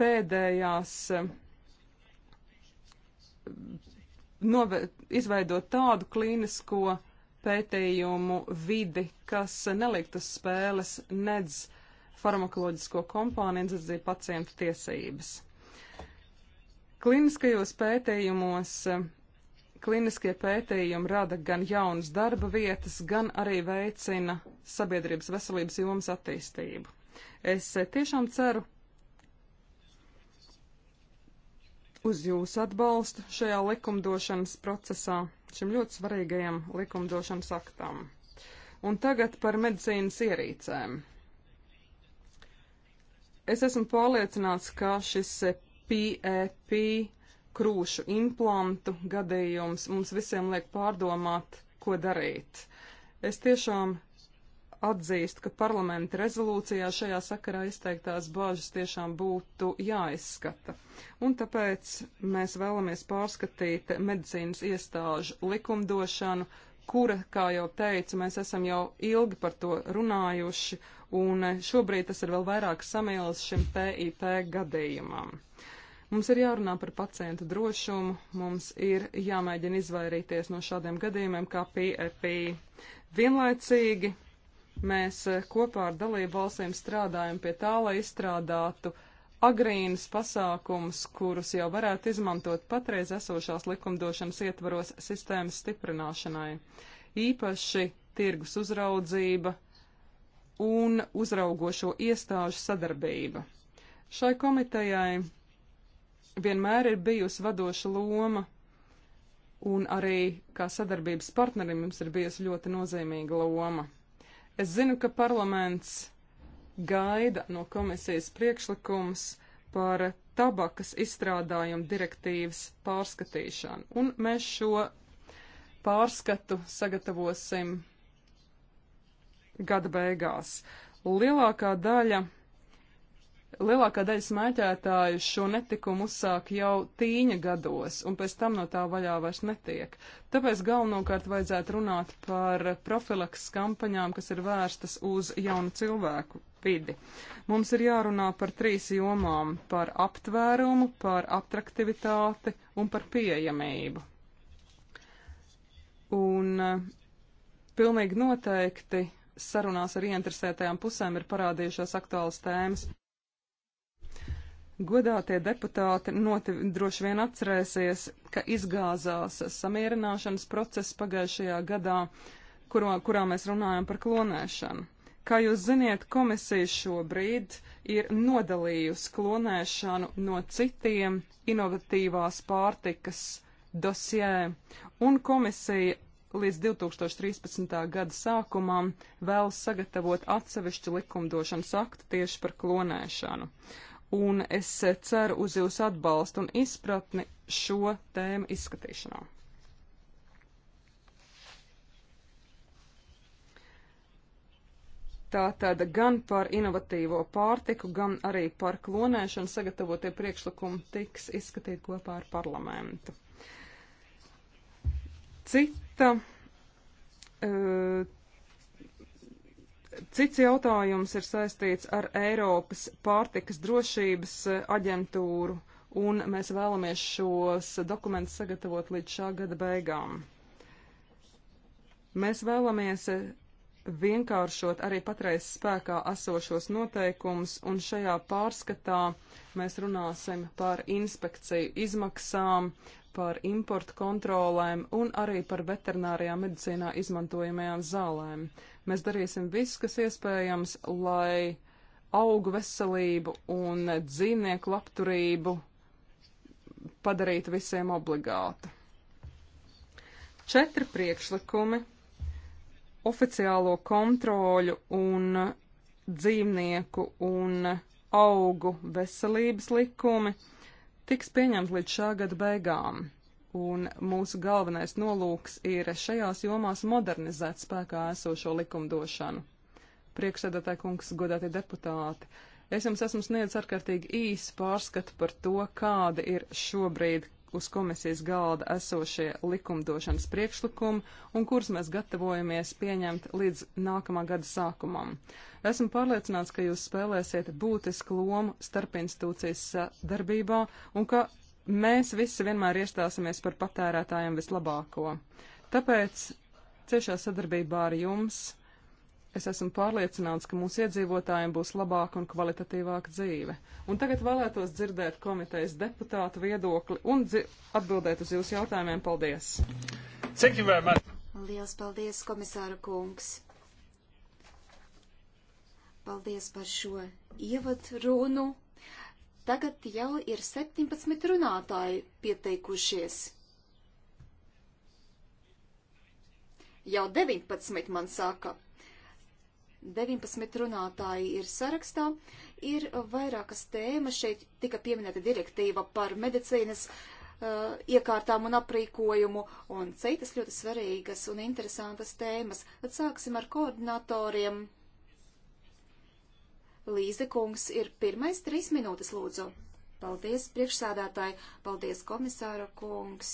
pēdējās izveidot tādu klīnisko pētījumu vidi, kas nelikt uz spēles nedz farmakoloģisko kompāniju, nedz arī pacientu tiesības. Kliniskajos pētījumos kliniskie pētījumi rada gan jaunas darba vietas, gan arī veicina sabiedrības veselības jomas attīstību. Es tiešām ceru, uz jūsu atbalstu šajā likumdošanas procesā, šim ļoti svarīgajam likumdošanas aktam. Un tagad par medicīnas ierīcēm. Es esmu pārliecināts, ka šis PEP eh, e krūšu implantu gadījums mums visiem liek pārdomāt, ko darīt. Es tiešām atzīst, ka parlamenta rezolūcijā šajā sakarā izteiktās bāžas tiešām būtu jāizskata. Un tāpēc mēs vēlamies pārskatīt medicīnas iestāžu likumdošanu, kura, kā jau teicu, mēs esam jau ilgi par to runājuši, un šobrīd tas ir vēl vairāk samils šim PIP gadījumam. Mums ir jārunā par pacientu drošumu, mums ir jāmēģina izvairīties no šādiem gadījumiem kā PIP. Vienlaicīgi Mēs eh, kopā ar dalību valstīm strādājam pie tā, lai izstrādātu agrīnas pasākums, kurus jau varētu izmantot patreiz esošās likumdošanas ietvaros sistēmas stiprināšanai. Īpaši tirgus uzraudzība un uzraugošo iestāžu sadarbība. Šai komitejai vienmēr ir bijusi vadoša loma, un arī kā sadarbības partnerim mums ir bijusi ļoti nozīmīga loma. Es zinu, ka parlaments gaida no komisijas priekšlikums par tabakas izstrādājumu direktīvas pārskatīšanu, un mēs šo pārskatu sagatavosim gada beigās. Lielākā daļa Lielākā daļa smēķētāju šo netikumu uzsāk jau tīņa gados, un pēc tam no tā vaļā vairs netiek. Tāpēc galvenokārt vajadzētu runāt par profilaks kampaņām, kas ir vērstas uz jaunu cilvēku vidi. Mums ir jārunā par trīs jomām - par aptvērumu, par atraktivitāti un par pieejamību. Un eh, pilnīgi noteikti sarunās ar ieinteresētajām pusēm ir parādījušās aktuālas tēmas. Godātie deputāti noti, droši vien atcerēsies, ka izgāzās samierināšanas process pagājušajā gadā, kuro, kurā mēs runājam par klonēšanu. Kā jūs ziniet, komisija šobrīd ir nodalījusi klonēšanu no citiem inovatīvās pārtikas dosjē, un komisija līdz 2013. gada sākumam vēl sagatavot atsevišķu likumdošanas aktu tieši par klonēšanu un es ceru uz jūsu atbalstu un izpratni šo tēmu izskatīšanā. Tātad gan par inovatīvo pārtiku, gan arī par klonēšanu sagatavotie priekšlikumi tiks izskatīti kopā ar parlamentu. Cita, uh, Cits jautājums ir saistīts ar Eiropas pārtikas drošības eh, aģentūru, un mēs vēlamies šos dokumentus sagatavot līdz šā gada beigām. Mēs vēlamies eh, vienkāršot arī patreiz spēkā esošos noteikumus, un šajā pārskatā mēs runāsim par inspekciju izmaksām, par importu kontrolēm un arī par veterinārijā medicīnā izmantojamajām zālēm. Mēs darīsim visu, kas iespējams, lai augu veselību un dzīvnieku labturību padarītu visiem obligātu. Četri priekšlikumi - oficiālo kontroļu un dzīvnieku un augu veselības likumi tiks pieņemts līdz šā gada beigām un mūsu galvenais nolūks ir šajās jomās modernizēt spēkā esošo likumdošanu. Priekšsēdētāji kungs, godātie deputāti, es jums esmu sniedzis ārkārtīgi īsu pārskatu par to, kāda ir šobrīd uz komisijas galda esošie likumdošanas priekšlikumi un kurus mēs gatavojamies pieņemt līdz nākamā gada sākumam. Esmu pārliecināts, ka jūs spēlēsiet būtisku lomu starp institūcijas darbībā un ka mēs visi vienmēr iestāsimies par patērētājiem vislabāko. Tāpēc ciešā sadarbībā ar jums es esmu pārliecināts, ka mūsu iedzīvotājiem būs labāka un kvalitatīvāka dzīve. Un tagad vēlētos dzirdēt komitejas deputātu viedokli un atbildēt uz jūsu jautājumiem. Paldies! Thank you very much! Liels paldies, komisāra kungs! Paldies par šo ievadrunu! Tagad jau ir 17 runātāji pieteikušies. Jau 19 man saka. 19 runātāji ir sarakstā. Ir vairākas tēmas. Šeit tika pieminēta direktīva par medicīnas uh, iekārtām un aprīkojumu un citas ļoti svarīgas un interesantas tēmas. Tad sāksim ar koordinatoriem. Līze kungs ir pirmais trīs minūtes lūdzu. Paldies, priekšsādātāji, paldies, komisāra kungs,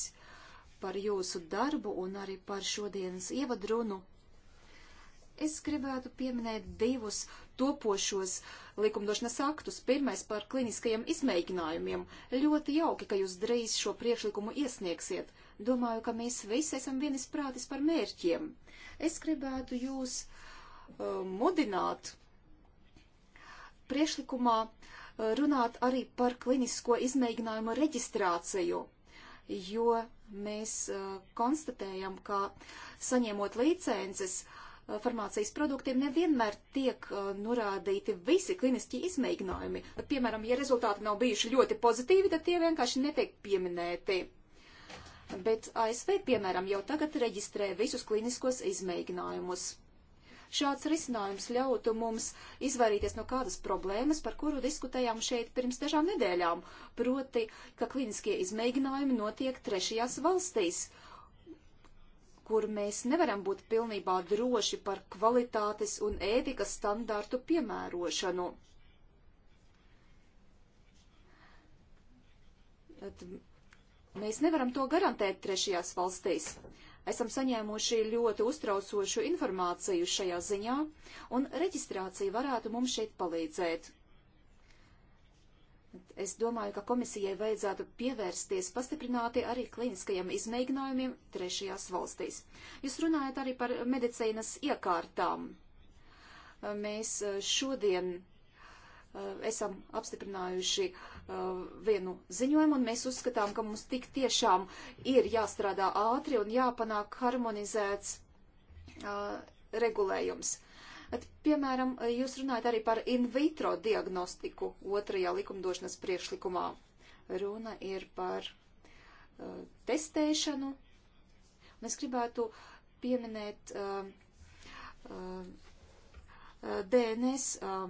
par jūsu darbu un arī par šodienas ievadrunu. Es gribētu pieminēt divus topošos likumdošanas aktus. Pirmais par kliniskajiem izmēģinājumiem. Ļoti jauki, ka jūs drīz šo priekšlikumu iesniegsiet. Domāju, ka mēs visi esam vienisprātis par mērķiem. Es gribētu jūs uh, mudināt priešlikumā eh, runāt arī par klinisko izmēģinājumu reģistrāciju, jo mēs eh, konstatējam, ka saņemot licences eh, farmācijas produktiem nevienmēr tiek norādīti visi kliniski izmēģinājumi. Piemēram, ja rezultāti nav bijuši ļoti pozitīvi, tad tie vienkārši netiek pieminēti. Bet ASV, piemēram, jau tagad reģistrē visus kliniskos izmēģinājumus. Šāds risinājums ļautu mums izvairīties no kādas problēmas, par kuru diskutējām šeit pirms dažām nedēļām, proti, ka klīniskie izmēģinājumi notiek trešajās valstīs, kur mēs nevaram būt pilnībā droši par kvalitātes un ētikas standārtu piemērošanu. Tad mēs nevaram to garantēt trešajās valstīs esam saņēmuši ļoti uztraucošu informāciju šajā ziņā, un reģistrācija varētu mums šeit palīdzēt. Es domāju, ka komisijai vajadzētu pievērsties pastiprināti arī klīniskajiem izmēģinājumiem trešajās valstīs. Jūs runājat arī par medicīnas iekārtām. Mēs eh, šodien eh, esam apstiprinājuši uh, Uh, vienu ziņojumu, un mēs uzskatām, ka mums tik tiešām ir jāstrādā ātri un jāpanāk harmonizēts uh, regulējums. At, piemēram, jūs runājat arī par in vitro diagnostiku otrajā likumdošanas priekšlikumā. Runa ir par uh, testēšanu. Mēs gribētu pieminēt uh, uh, DNS uh,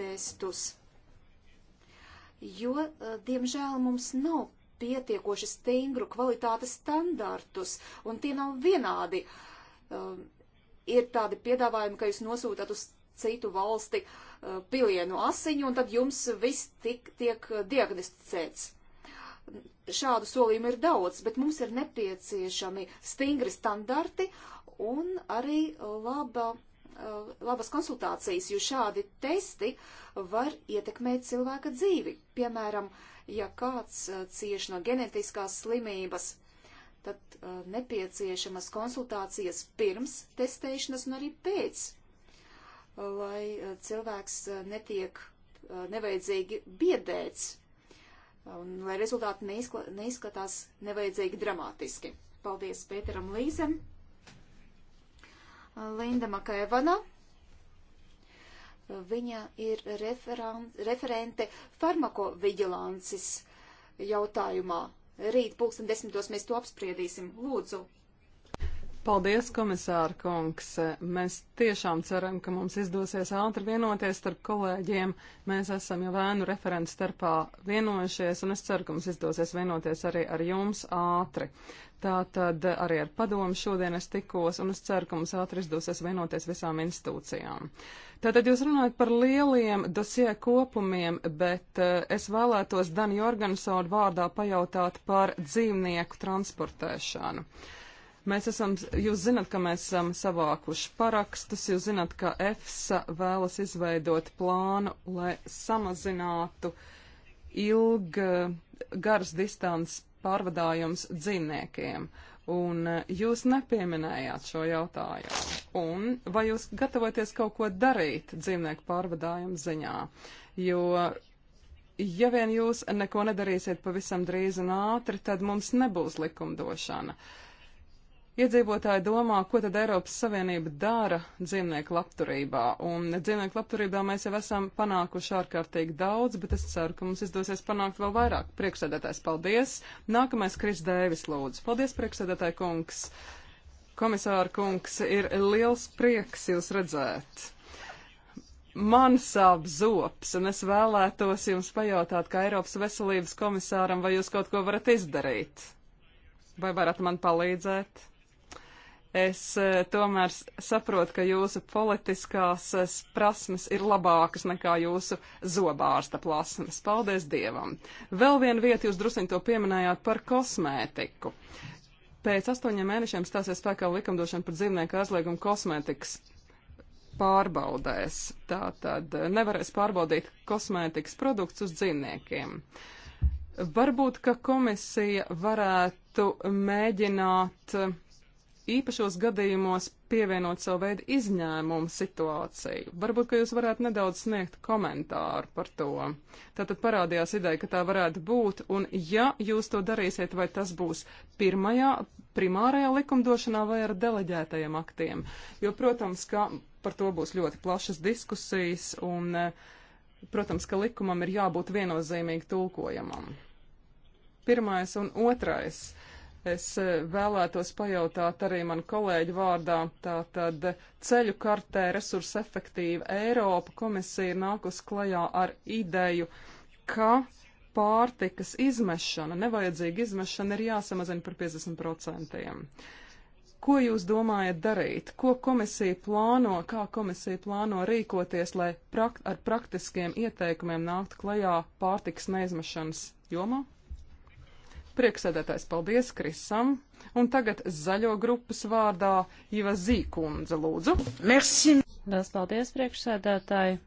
testus jo, eh, diemžēl, mums nav pietiekoši stingru kvalitātes standartus, un tie nav vienādi. Um, ir tādi piedāvājumi, ka jūs nosūtat uz citu valsti uh, pilienu asiņu, un tad jums viss tik, tiek diagnosticēts. Šādu solījumu ir daudz, bet mums ir nepieciešami stingri standarti un arī laba Uh, labas konsultācijas, jo šādi testi var ietekmēt cilvēka dzīvi. Piemēram, ja kāds uh, cieši no genetiskās slimības, tad uh, nepieciešamas konsultācijas pirms testēšanas un arī pēc, lai cilvēks netiek nevajadzīgi biedēts un lai rezultāti neizskatās nevajadzīgi dramatiski. Paldies Pēteram Līzem! Linda Makēvana. Viņa ir referente farmakoviģilances jautājumā. Rīt pulksten desmitos mēs to apspriedīsim. Lūdzu, Paldies, komisāra kungs. Mēs tiešām ceram, ka mums izdosies ātri vienoties starp kolēģiem. Mēs esam jau vēnu referents starpā vienojušies, un es ceru, ka mums izdosies vienoties arī ar jums ātri. Tā tad arī ar padomu šodien es tikos, un es ceru, ka mums ātri izdosies vienoties visām institūcijām. Tātad jūs runājat par lieliem dosie kopumiem, bet uh, es vēlētos Dani Jorgansonu vārdā pajautāt par dzīvnieku transportēšanu. Uh, Mēs esam, jūs zinat, ka mēs esam savākuši parakstus, jūs zinat, ka EFSA vēlas izveidot plānu, lai samazinātu ilg garas distances pārvadājums dzīvniekiem. Un eh, jūs nepieminējāt šo jautājumu. Un vai jūs gatavoties kaut ko darīt dzīvnieku pārvadājumu ziņā? Jo ja vien jūs neko nedarīsiet pavisam drīz un ātri, tad mums nebūs likumdošana. Uh, Iedzīvotāji domā, ko tad Eiropas Savienība dara dzīvnieku labturībā, un dzīvnieku labturībā mēs jau esam panākuši ārkārtīgi daudz, bet es ceru, ka mums izdosies panākt vēl vairāk. Priekšsēdētājs, paldies! Nākamais Kris Dēvis lūdzu. Paldies, priekšsēdētāji kungs! Komisāra kungs, ir liels prieks jūs redzēt! Man sāp zops, un es vēlētos jums pajautāt, kā Eiropas veselības komisāram, vai jūs kaut ko varat izdarīt? Vai varat man palīdzēt? Es e, tomēr saprotu, ka jūsu politiskās e, prasmes ir labākas nekā jūsu zobārsta plasmas. Paldies Dievam! Vēl viena vieta jūs drusiņ to pieminējāt par kosmētiku. Pēc astoņiem mēnešiem stāsies spēkā likumdošana par dzīvnieku aizliegumu kosmētikas pārbaudēs. Tātad e, nevarēs pārbaudīt kosmētikas produktus uz dzīvniekiem. Varbūt, ka komisija varētu mēģināt īpašos gadījumos pievienot savu veidu izņēmumu situāciju. Varbūt, ka jūs varētu nedaudz sniegt komentāru par to. Tātad parādījās ideja, ka tā varētu būt, un ja jūs to darīsiet, vai tas būs pirmajā, primārajā likumdošanā vai ar deleģētajiem aktiem. Jo, protams, ka par to būs ļoti plašas diskusijas, un, eh, protams, ka likumam ir jābūt viennozīmīgi tulkojamam. Pirmais un otrais Es eh, vēlētos pajautāt arī man kolēģu vārdā, tātad eh, ceļu kartē resursa efektīva Eiropa komisija ir nākus klajā ar ideju, ka pārtikas izmešana, nevajadzīga izmešana ir jāsamazina par 50%. Ko jūs domājat darīt? Ko komisija plāno, kā komisija plāno rīkoties, lai prakt ar praktiskiem ieteikumiem nākt klajā pārtikas neizmešanas jomā? Prieksēdētājs paldies Krisam. Un tagad zaļo grupas vārdā Iva Zīkundze, lūdzu. Merci. Vēl paldies priekšsēdētāji.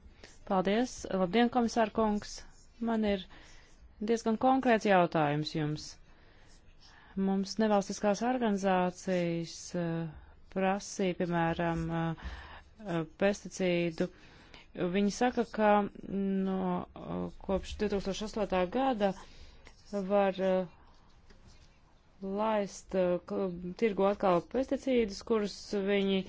Paldies. Labdien, komisār kungs. Man ir diezgan konkrēts jautājums jums. Mums nevalstiskās organizācijas eh, prasīja, piemēram, eh, eh, pesticīdu. Viņi saka, ka mm, no kopš 2008. gada var laist uh, tirgu atkal pesticīdus, kurus viņi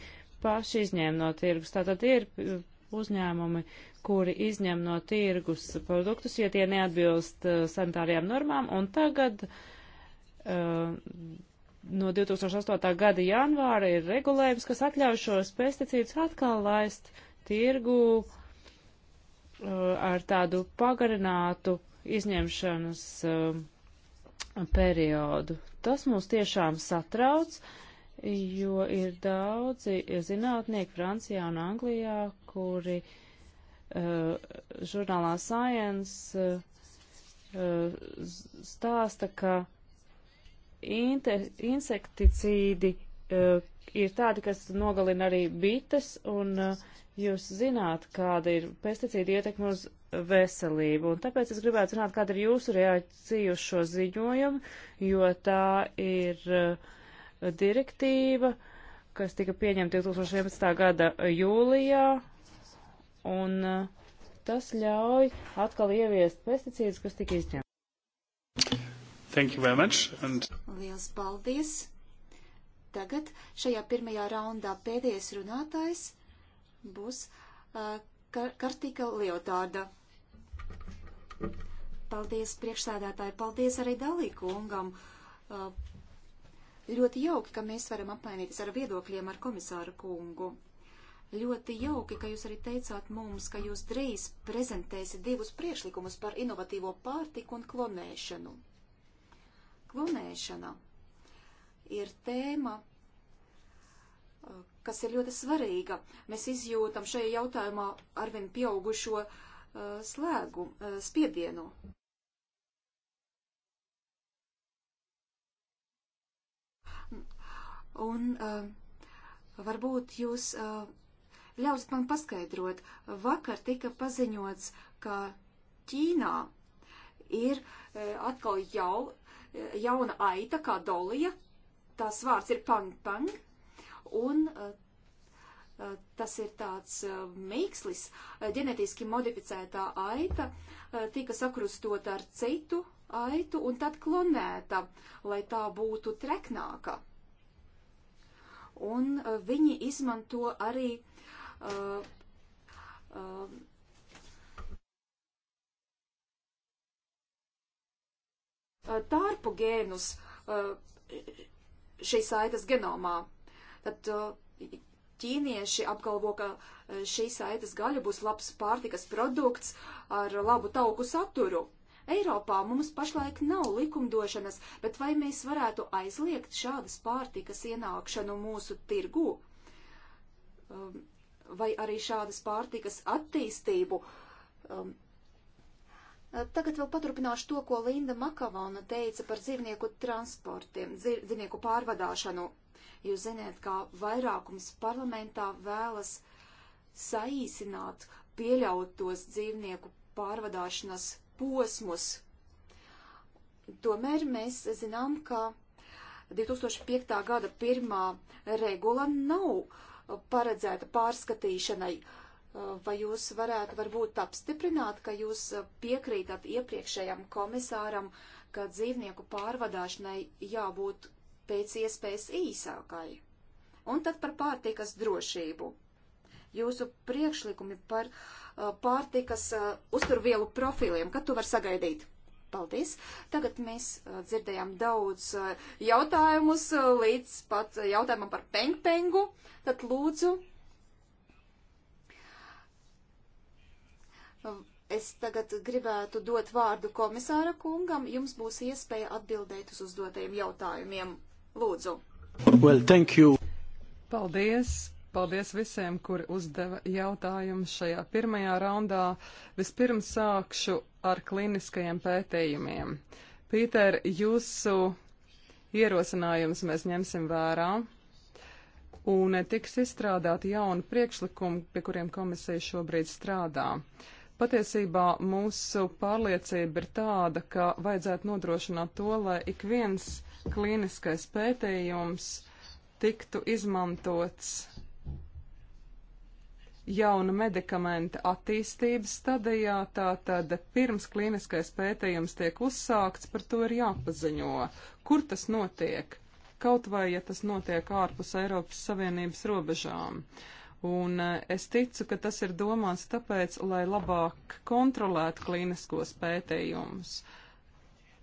paši izņēma no tirgus. Tātad ir uh, uzņēmumi, kuri izņem no tirgus produktus, ja tie neatbilst uh, sanitārijām normām, un tagad uh, no 2008. gada janvāra ir regulējums, kas atļauj šos pesticīdus atkal laist tirgu uh, ar tādu pagarinātu izņemšanas uh, periodu. Tas mūs tiešām satrauc, jo ir daudzi zinātnieki Francijā un Anglijā, kuri uh, žurnālā Science uh, stāsta, ka inter, insekticīdi uh, ir tādi, kas nogalina arī bites, un uh, jūs zināt, kāda ir pesticīda ietekme uz veselību. Un tāpēc es gribētu zināt, kāda ir jūsu reakcija uz šo ziņojumu, jo tā ir uh, direktīva, kas tika pieņemta 2011. gada jūlijā, un uh, tas ļauj atkal ieviest pesticīdus, kas tika izņemti. Thank you very much. And... Liels paldies! Tagad šajā pirmajā raundā pēdējais runātājs būs uh, Kar Kartika Liotārda. Paldies priekšsēdētāji, paldies arī Dalī kungam. Uh, ļoti jauki, ka mēs varam apmainīties ar viedokļiem ar komisāru kungu. Ļoti jauki, ka jūs arī teicāt mums, ka jūs drīz prezentēsiet divus priešlikumus par inovatīvo pārtiku un klonēšanu. Klonēšana ir tēma, kas ir ļoti svarīga. Mēs izjūtam šajā jautājumā arvien pieaugušo uh, slēgu, uh, spiedienu. Un uh, varbūt jūs uh, ļausit man paskaidrot. Vakar tika paziņots, ka Ķīnā ir uh, atkal jau, uh, jauna aita kā dolija. Tās vārds ir pang pang un uh, uh, tas ir tāds uh, mīkslis, ģenetiski modificētā aita tika sakrustota ar citu aitu un tad klonēta, lai tā būtu treknāka. Un viņi izmanto arī uh, uh, tārpu gēnus uh, šīs aitas genomā. Tad uh, ķīnieši apgalvo, ka uh, šīs aitas gaļa būs labs pārtikas produkts ar labu tauku saturu. Eiropā mums pašlaik nav likumdošanas, bet vai mēs varētu aizliegt šādas pārtikas ienākšanu mūsu tirgū? Um, vai arī šādas pārtikas attīstību? Um, tagad vēl paturpināšu to, ko Linda Makavona teica par dzīvnieku transportiem, dzīvnieku pārvadāšanu. Jūs zināt, ka vairākums parlamentā vēlas saīsināt pieļautos dzīvnieku pārvadāšanas posmus. Tomēr mēs zinām, ka 2005. gada pirmā regula nav paredzēta pārskatīšanai. Vai jūs varētu varbūt apstiprināt, ka jūs piekrītat iepriekšējam komisāram, ka dzīvnieku pārvadāšanai jābūt pēc iespējas īsākai. Un tad par pārtikas drošību. Jūsu priekšlikumi par uh, pārtikas uh, uzturvielu profiliem, kad to var sagaidīt? Paldies! Tagad mēs uh, dzirdējām daudz uh, jautājumus, uh, līdz pat jautājumam par pengpengu. Tad lūdzu. Uh, es tagad gribētu dot vārdu komisāra kungam. Jums būs iespēja atbildēt uz uzdotajiem jautājumiem. Lūdzu. Well, thank you. Paldies. Paldies visiem, kuri uzdeva jautājumus šajā pirmajā raundā. Vispirms sākšu ar kliniskajiem pētījumiem. Pīter, jūsu ierosinājums mēs ņemsim vērā un tiks izstrādāti jauni priekšlikumi, pie kuriem komisija šobrīd strādā. Uh, Patiesībā mūsu pārliecība ir tāda, ka vajadzētu nodrošināt to, lai ik viens klīniskais pētījums tiktu izmantots jauna medikamenta attīstības stadijā, tātad pirms klīniskais pētījums tiek uzsākts, par to ir jāpaziņo. Kur tas notiek? Kaut vai, ja tas notiek ārpus Eiropas Savienības robežām. Uh, Un e, es ticu, ka tas ir domāts tāpēc, lai labāk kontrolētu klīniskos pētījumus.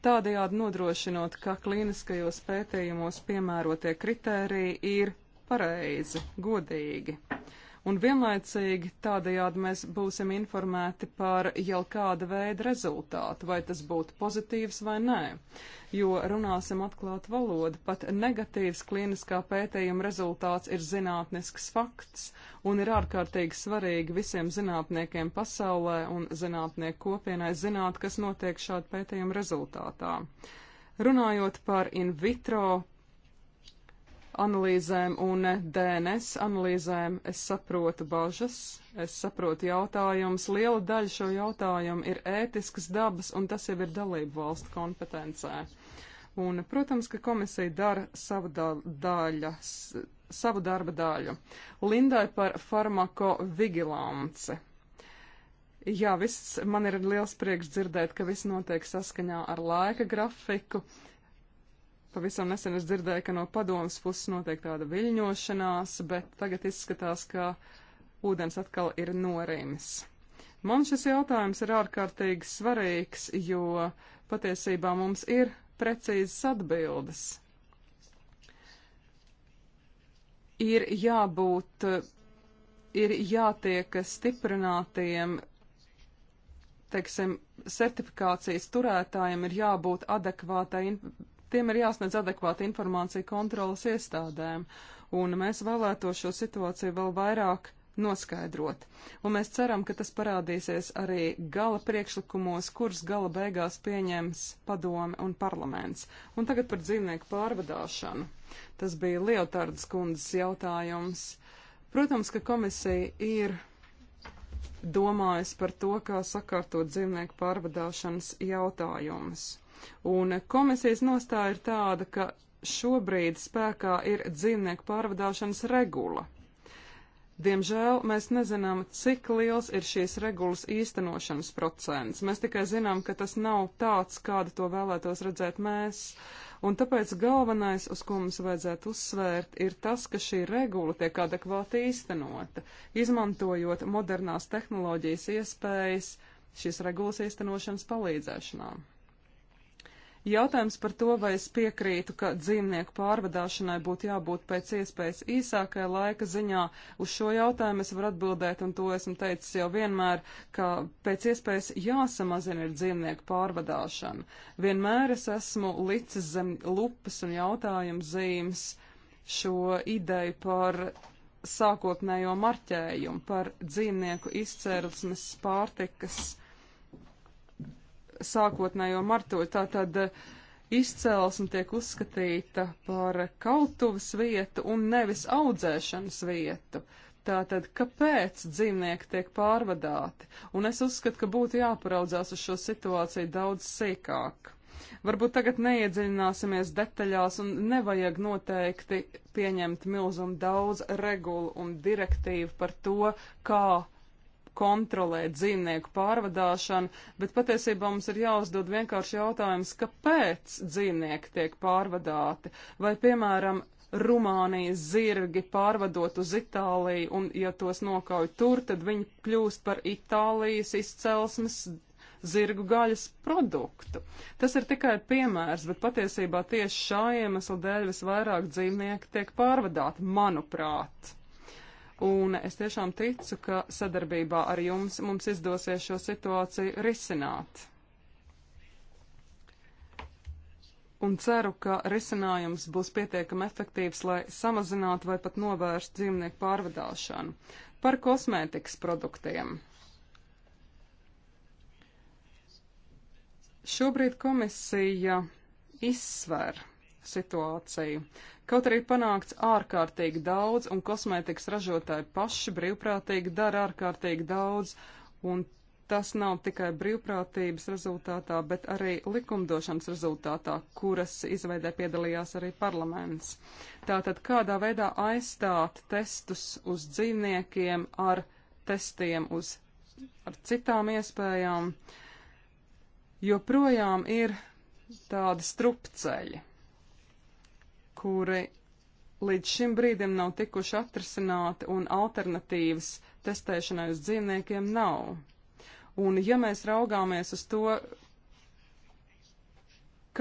Tādējādi nodrošinot, ka klīniskajos pētījumos piemērotie kritēriji ir pareizi, godīgi. Uh, un vienlaicīgi tādējādi mēs būsim informēti par jau kāda veida rezultātu, vai tas būtu pozitīvs vai nē, jo runāsim atklāt valodu, pat negatīvs klīniskā pētījuma rezultāts ir zinātnisks fakts un ir ārkārtīgi svarīgi visiem zinātniekiem pasaulē un zinātnieku kopienai zināt, kas notiek šāda pētījuma rezultātā. Runājot par in vitro analīzēm un DNS analīzēm es saprotu bažas, es saprotu jautājumus. Liela daļa šo jautājumu ir ētiskas dabas, un tas jau ir dalību valstu kompetencē. Un, protams, ka komisija dara savu, da daļa, savu darba daļu. Lindai par farmakovigilanci. Jā, viss man ir liels prieks dzirdēt, ka viss notiek saskaņā ar laika grafiku. Uh, Pavisam nesen es dzirdēju, ka no padomas puses notiek tāda viļņošanās, bet tagad izskatās, ka ūdens atkal ir norimis. Man šis jautājums ir ārkārtīgi svarīgs, jo patiesībā mums ir precīzas atbildes. Ir jābūt, ir jātiek stiprinātiem teiksim, certifikācijas turētājiem ir jābūt adekvātai Tiem ir jāsniedz adekvāta informācija kontrolas iestādēm, un mēs vēlētos šo situāciju vēl vairāk noskaidrot. Un mēs ceram, ka tas parādīsies arī gala priekšlikumos, kurus gala beigās pieņems padome un parlaments. Un tagad par dzīvnieku pārvadāšanu. Tas bija Leotardas kundzes jautājums. Protams, ka komisija ir domājusi par to, kā sakārtot dzīvnieku pārvadāšanas jautājumus. Un komisijas nostāja ir tāda, ka šobrīd spēkā ir dzīvnieku pārvadāšanas regula. Diemžēl mēs nezinām, cik liels ir šīs regulas īstenošanas procents. Mēs tikai zinām, ka tas nav tāds, kādu to vēlētos redzēt mēs. Un tāpēc galvenais, uz ko mums vajadzētu uzsvērt, ir tas, ka šī regula tiek adekvāti īstenota, izmantojot modernās tehnoloģijas iespējas šīs regulas īstenošanas palīdzēšanām. Jautājums par to, vai es piekrītu, ka dzīvnieku pārvadāšanai būtu jābūt pēc iespējas īsākai laika ziņā, uz šo jautājumu es varu atbildēt, un to esmu teicis jau vienmēr, ka pēc iespējas jāsamazina ir dzīvnieku pārvadāšana. Vienmēr es esmu licis zem lupas un jautājumu zīmes šo ideju par sākotnējo marķējumu par dzīvnieku izcēlesmes pārtikas sākotnējo martoju. Tātad eh, izcelsme tiek uzskatīta par kautuves vietu un nevis audzēšanas vietu. Tātad, kāpēc dzīvnieki tiek pārvadāti? Un es uzskatu, ka būtu jāparaudzās uz šo situāciju daudz sīkāk. Varbūt tagad neiedziļināsimies detaļās un nevajag noteikti pieņemt milzumu daudz regulu un direktīvu par to, kā kontrolēt dzīvnieku pārvadāšanu, bet patiesībā mums ir jāuzdod vienkārši jautājums, kāpēc dzīvnieki tiek pārvadāti, vai piemēram Rumānijas zirgi pārvadot uz Itāliju, un ja tos nokauj tur, tad viņi kļūst par Itālijas izcelsmes zirgu gaļas produktu. Tas ir tikai piemērs, bet patiesībā tieši šā iemesla dēļ visvairāk dzīvnieki tiek pārvadāti, manuprāt un es tiešām ticu, ka sadarbībā ar jums mums izdosies šo situāciju risināt. Un ceru, ka risinājums būs pietiekami efektīvs, lai samazinātu vai pat novērstu dzīvnieku pārvadāšanu. Par kosmētikas produktiem. Šobrīd komisija izsver situāciju. Kaut arī panākts ārkārtīgi daudz, un kosmētikas ražotāji paši brīvprātīgi dara ārkārtīgi daudz, un tas nav tikai brīvprātības rezultātā, bet arī likumdošanas rezultātā, kuras izveidē piedalījās arī parlaments. Tātad kādā veidā aizstāt testus uz dzīvniekiem ar testiem uz ar citām iespējām, joprojām ir tādi strupceļi kuri līdz šim brīdim nav tikuši atrisināti un alternatīvas testēšanai uz dzīvniekiem nav. Un ja mēs raugāmies uz to,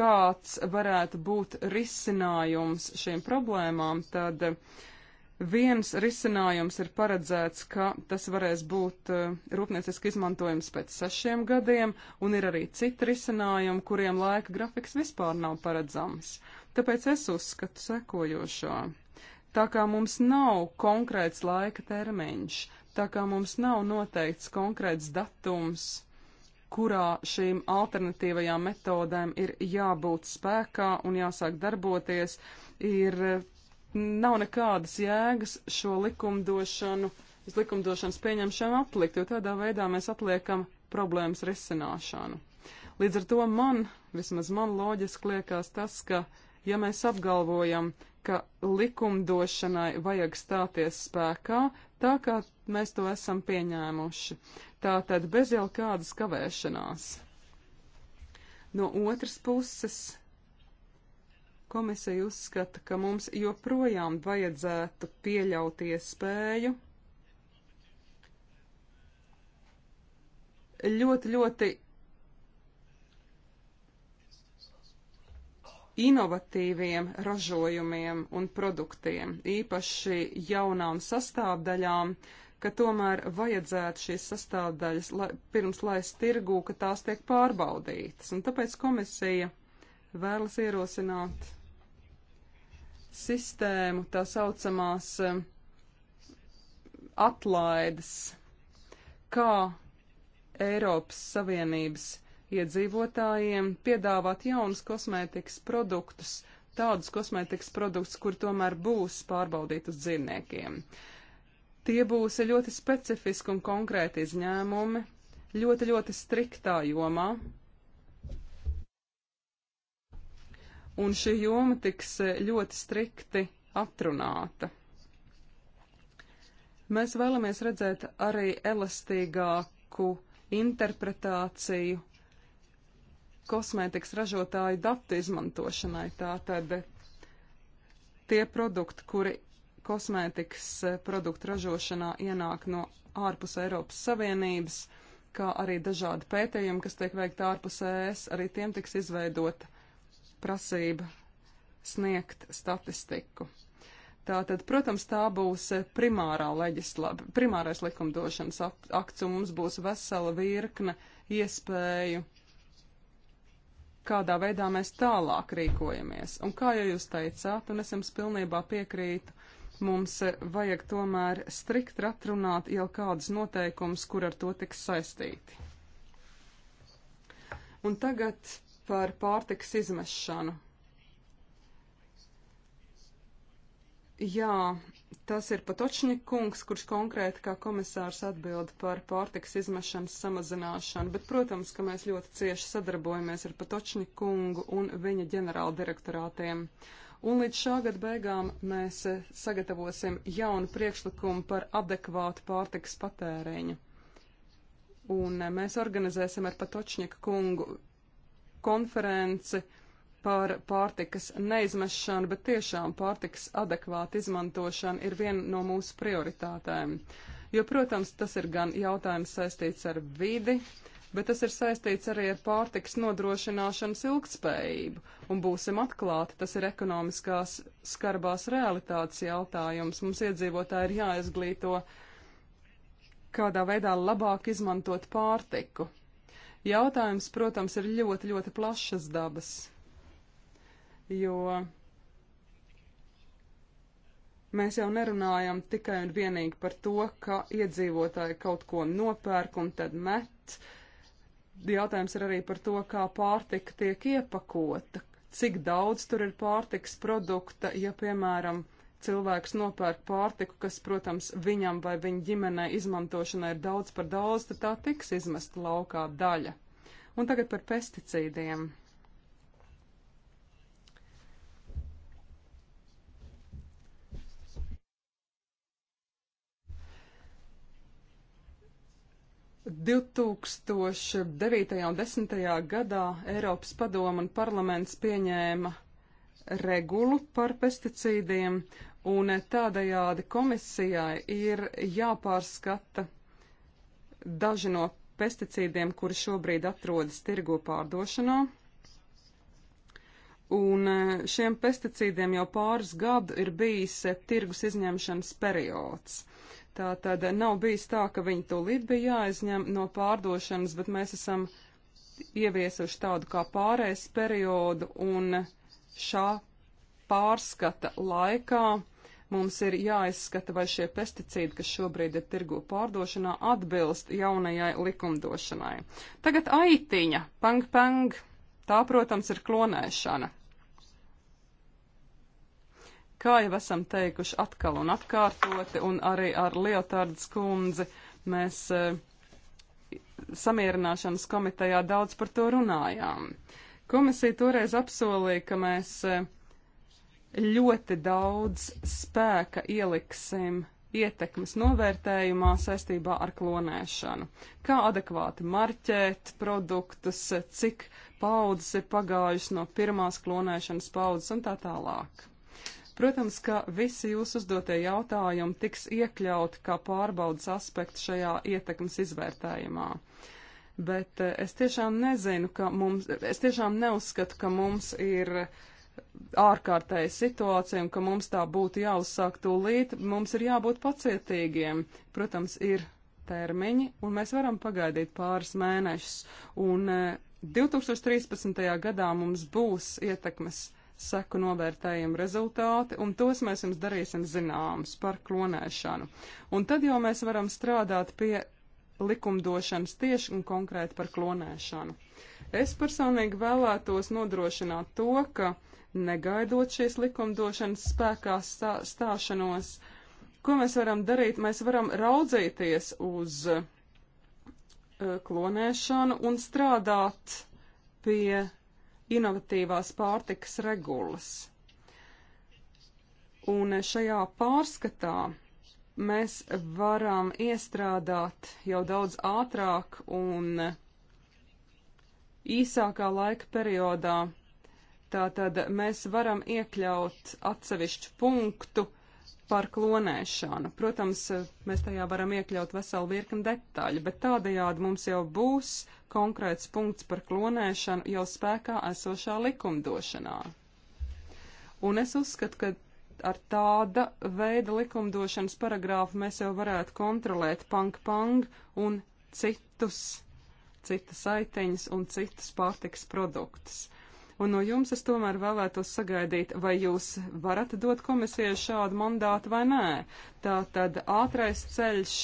kāds varētu būt risinājums šīm problēmām, tad uh, Viens risinājums ir paredzēts, ka tas varēs būt uh, rūpnieciski izmantojams pēc sešiem gadiem, un ir arī citi risinājumi, kuriem laika grafiks vispār nav paredzams. Tāpēc es uzskatu sekojošo. Tā kā mums nav konkrēts laika termiņš, tā kā mums nav noteikts konkrēts datums, kurā šīm alternatīvajām metodēm ir jābūt spēkā un jāsāk darboties, ir nav nekādas jēgas šo likumdošanu, likumdošanas pieņemšanu aplikt, jo tādā veidā mēs apliekam problēmas risināšanu. Līdz ar to man, vismaz man loģiski liekas tas, ka ja mēs apgalvojam, ka likumdošanai vajag stāties spēkā, tā kā mēs to esam pieņēmuši, tātad bez jau kādas kavēšanās. No otras puses, Komisija uzskata, ka mums joprojām vajadzētu pieļaut iespēju ļoti, ļoti inovatīviem ražojumiem un produktiem, īpaši jaunām sastāvdaļām, ka tomēr vajadzētu šīs sastāvdaļas la, pirms laist tirgū, ka tās tiek pārbaudītas. Un tāpēc komisija vēlas ierosināt sistēmu, tā saucamās eh, atlaides, kā Eiropas Savienības iedzīvotājiem piedāvāt jaunus kosmētikas produktus, tādus kosmētikas produktus, kur tomēr būs pārbaudīt uz dzīvniekiem. Tie būs ļoti specifiski un konkrēti izņēmumi, ļoti, ļoti striktā jomā, un šī joma tiks e, ļoti strikti atrunāta. Mēs vēlamies redzēt arī elastīgāku interpretāciju kosmētikas ražotāju datu izmantošanai. Tātad tie produkti, kuri kosmētikas e, produktu ražošanā ienāk no ārpus Eiropas Savienības, kā arī dažādi pētījumi, kas tiek veikti ārpus ES, arī tiem tiks izveidota prasība sniegt statistiku. Tātad, protams, tā būs primārā leģislaba, primārais likumdošanas akts, un mums būs vesela virkne iespēju, kādā veidā mēs tālāk rīkojamies. Un kā jau jūs teicāt, un es jums pilnībā piekrītu, mums vajag tomēr strikt atrunāt jau kādus noteikumus, kur ar to tiks saistīti. Un tagad par pārtiks izmešanu. Jā, tas ir Patočņik kungs, kurš konkrēti kā komisārs atbild par pārtiks izmešanas samazināšanu, bet, protams, ka mēs ļoti cieši sadarbojamies ar Patočņik kungu un viņa ģenerāla direktorātiem un līdz šā gada beigām mēs eh, sagatavosim jaunu priekšlikumu par adekvātu pārtikas patēriņu. Un eh, mēs organizēsim ar Patočņika kungu konferenci par pārtikas neizmešanu, bet tiešām pārtikas adekvāta izmantošana ir viena no mūsu prioritātēm. Jo, protams, tas ir gan jautājums saistīts ar vidi, bet tas ir saistīts arī ar pārtikas nodrošināšanas ilgtspējību. Un būsim atklāti, tas ir ekonomiskās skarbās realitātes jautājums. Mums iedzīvotāji ir jāizglīto, kādā veidā labāk izmantot pārtiku. Jautājums, protams, ir ļoti, ļoti plašas dabas, jo mēs jau nerunājam tikai un vienīgi par to, ka iedzīvotāji kaut ko nopērk un tad met. Jautājums ir arī par to, kā pārtika tiek iepakota, cik daudz tur ir pārtiks produkta, ja, piemēram, cilvēks nopērk pārtiku, kas, protams, viņam vai viņa ģimenei izmantošanai ir daudz par daudz, tad tā tiks izmesta laukā daļa. Un tagad par pesticīdiem. Divtūkstoš devītajā un desmitajā gadā Eiropas padoma un parlaments pieņēma regulu par pesticīdiem, un tādējādi komisijai ir jāpārskata daži no pesticīdiem, kuri šobrīd atrodas tirgo pārdošanā. Un e, šiem pesticīdiem jau pāris gadu ir bijis e, tirgus izņemšanas periods. Tā tad e, nav bijis tā, ka viņi to līdz bija jāizņem no pārdošanas, bet mēs esam ieviesuši tādu kā pārējais periodu un šā pārskata laikā Mums ir jāizskata, vai šie pesticīdi, kas šobrīd ir tirgu pārdošanā, atbilst jaunajai likumdošanai. Tagad aitiņa, pang pang, tā, protams, ir klonēšana. Kā jau esam teikuši atkal un atkārtoti, un arī ar Liotārdas kundzi mēs uh, samierināšanas komitejā daudz par to runājām. Komisija toreiz apsolīja, ka mēs uh, ļoti daudz spēka ieliksim ietekmes novērtējumā saistībā ar klonēšanu. Kā adekvāti marķēt produktus, cik paudzes ir pagājušas no pirmās klonēšanas paudzes un tā tālāk. Protams, ka visi jūsu uzdotie jautājumi tiks iekļauti kā pārbaudas aspekti šajā ietekmes izvērtējumā. Bet eh, es tiešām nezinu, ka mums, es tiešām neuzskatu, ka mums ir uh, ārkārtēja situācija un ka mums tā būtu jāuzsāk tūlīt, mums ir jābūt pacietīgiem. Protams, ir termiņi, un mēs varam pagaidīt pāris mēnešus. Un 2013. Eh, gadā mums būs ietekmes seku novērtējumu rezultāti, un tos mēs jums darīsim zināmus par klonēšanu. Un tad jau mēs varam strādāt pie likumdošanas tieši un konkrēti par klonēšanu. Es personīgi vēlētos nodrošināt to, ka uh, negaidot šīs likumdošanas spēkā stā, stāšanos. Ko mēs varam darīt? Mēs varam raudzīties uz uh, klonēšanu un strādāt pie inovatīvās pārtikas regulas. Un šajā pārskatā mēs varam iestrādāt jau daudz ātrāk un īsākā laika periodā Tātad mēs varam iekļaut atsevišķu punktu par klonēšanu. Protams, mēs tajā varam iekļaut veselu virkni detaļu, bet tādajādi mums jau būs konkrēts punkts par klonēšanu jau spēkā esošā likumdošanā. Un es uzskatu, ka ar tāda veida likumdošanas paragrāfu mēs jau varētu kontrolēt pang-pang un citus, citas aiteņas un citus pārtiks produktus. Un no jums es tomēr vēlētos sagaidīt, vai jūs varat dot komisijai šādu mandātu vai nē. Tā tad ātrais ceļš,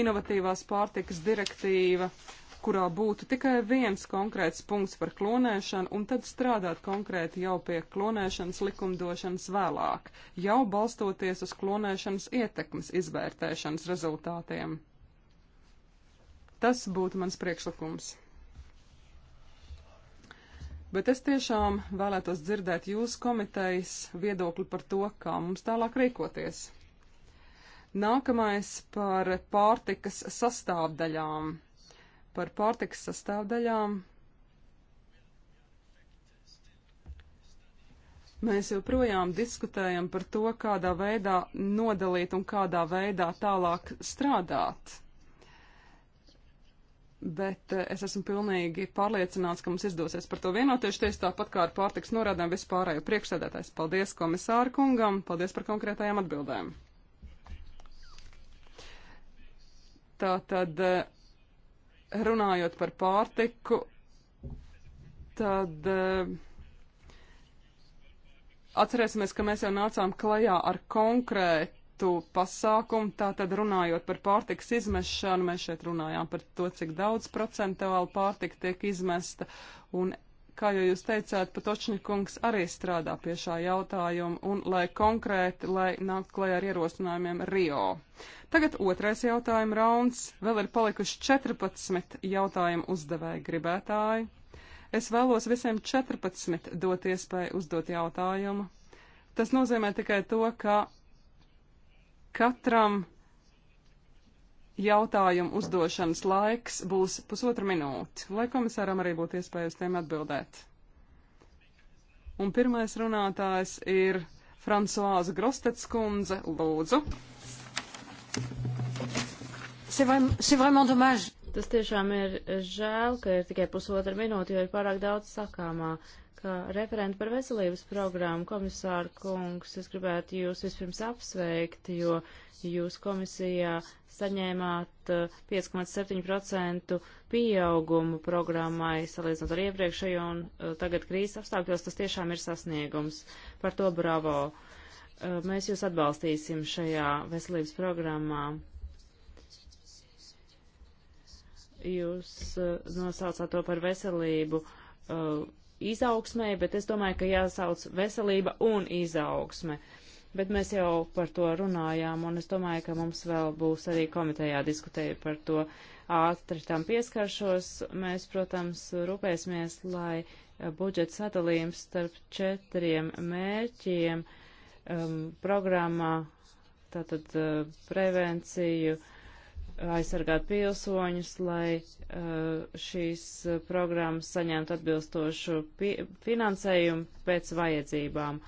inovatīvās pārtikas direktīva, kurā būtu tikai viens konkrēts punkts par klonēšanu, un tad strādāt konkrēti jau pie klonēšanas likumdošanas vēlāk, jau balstoties uz klonēšanas ietekmes izvērtēšanas rezultātiem. Tas būtu mans priekšlikums. Bet es tiešām vēlētos dzirdēt jūsu komitejas viedokli par to, kā mums tālāk rīkoties. Nākamais par pārtikas sastāvdaļām. Par pārtikas sastāvdaļām Mēs joprojām diskutējam par to, kādā veidā nodalīt un kādā veidā tālāk strādāt bet eh, es esmu pilnīgi pārliecināts, ka mums izdosies par to vienoties tieši tāpat kā ar pārtiks norādēm vispārējo priekšsēdētājs. Paldies komisāru kungam, paldies par konkrētajām atbildēm. Tātad, eh, runājot par pārtiku, tad eh, atcerēsimies, ka mēs jau nācām klajā ar konkrētu citu pasākumu. Tātad runājot par pārtikas izmešanu, mēs šeit runājām par to, cik daudz procentuāli pārtika tiek izmesta. Un, kā jau jūs teicāt, Patočņikungs arī strādā pie šā jautājuma un lai konkrēti, lai nākt klajā ar ierosinājumiem Rio. Tagad otrais jautājuma rauns. Vēl ir palikuši 14 jautājumu uzdevēji gribētāji. Es vēlos visiem 14 dot iespēju uzdot jautājumu. Tas nozīmē tikai to, ka Katram jautājumu uzdošanas laiks būs pusotra minūte, lai komisāram arī būtu iespēja uz tiem atbildēt. Un pirmais runātājs ir Francoāza Grostets kundze. Lūdzu! C'est vraiment dommage. Tas tiešām ir žēl, ka ir tikai pusotra minūte, jo ir pārāk daudz sakāmā. Uh, Kā referenti par veselības programmu, komisāra kungs, es gribētu jūs vispirms apsveikt, jo jūs komisijā saņēmāt 5,7% uh, pieaugumu programmai, salīdzinot ar iepriekšējo, un uh, tagad krīzes apstākļos tas tiešām ir sasniegums. Par to bravo! Uh, mēs jūs atbalstīsim šajā veselības programmā. Jūs nosaucāt to par veselību. Uh, izaugsmē, bet es domāju, ka jāsauc veselība un izaugsme. Bet mēs jau par to runājām, un es domāju, ka mums vēl būs arī komitejā diskutēja par to. Ātri tam pieskaršos. Mēs, protams, rūpēsimies, lai eh, budžeta sadalījums starp četriem mērķiem um, programmā, tātad uh, prevenciju, uh, aizsargāt pilsoņus, lai uh, šīs uh, programmas saņemtu atbilstošu finansējumu pēc vajadzībām.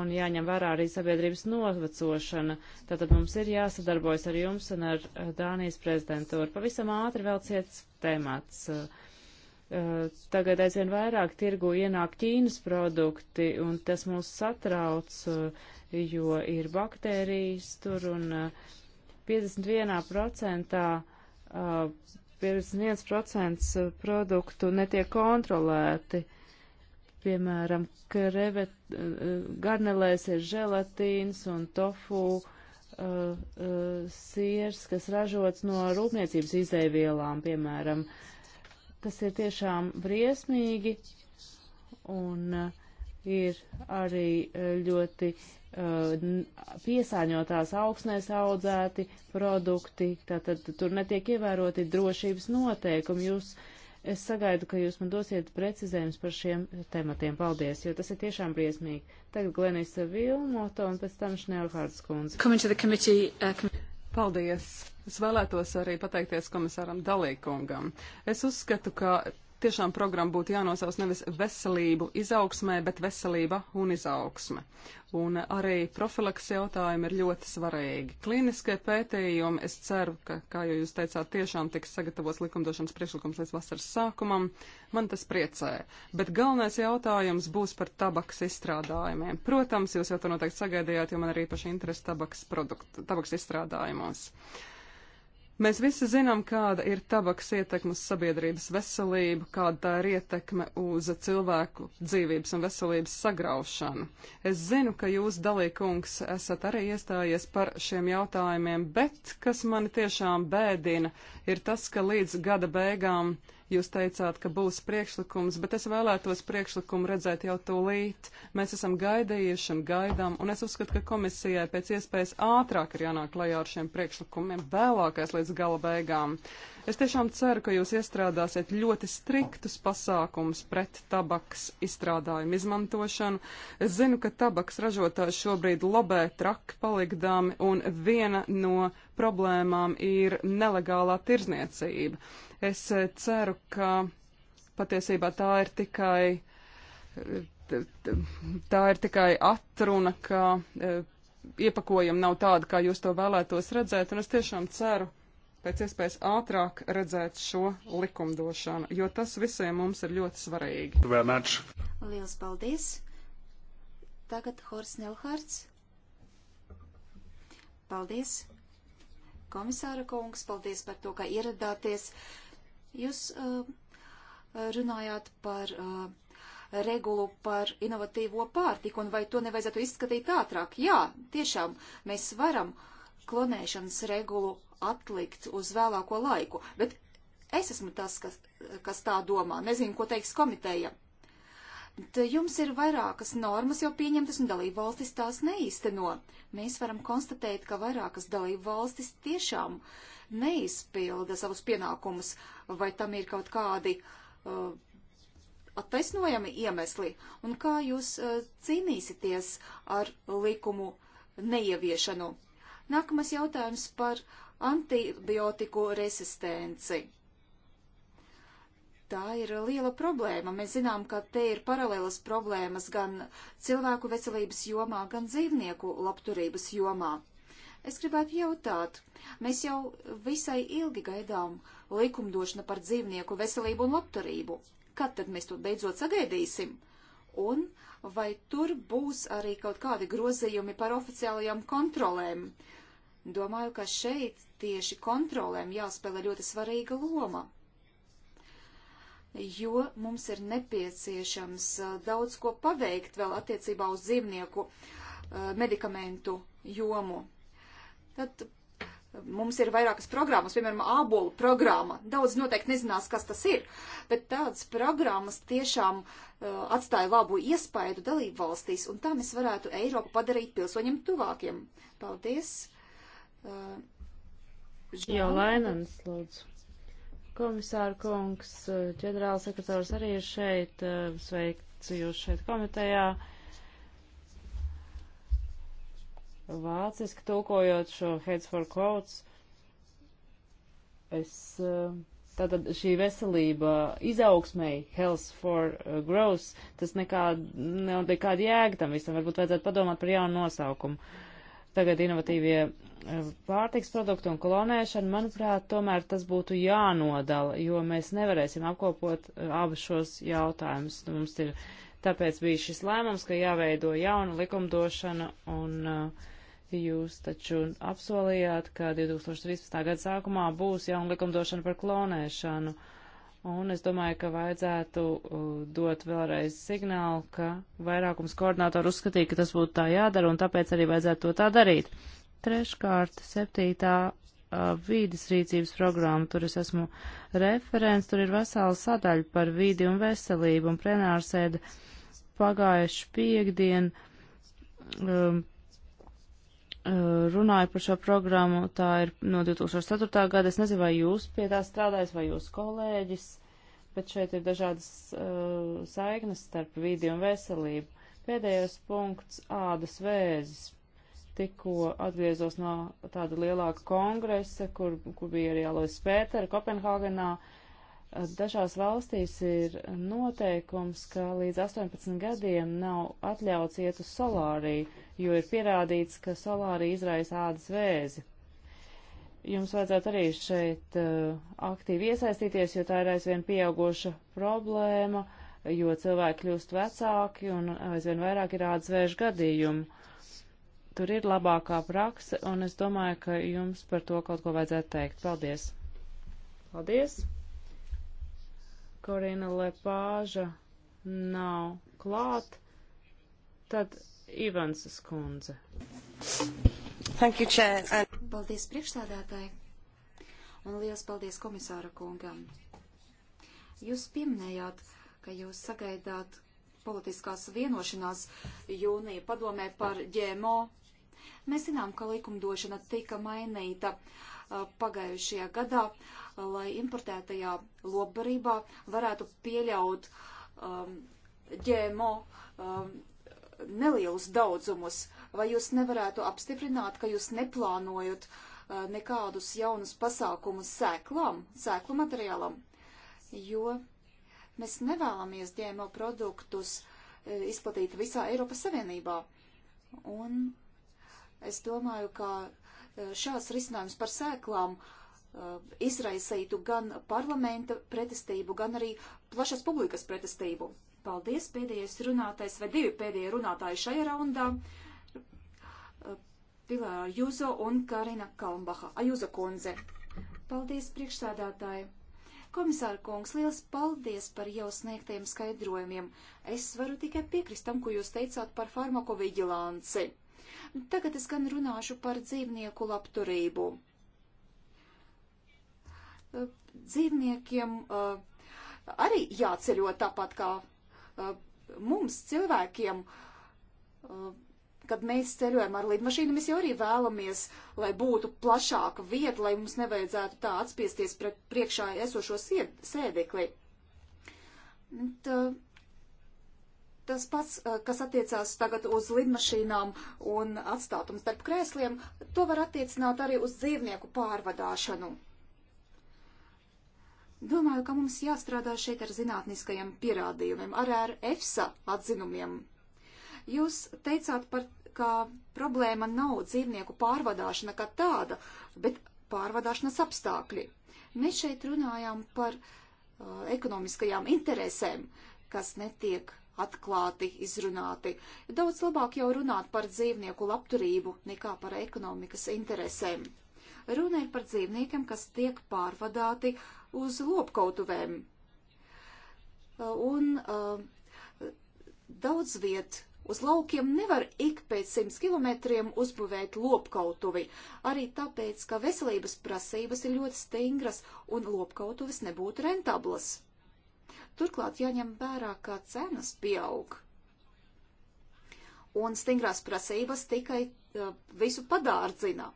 Un jāņem vērā arī sabiedrības novecošana. Tātad mums ir jāsadarbojas ar jums un ar uh, Dānijas prezidentūru. Pavisam ātri vēl ciets temats. Uh, tagad aizvien vairāk tirgu ienāk Ķīnas produkti, un tas mūs satrauc, uh, jo ir baktērijas tur un uh, 51% uh, 51% uh, produktu netiek kontrolēti. Piemēram, krevet, uh, uh, garnelēs ir želatīns un tofu uh, uh, siers, kas ražots no rūpniecības izēvielām, piemēram. Tas ir tiešām briesmīgi un uh, ir arī e, ļoti uh, piesāņotās augsnēs audzēti produkti, tātad tur netiek ievēroti drošības noteikumi. Jūs, es sagaidu, ka jūs man dosiet precizējums par šiem tematiem. Paldies, jo tas ir tiešām briesmīgi. Tagad Glenisa Vilmota un pēc tam Šnelhārds kundze. Uh, Paldies! Es vēlētos arī pateikties komisāram Dalīkungam. Es uzskatu, ka tiešām programma būtu jānosauc nevis veselību izaugsmē, bet veselība un izaugsme. Un arī profilaks jautājumi ir ļoti svarīgi. Klīniskie pētījumi, es ceru, ka, kā jau jūs teicāt, tiešām tiks sagatavots likumdošanas priekšlikums līdz vasaras sākumam. Man tas priecē. Bet galvenais jautājums būs par tabaks izstrādājumiem. Protams, jūs jau to noteikti sagaidījāt, jo man arī paši interesi tabaks, produktu, tabaks izstrādājumos. Uh, Mēs visi zinām, kāda ir tabaks ietekme uz sabiedrības veselību, kāda tā ir ietekme uz cilvēku dzīvības un veselības sagraušanu. Es zinu, ka jūs, dalīkungs, esat arī iestājies par šiem jautājumiem, bet kas mani tiešām bēdina, ir tas, ka līdz gada beigām uh, Jūs teicāt, ka būs priekšlikums, bet es vēlētos priekšlikumu redzēt jau tūlīt. Mēs esam gaidījuši un gaidām, un es uzskatu, ka komisijai pēc iespējas ātrāk ir jānāk lajā ar šiem priekšlikumiem, vēlākais līdz gala beigām. Es tiešām ceru, ka jūs iestrādāsiet ļoti striktus pasākumus pret tabaks izstrādājumu izmantošanu. Es zinu, ka tabaks ražotājs šobrīd lobē traki palikdami, un viena no problēmām ir nelegālā tirzniecība. Es eh, ceru, ka patiesībā tā ir tikai, eh, tā ir tikai atruna, ka eh, iepakojumi nav tādi, kā jūs to vēlētos redzēt, un es tiešām ceru pēc iespējas ātrāk redzēt šo likumdošanu, jo tas visiem mums ir ļoti svarīgi. Lielas paldies! Tagad Hors Nelhārds. Paldies! Komisāra kungs, paldies par to, ka ieradāties. Uh, Jūs uh, runājāt par uh, regulu par inovatīvo pārtiku un vai to nevajadzētu izskatīt ātrāk. Jā, tiešām mēs varam klonēšanas regulu atlikt uz vēlāko laiku, bet es esmu tas, kas, kas tā domā. Nezinu, ko teiks komiteja jums ir vairākas normas jau pieņemtas un dalību valstis tās neīsteno. Mēs varam konstatēt, ka vairākas dalību valstis tiešām neizpilda savus pienākumus, vai tam ir kaut kādi uh, attaisnojami iemesli, un kā jūs uh, cīnīsieties ar likumu neieviešanu. Nākamais jautājums par antibiotiku resistenci. Tā ir liela problēma. Mēs zinām, ka te ir paralēlas problēmas gan cilvēku veselības jomā, gan dzīvnieku labturības jomā. Es gribētu jautāt, mēs jau visai ilgi gaidām likumdošana par dzīvnieku veselību un labturību. Kad tad mēs to beidzot sagaidīsim? Un vai tur būs arī kaut kādi grozījumi par oficiālajām kontrolēm? Domāju, ka šeit tieši kontrolēm jāspēlē ļoti svarīga loma jo mums ir nepieciešams uh, daudz ko paveikt vēl attiecībā uz dzīvnieku uh, medikamentu jomu. Tad uh, mums ir vairākas programmas, piemēram, ābolu programma. Daudz noteikti nezinās, kas tas ir, bet tādas programmas tiešām uh, atstāja labu iespaidu dalību valstīs, un tā mēs varētu Eiropu padarīt pilsoņiem tuvākiem. Paldies! Uh, Žēl... Jā, Lainans, lūdzu. Komisāra kungs, ģenerāla sekretārs arī ir šeit. Eh, Sveicu jūs šeit komitejā. Vāciski tulkojot šo Heads for Quotes, es, eh, tātad šī veselība izaugsmēji, Health for eh, Growth, tas nekāda, nav nekāda jēga tam visam, varbūt vajadzētu padomāt par jaunu nosaukumu. Uh, tagad inovatīvie eh, pārtiks produkti un klonēšana, manuprāt, tomēr tas būtu jānodala, jo mēs nevarēsim apkopot eh, abus šos jautājumus. Nu, mums ir tāpēc bija šis lēmums, ka jāveido jauna likumdošana un uh, Jūs taču apsolījāt, ka 2013. gada sākumā būs jauna likumdošana par klonēšanu. Uh, Un es domāju, ka vajadzētu uh, dot vēlreiz signālu, ka vairākums koordinātoru uzskatīja, ka tas būtu tā jādara, un tāpēc arī vajadzētu to tā darīt. Treškārt, septītā uh, vīdes rīcības programma, tur es esmu referents, tur ir vesela sadaļa par vīdi un veselību, un plenārsēda pagājuši piekdien um, Eh, runāju par šo programmu, tā ir no 2004. gada. Es nezinu, vai jūs pie tā strādājat, vai jūs kolēģis, bet šeit ir dažādas uh, saiknes starp vidi un veselību. Pēdējais punkts - ādas vēzis. Tikko atgriezos no tāda lielāka kongresa, kur, kur bija arī Alois Pētera Kopenhāgenā. Uh, Dažās valstīs ir noteikums, ka līdz 18 gadiem nav atļauts iet uz solāriju, jo ir pierādīts, ka solārija izraisa ādas vēzi. Jums vajadzētu arī šeit uh, aktīvi iesaistīties, jo tā ir aizvien pieaugoša problēma, jo cilvēki kļūst vecāki un aizvien vairāk ir ādas vēža gadījumu. Tur ir labākā prakse, un es domāju, ka jums par to kaut ko vajadzētu teikt. Paldies! Paldies! Korina Lepāža nav klāt, tad Ivansa skundze. Thank you, Chair. And... Paldies priekšstādātāji un liels paldies komisāra kungam. Jūs pieminējāt, ka jūs sagaidāt politiskās vienošanās jūnija padomē par ģēmo. Mēs zinām, ka likumdošana tika mainīta uh, pagājušajā gadā. Uh, lai importētajā lopbarībā varētu pieļaut um, ģēmo um, nelielus daudzumus. Vai jūs nevarētu apstiprināt, ka jūs neplānojat uh, nekādus jaunus pasākumus sēklām, sēklu materiālam? Jo mēs nevēlamies ģēmo produktus uh, izplatīt visā Eiropas Savienībā. Un es domāju, ka uh, šāds risinājums par sēklām uh, Uh, izraisītu gan parlamenta pretestību, gan arī plašas publikas pretestību. Paldies, pēdējais runātais vai divi pēdējie runātāji šajā raundā. Uh, Pilāra Juzo un Karina Kalmbaha. Ajuza kundze. Paldies, priekšsādātāji. Komisāra kungs, liels paldies par jau sniegtajiem skaidrojumiem. Es varu tikai piekrist tam, ko jūs teicāt par farmakoviģilanci. Tagad es gan runāšu par dzīvnieku labturību dzīvniekiem eh, arī jāceļo tāpat kā eh, mums, cilvēkiem. Eh, kad mēs ceļojam ar lidmašīnu, mēs jau arī vēlamies, lai būtu plašāka vieta, lai mums nevajadzētu tā atspiesties pret priekšā esošo sēdekli. Tā, tas pats, kas attiecās tagad uz lidmašīnām un atstātumu starp krēsliem, to var attiecināt arī uz dzīvnieku pārvadāšanu. Domāju, ka mums jāstrādā šeit ar zinātniskajiem pierādījumiem, arī ar EFSA atzinumiem. Jūs teicāt, par, ka problēma nav dzīvnieku pārvadāšana kā tāda, bet pārvadāšanas apstākļi. Mēs šeit runājām par uh, ekonomiskajām interesēm, kas netiek atklāti izrunāti. Daudz labāk jau runāt par dzīvnieku labturību nekā par ekonomikas interesēm. Runa ir par dzīvniekiem, kas tiek pārvadāti uh, uz lopkautuvēm. Uh, un uh, daudz viet uz laukiem nevar ik pēc 100 kilometriem uzbūvēt lopkautuvi, arī tāpēc, ka veselības prasības ir ļoti stingras un lopkautuvis nebūtu rentablas. Turklāt jāņem vērā, ka cenas pieaug. Un stingrās prasības tikai uh, visu padārdzina.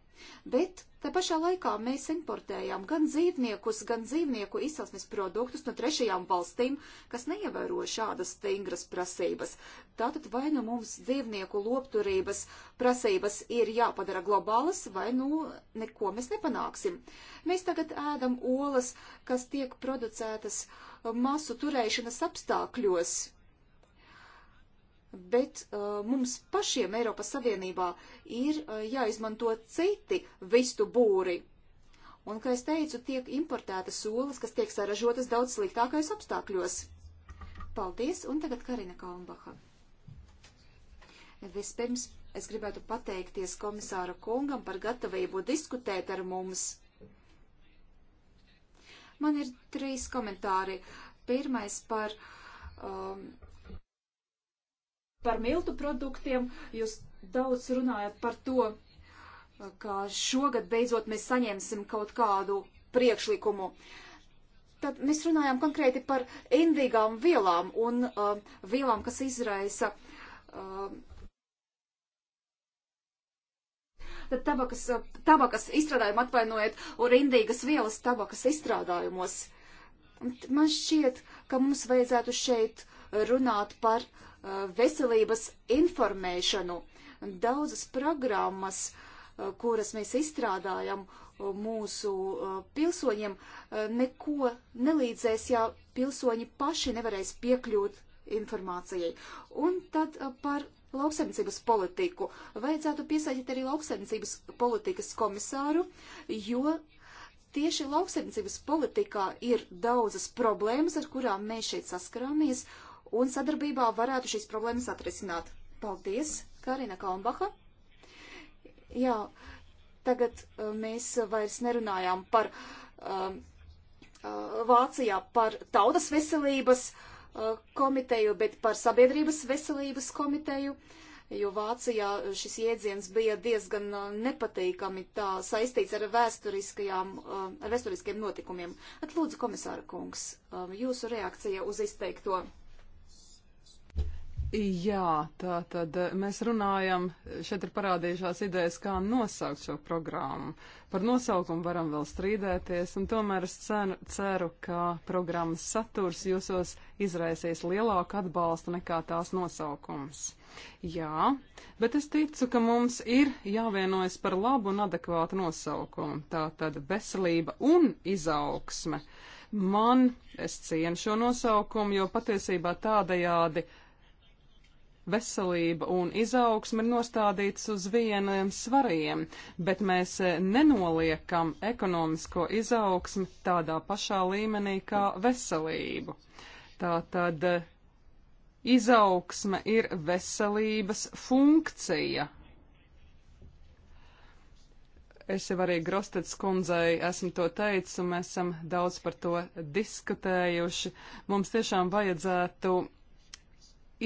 Bet Tā pašā laikā mēs importējām gan zīdniekus, gan dzīvnieku izcelsmes produktus no trešajām valstīm, kas neievēro šādas stingras prasības. Tātad vai nu mums dzīvnieku lopturības prasības ir jāpadara globālas, vai nu neko mēs nepanāksim. Mēs tagad ēdam olas, kas tiek producētas masu turēšanas apstākļos, bet uh, mums pašiem Eiropas Savienībā ir uh, jāizmanto citi vistu būri. Un, kā es teicu, tiek importētas olas, kas tiek saražotas daudz sliktākajos apstākļos. Paldies, un tagad Karina Kalnbaha. Vispirms es gribētu pateikties komisāra kungam par gatavību diskutēt ar mums. Man ir trīs komentāri. Pirmais par um, par miltu produktiem. Jūs daudz runājat par to, ka šogad beidzot mēs saņemsim kaut kādu priekšlikumu. Tad mēs runājām konkrēti par indīgām vielām un uh, vielām, kas izraisa uh, tad tabakas, uh, tabakas izstrādājumu atvainojiet, un indīgas vielas tabakas izstrādājumos. Man šķiet, ka mums vajadzētu šeit runāt par Eh, veselības informēšanu. Daudzas programmas, eh, kuras mēs izstrādājam eh, mūsu pilsoņiem, neko nelīdzēs, ja pilsoņi paši nevarēs piekļūt informācijai. Un tad par lauksaimniecības politiku. Vajadzētu piesaistīt arī lauksaimniecības politikas komisāru, jo tieši lauksaimniecības politikā ir daudzas problēmas, ar kurām mēs šeit saskarāmies, un sadarbībā varētu šīs problēmas atrisināt. Paldies, Karina Kalnbaha. Jā, tagad uh, mēs vairs nerunājām par um, uh, Vācijā par tautas veselības uh, komiteju, bet par sabiedrības veselības komiteju, jo Vācijā šis jēdziens bija diezgan uh, nepatīkami tā saistīts ar, vēsturiskajām, uh, ar vēsturiskiem notikumiem. Atlūdzu, komisāra kungs, uh, jūsu reakcija uz izteikto. Jā, tā tad eh, mēs runājam, šeit ir parādījušās idejas, kā nosaukt šo programmu. Par nosaukumu varam vēl strīdēties, un tomēr es ceru, ceru ka programmas saturs jūsos izraisīs lielāku atbalstu nekā tās nosaukums. Jā, bet es ticu, ka mums ir jāvienojas par labu un adekvātu nosaukumu. Tā tad veselība un izaugsme. Man es cienu šo nosaukumu, jo patiesībā tādajādi veselība un izaugsme ir nostādītas uz vieniem svariem, bet mēs eh, nenoliekam ekonomisko izaugsmi tādā pašā līmenī kā veselību. Tātad eh, izaugsme ir veselības funkcija. Es jau arī Grostets kundzei esmu to teicis, un mēs esam daudz par to diskutējuši. Mums tiešām vajadzētu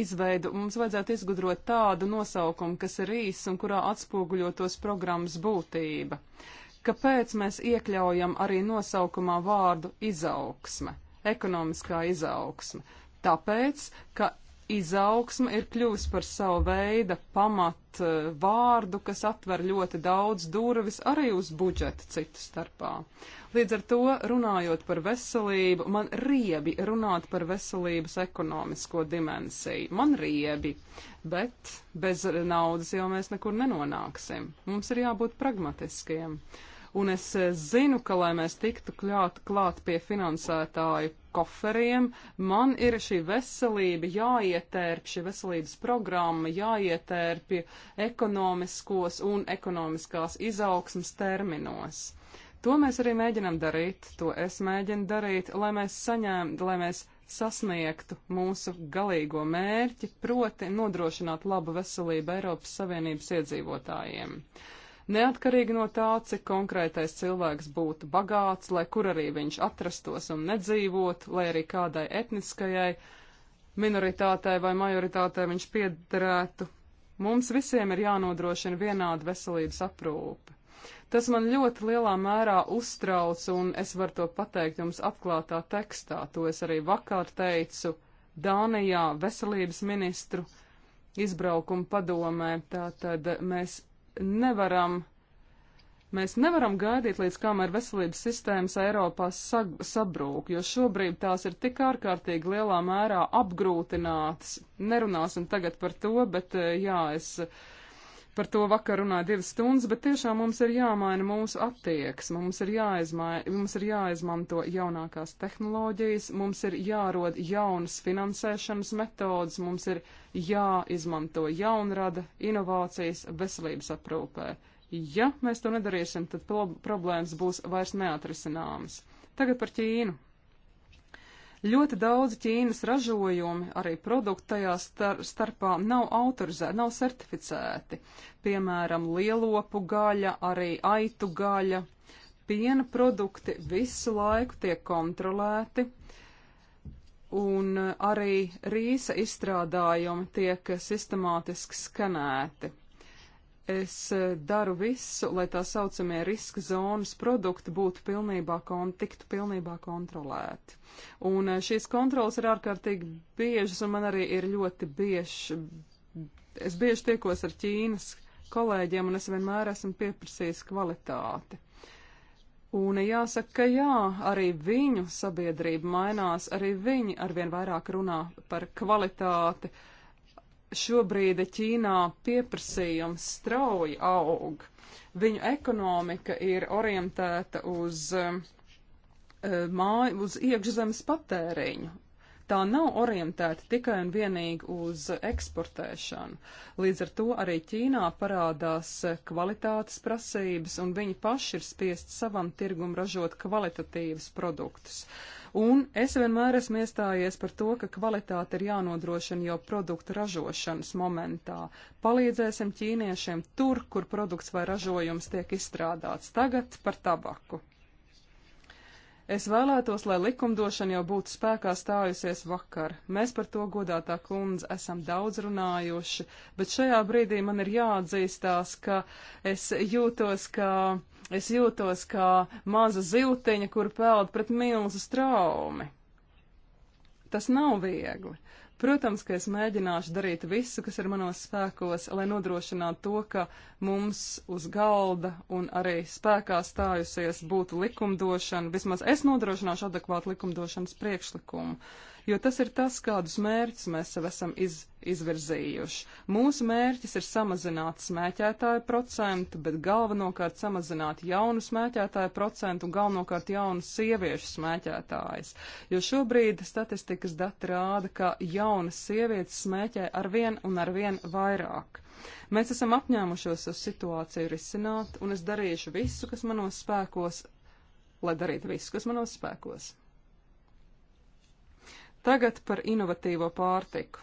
izveidu, mums vajadzētu izgudrot tādu nosaukumu, kas ir īss un kurā atspoguļotos programmas būtība. Kāpēc mēs iekļaujam arī nosaukumā vārdu izaugsme, ekonomiskā izaugsme? Tāpēc, ka izaugsme ir kļuvusi par savu veidu pamat eh, vārdu, kas atver ļoti daudz durvis arī uz budžetu citu starpā. Līdz ar to runājot par veselību, man riebi runāt par veselības ekonomisko dimensiju. Man riebi, bet bez naudas jau mēs nekur nenonāksim. Mums ir jābūt pragmatiskiem. Un es eh, zinu, ka, lai mēs tiktu klāt, klāt pie finansētāju koferiem. Man ir šī veselība jāietērp, šī veselības programma jāietērp ekonomiskos un ekonomiskās izaugsmas terminos. To mēs arī mēģinam darīt, to es mēģinu darīt, lai mēs saņēmtu, lai mēs sasniegtu mūsu galīgo mērķi, proti nodrošināt labu veselību Eiropas Savienības iedzīvotājiem. Uh, neatkarīgi no tā, cik konkrētais cilvēks būtu bagāts, lai kur arī viņš atrastos un nedzīvot, lai arī kādai etniskajai minoritātei vai majoritātei viņš piederētu. Mums visiem ir jānodrošina vienāda veselības aprūpe. Tas man ļoti lielā mērā uztrauc, un es varu to pateikt jums atklātā tekstā. To es arī vakar teicu Dānijā veselības ministru izbraukuma padomē. Tātad mēs nevaram, mēs nevaram gaidīt, līdz kamēr veselības sistēmas Eiropā sag, sabrūk, jo šobrīd tās ir tik ārkārtīgi lielā mērā apgrūtinātas. Nerunāsim tagad par to, bet eh, jā, es Par to vakar runāja divas stundas, bet tiešām mums ir jāmaina mūsu attieksme, mums, ir jāizmai, mums ir jāizmanto jaunākās tehnoloģijas, mums ir jārod jaunas finansēšanas metodas, mums ir jāizmanto jaunrada inovācijas veselības aprūpē. Ja mēs to nedarīsim, tad problēmas būs vairs neatrisināmas. Tagad par Ķīnu. Ļoti daudz Ķīnas ražojumi, arī produkti tajā star starpā nav autorizēti, nav certificēti. Piemēram, lielopu gaļa, arī aitu gaļa, piena produkti visu laiku tiek kontrolēti. Un eh, arī rīsa izstrādājumi tiek eh, sistemātiski skanēti es eh, daru visu, lai tā saucamie riska zonas produkti būtu pilnībā, kon, tiktu pilnībā kontrolēti. Un eh, šīs kontrolas ir ārkārtīgi biežas, un man arī ir ļoti bieži, es bieži tiekos ar Ķīnas kolēģiem, un es vienmēr esmu pieprasījis kvalitāti. Un eh, jāsaka, ka jā, arī viņu sabiedrība mainās, arī viņi arvien vairāk runā par kvalitāti, uh, šobrīd Ķīnā pieprasījums strauji aug. Viņu ekonomika ir orientēta uz, eh, māju, uz iekšzemes patēriņu. Tā nav orientēta tikai un vienīgi uz eksportēšanu. Līdz ar to arī Ķīnā parādās eh, kvalitātes prasības, un viņi paši ir spiest savam tirgum ražot kvalitatīvas produktus. Uh, Un es vienmēr esmu iestājies par to, ka kvalitāte ir jānodrošina jau produktu ražošanas momentā. Palīdzēsim ķīniešiem tur, kur produkts vai ražojums tiek izstrādāts. Tagad par tabaku. Es vēlētos, lai likumdošana jau būtu spēkā stājusies vakar. Mēs par to godātā kundze esam daudz runājuši, bet šajā brīdī man ir jāatzīstās, ka es jūtos, ka Es jūtos kā maza ziltiņa, kur peld pret milzu straumi. Tas nav viegli. Protams, ka es mēģināšu darīt visu, kas ir manos spēkos, lai nodrošinātu to, ka mums uz galda un arī spēkā stājusies būtu likumdošana, vismaz es nodrošināšu adekvātu likumdošanas priekšlikumu. Uh, jo tas ir tas, kādus mērķus mēs sev esam iz, izvirzījuši. Mūsu mērķis ir samazināt smēķētāju procentu, bet galvenokārt samazināt jaunu smēķētāju procentu un galvenokārt jaunu sieviešu smēķētājus, jo šobrīd statistikas dati rāda, ka jaunas sievietes smēķē arvien un arvien vairāk. Mēs esam apņēmušos uz situāciju risināt, un es darīšu visu, kas manos spēkos, lai darītu visu, kas manos spēkos. Tagad par inovatīvo pārtiku.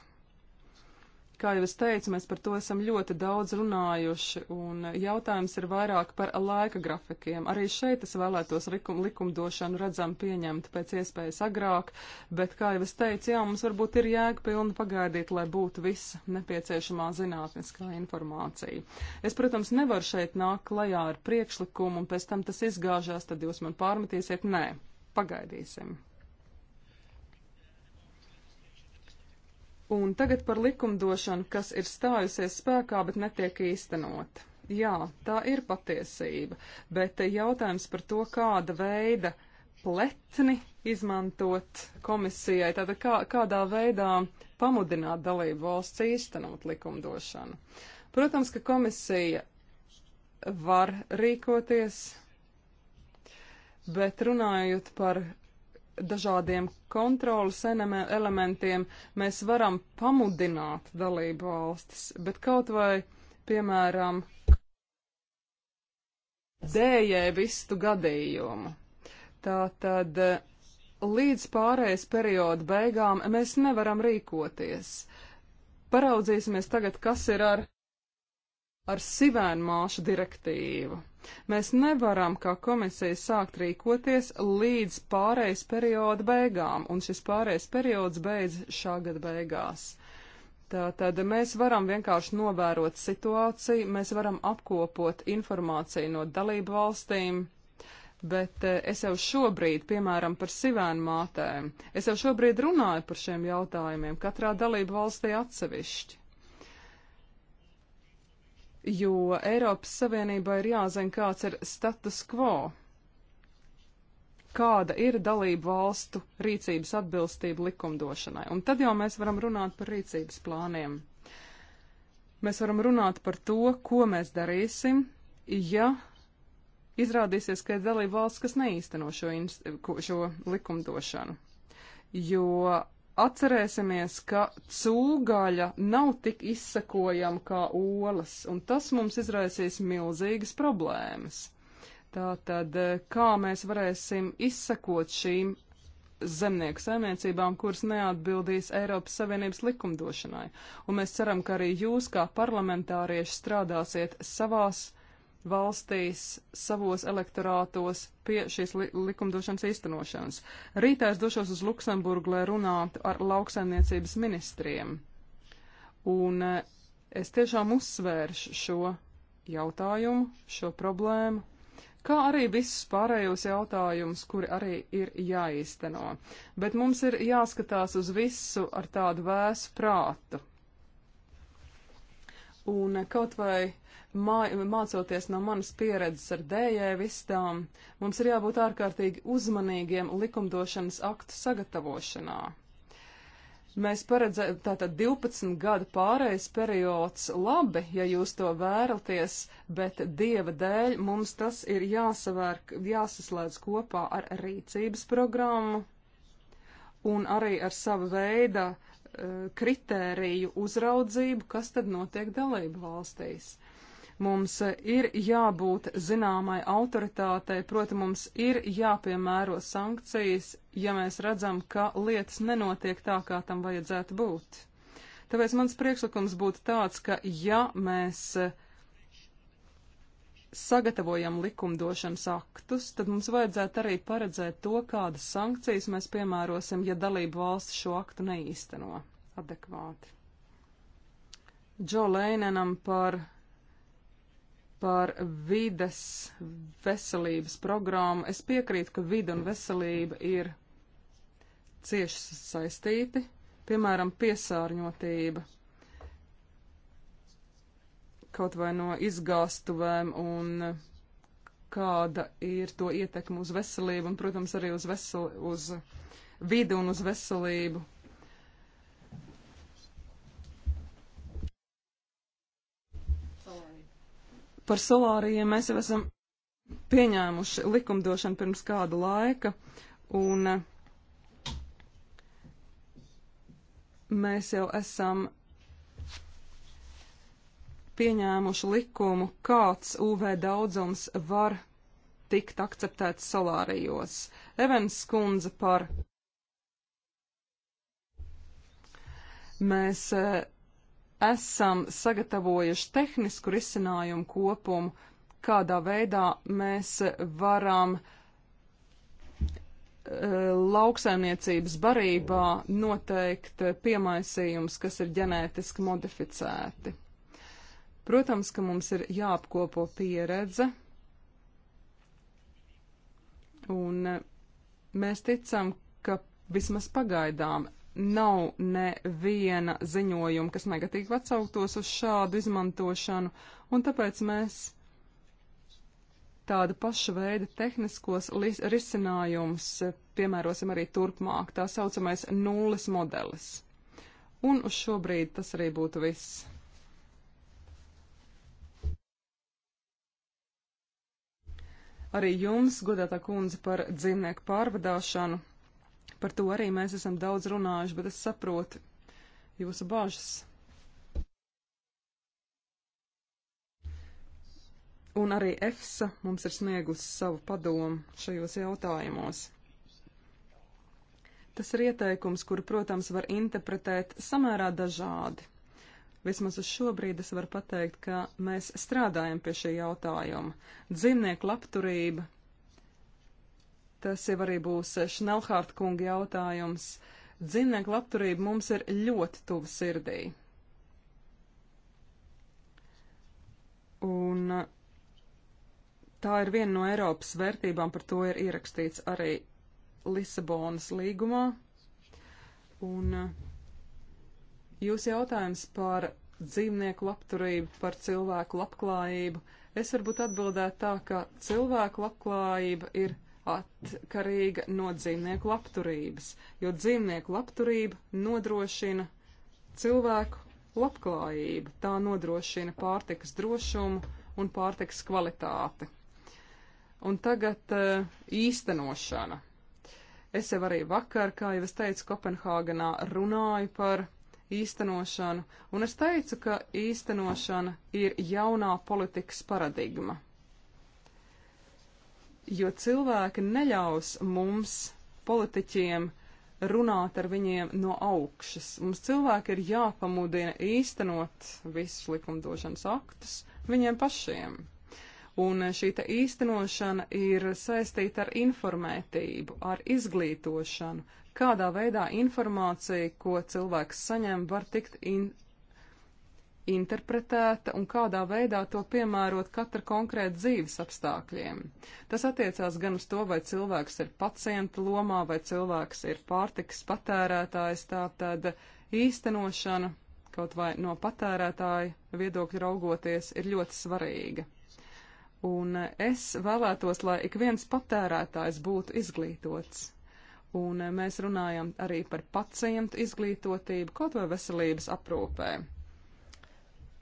Kā jau es teicu, mēs par to esam ļoti daudz runājuši, un jautājums ir vairāk par laika grafikiem. Arī šeit es vēlētos likum, likumdošanu redzam pieņemt pēc iespējas agrāk, bet, kā jau es teicu, jā, mums varbūt ir jēgpilni pagaidīt, lai būtu visa nepieciešamā zinātniskā informācija. Es, protams, nevaru šeit nākt klajā ar priekšlikumu, un pēc tam tas izgāžās, tad jūs man pārmetīsiet, nē, pagaidīsim. Un tagad par likumdošanu, kas ir stājusies spēkā, bet netiek īstenota. Jā, tā ir patiesība, bet jautājums par to, kāda veida pletni izmantot komisijai, tātad kā, kādā veidā pamudināt dalību valsts īstenot likumdošanu. Protams, ka komisija var rīkoties, bet runājot par dažādiem kontrolas elementiem mēs varam pamudināt dalību valstis, bet kaut vai, piemēram, dējēju vistu gadījumu. Tā tad līdz pārējais perioda beigām mēs nevaram rīkoties. Paraudzīsimies tagad, kas ir ar, ar sivēnmāšu direktīvu. Mēs nevaram, kā komisija, sākt rīkoties līdz pārejas perioda beigām, un šis pārejas periods beidz šā gada beigās. Tātad mēs varam vienkārši novērot situāciju, mēs varam apkopot informāciju no dalību valstīm, bet eh, es jau šobrīd, piemēram, par sivēnu mātēm, es jau šobrīd runāju par šiem jautājumiem, katrā dalību valstī atsevišķi jo Eiropas Savienībā ir jāzina, kāds ir status quo, kāda ir dalību valstu rīcības atbilstība likumdošanai. Un tad jau mēs varam runāt par rīcības plāniem. Mēs varam runāt par to, ko mēs darīsim, ja izrādīsies, ka ir dalību valsts, kas neīsteno šo, šo likumdošanu. Jo Atcerēsimies, ka cūgaļa nav tik izsakojama kā olas, un tas mums izraisīs milzīgas problēmas. Tātad, eh, kā mēs varēsim izsakot šīm zemnieku saimniecībām, kuras neatbildīs Eiropas Savienības likumdošanai. Un mēs ceram, ka arī jūs, kā parlamentārieši, strādāsiet savās valstīs savos elektorātos pie šīs li likumdošanas īstenošanas. Rītā es došos uz Luksemburgu, lai runātu ar lauksaimniecības ministriem. Un eh, es tiešām uzsvēršu šo jautājumu, šo problēmu, kā arī visus pārējos jautājumus, kuri arī ir jāīsteno. Bet mums ir jāskatās uz visu ar tādu vēsu prātu. Un eh, kaut vai mācoties no manas pieredzes ar dējai vistām, mums ir jābūt ārkārtīgi uzmanīgiem likumdošanas aktu sagatavošanā. Mēs paredzējām tātad 12 gada pārējais periods labi, ja jūs to vēlaties, bet dieva dēļ mums tas ir jāsavērk, jāsaslēdz kopā ar rīcības programmu un arī ar sava veida uh, kritēriju uzraudzību, kas tad notiek dalību valstīs. Mums ir jābūt zināmai autoritātei, proti mums ir jāpiemēro sankcijas, ja mēs redzam, ka lietas nenotiek tā, kā tam vajadzētu būt. Tāpēc mans priekšlikums būtu tāds, ka ja mēs sagatavojam likumdošanas aktus, tad mums vajadzētu arī paredzēt to, kādas sankcijas mēs piemērosim, ja dalību valsts šo aktu neīsteno adekvāti. Džo Leinenam par par vides veselības programmu. Es piekrītu, ka vida un veselība ir cieši saistīti, piemēram, piesārņotība kaut vai no izgāstuvēm un kāda ir to ietekme uz veselību un, protams, arī uz, veseli, uz vidu un uz veselību. Par solārijiem mēs jau esam pieņēmuši likumdošanu pirms kāda laika, un eh, mēs jau esam pieņēmuši likumu, kāds UV daudzums var tikt akceptēts solārijos. Evans skundze par. Mēs eh, esam sagatavojuši tehnisku risinājumu kopumu, kādā veidā mēs varam eh, lauksaimniecības barībā noteikt piemaisījums, kas ir ģenētiski modificēti. Protams, ka mums ir jāapkopo pieredze, un eh, mēs ticam, ka vismaz pagaidām nav neviena ziņojuma, kas negatīvi atsauktos uz šādu izmantošanu, un tāpēc mēs tādu pašu veidu tehniskos risinājumus piemērosim arī turpmāk, tā saucamais nulles modelis. Un uz šobrīd tas arī būtu viss. Arī jums, godātā kundze, par dzīvnieku pārvadāšanu Par to arī mēs esam daudz runājuši, bet es saprotu jūsu bažas. Un arī EFSA mums ir sniegusi savu padomu šajos jautājumos. Tas ir ieteikums, kuru, protams, var interpretēt samērā dažādi. Vismaz uz šo brīdi es varu pateikt, ka mēs strādājam pie šī jautājuma. Dzīvnieku labturība Tas jau arī būs Šnelhārt kunga jautājums. Dzīvnieku labturība mums ir ļoti tuva sirdī. Un uh, tā ir viena no Eiropas vērtībām, par to ir ierakstīts arī Lisabonas līgumā. Un uh, jūs jautājums par dzīvnieku labturību, par cilvēku labklājību. Es varbūt atbildētu tā, ka cilvēku labklājība ir atkarīga no dzīvnieku labturības, jo dzīvnieku labturība nodrošina cilvēku labklājību, tā nodrošina pārtikas drošumu un pārtikas kvalitāti. Un tagad eh, īstenošana. Es jau arī vakar, kā jau es teicu, Kopenhāgenā runāju par īstenošanu, un es teicu, ka īstenošana ir jaunā politikas paradigma jo cilvēki neļaus mums, politiķiem, runāt ar viņiem no augšas. Mums cilvēki ir jāpamudina īstenot visus likumdošanas aktus viņiem pašiem. Un šī īstenošana ir saistīta ar informētību, ar izglītošanu, kādā veidā informācija, ko cilvēks saņem, var tikt in interpretēta un kādā veidā to piemērot katra konkrēta dzīves apstākļiem. Tas attiecās gan uz to, vai cilvēks ir pacienta lomā, vai cilvēks ir pārtikas patērētājs, tātad īstenošana, kaut vai no patērētāja viedokļa raugoties, ir ļoti svarīga. Un es vēlētos, lai ik viens patērētājs būtu izglītots. Un mēs runājam arī par pacientu izglītotību, kaut vai veselības aprūpē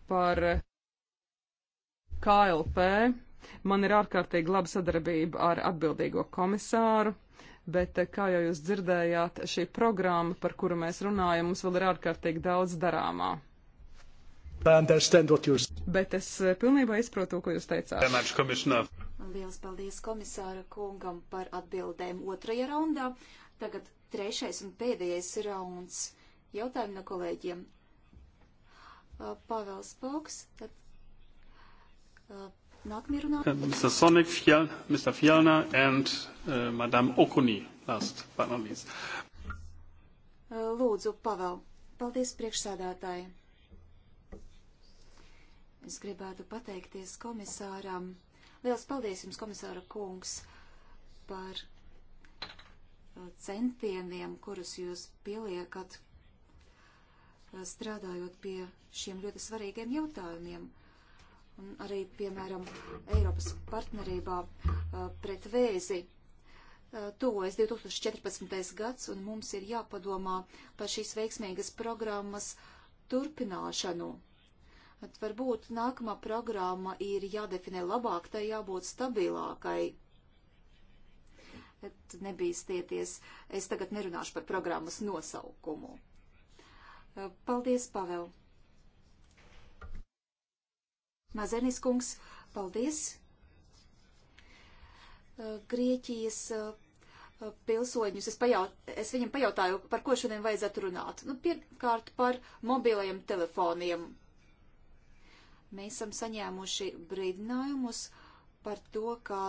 par KLP. Man ir ārkārtīgi laba sadarbība ar atbildīgo komisāru, bet, eh, kā jau jūs dzirdējāt, šī programma, par kuru mēs runājam, mums vēl ir ārkārtīgi daudz darāmā. Bet es eh, pilnībā izprotu, ko jūs teicāt. Liels paldies komisāra kungam par atbildēm otrajā raundā. Tagad trešais un pēdējais rauns. Jautājumi no kolēģiem. Uh, Pāvels Poks. Tad, uh, nākamie runātāji. Uh, Mr. Sonic, Fjell, Mr. Fjellner and uh, Madame Okuni, last but not least. Lūdzu, Pavel. Paldies priekšsādātāji. Es gribētu pateikties komisāram. Liels paldies jums, komisāra kungs, par centieniem, kurus jūs pieliekat strādājot pie šiem ļoti svarīgiem jautājumiem. Un arī, piemēram, Eiropas partnerībā pret vēzi. Tuvojas 2014. gads, un mums ir jāpadomā par šīs veiksmīgas programmas turpināšanu. At varbūt nākamā programma ir jādefinē labāk, tai jābūt stabilākai. Bet nebīsties, es tagad nerunāšu par programmas nosaukumu. Paldies, Pavel! Mazenis kungs, paldies! Eh, Grieķijas eh, pilsoņus. Es, pajaut, es viņam pajautāju, par ko šodien vajadzētu runāt. Nu, pirmkārt, par mobilajiem telefoniem. Mēs esam saņēmuši brīdinājumus par to, ka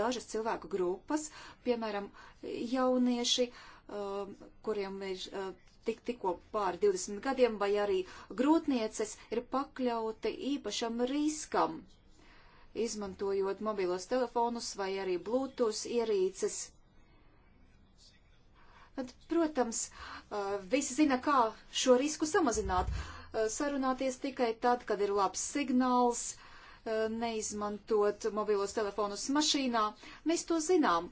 dažas cilvēku grupas, piemēram, jaunieši, eh, kuriem ir tik, tikko pār 20 gadiem, vai arī grūtnieces ir pakļauti īpašam riskam, izmantojot mobilos telefonus vai arī Bluetooth ierīces. Bet, protams, visi zina, kā šo risku samazināt. Sarunāties tikai tad, kad ir labs signāls, neizmantot mobilos telefonus mašīnā. Mēs to zinām,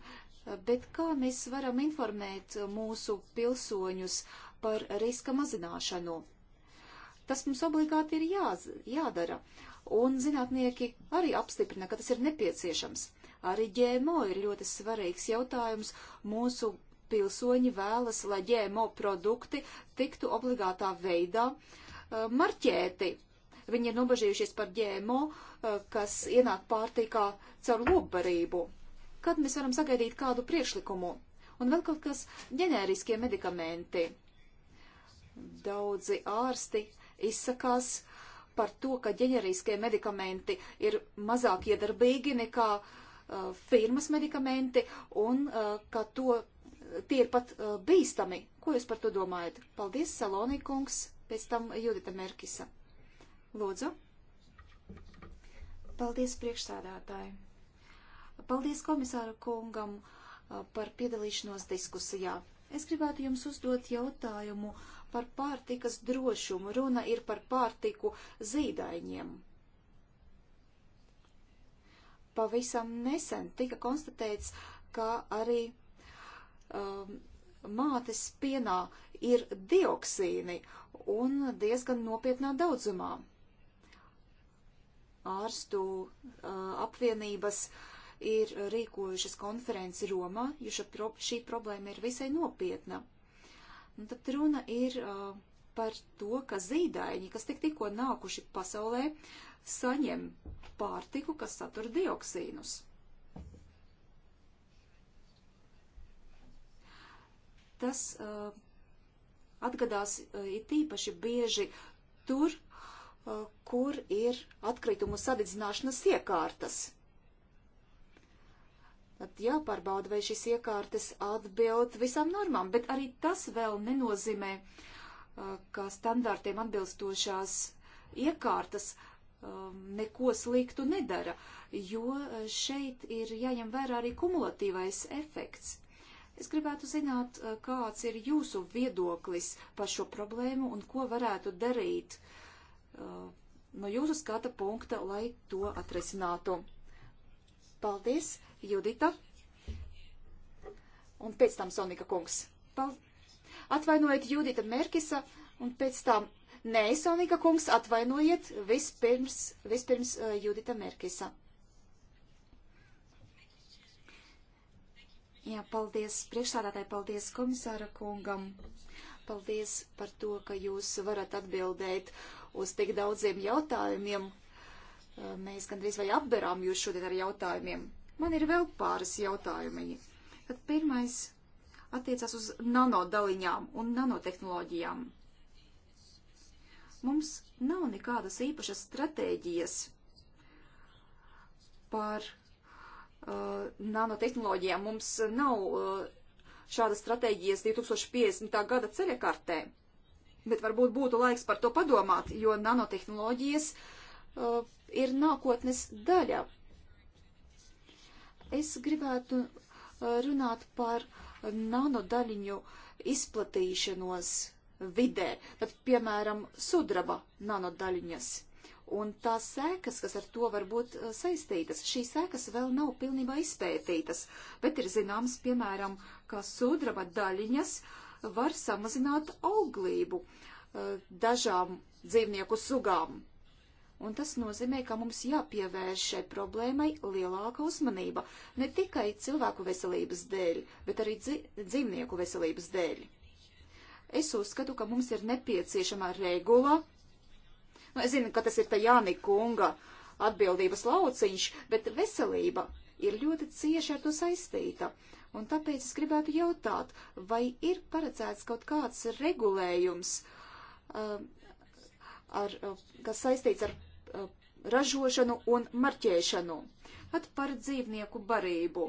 bet kā mēs varam informēt mūsu pilsoņus par riska mazināšanu. Tas mums obligāti ir jā, jādara, un zinātnieki arī apstiprina, ka tas ir nepieciešams. Arī ģēmo ir ļoti svarīgs jautājums. Mūsu pilsoņi vēlas, lai ģēmo produkti tiktu obligātā veidā uh, marķēti. Viņi ir nobežījušies par ģēmo, uh, kas ienāk pārtīkā caur lobbarību. Kad mēs varam sagaidīt kādu priekšlikumu? Un vēl kaut kas ģenēriskie medikamenti. Daudzi ārsti izsakās par to, ka ģeneriskie medikamenti ir mazāk iedarbīgi nekā uh, firmas medikamenti un uh, ka to tie ir pat uh, bīstami. Ko jūs par to domājat? Paldies, Salonikungs, pēc tam Judita Merkisa. Lūdzu. Paldies priekšsādātāji. Paldies komisāra kungam uh, par piedalīšanos diskusijā. Es gribētu jums uzdot jautājumu par pārtikas drošumu, runa ir par pārtiku zīdaiņiem. Pavisam nesen tika konstatēts, ka arī um, mātes pienā ir dioksīni un diezgan nopietnā daudzumā. Ārstu uh, apvienības ir rīkojušas konferenci Romā, jo šī problēma ir visai nopietna. Un tad runa ir uh, par to, ka zīdaiņi, kas tik tikko nākuši pasaulē, saņem pārtiku, kas satur dioksīnus. Tas uh, atgadās uh, it īpaši bieži tur, uh, kur ir atkritumu sadedzināšanas iekārtas. Tad jāpārbauda, vai šis iekārtas atbild visām normām, bet arī tas vēl nenozīmē, uh, ka standārtiem atbilstošās iekārtas um, neko sliktu nedara, jo uh, šeit ir jāņem vērā arī kumulatīvais efekts. Es gribētu zināt, uh, kāds ir jūsu viedoklis par šo problēmu un ko varētu darīt no jūsu skata punkta, lai to atrisinātu. Paldies, Judita. Un pēc tam Sonika kungs. Pal... Atvainojiet Judita Merkisa un pēc tam nē, Sonika kungs, atvainojiet vispirms, vispirms uh, Judita Merkisa. Jā, paldies priekšsādātāji, paldies komisāra kungam. Paldies par to, ka jūs varat atbildēt uz tik daudziem jautājumiem, Mēs gandrīz vai apberām jūs šodien ar jautājumiem. Man ir vēl pāris jautājumi. Tad pirmais attiecās uz nanodaliņām un nanotehnoloģijām. Mums nav nekādas īpašas stratēģijas par uh, nanotehnoloģijām. Mums nav uh, šādas stratēģijas 2050. gada ceļakartē. Bet varbūt būtu laiks par to padomāt, jo nanotehnoloģijas uh, Uh, ir nākotnes daļa. Es gribētu uh, runāt par nanodaļiņu izplatīšanos vidē, tad, piemēram, sudraba nanodaļiņas. Un tās sēkas, kas ar to var būt uh, saistītas, šīs sēkas vēl nav pilnībā izpētītas, bet ir zināms, piemēram, ka sudraba daļiņas var samazināt auglību dažām dzīvnieku sugām Un tas nozīmē, ka mums jāpievērš šai problēmai lielāka uzmanība, ne tikai cilvēku veselības dēļ, bet arī dzi dzīvnieku veselības dēļ. Es uzskatu, ka mums ir nepieciešama regula. Nu, es zinu, ka tas ir tā Jāni Kunga atbildības lauciņš, bet veselība ir ļoti cieši ar to saistīta. Un tāpēc es gribētu jautāt, vai ir paredzēts kaut kāds regulējums, uh, ar, uh, kas saistīts ar Uh, ražošanu un marķēšanu, at par dzīvnieku barību.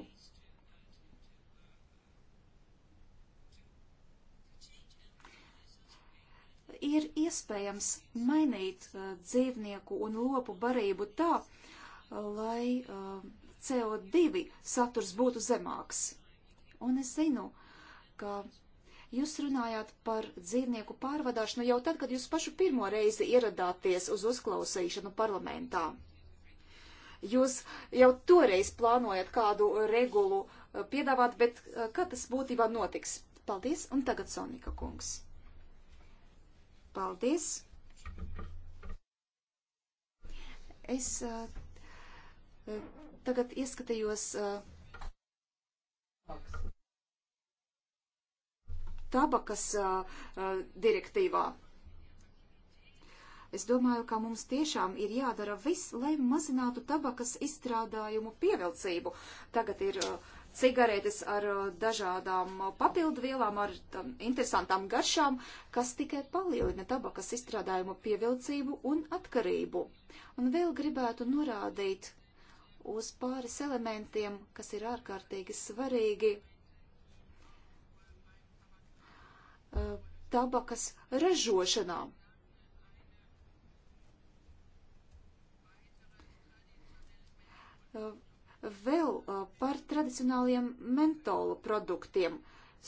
Ir iespējams mainīt uh, dzīvnieku un lopu barību tā, uh, lai uh, CO2 saturs būtu zemāks. Un es zinu, ka uh, Jūs runājāt par dzīvnieku pārvadāšanu jau tad, kad jūs pašu pirmo reizi ieradāties uz uzklausīšanu parlamentā. Jūs jau toreiz plānojat kādu regulu eh, piedāvāt, bet eh, kad tas būtībā notiks? Paldies, un tagad Sonika kungs. Paldies. Es eh, tagad ieskatījos. Uh, tabakas direktīvā. Es domāju, ka mums tiešām ir jādara viss, lai mazinātu tabakas izstrādājumu pievilcību. Tagad ir cigaretes ar dažādām papildvielām, ar tam interesantām garšām, kas tikai palielina tabakas izstrādājumu pievilcību un atkarību. Un vēl gribētu norādīt uz pāris elementiem, kas ir ārkārtīgi svarīgi tabakas ražošanā. Vēl uh, par tradicionāliem mentola produktiem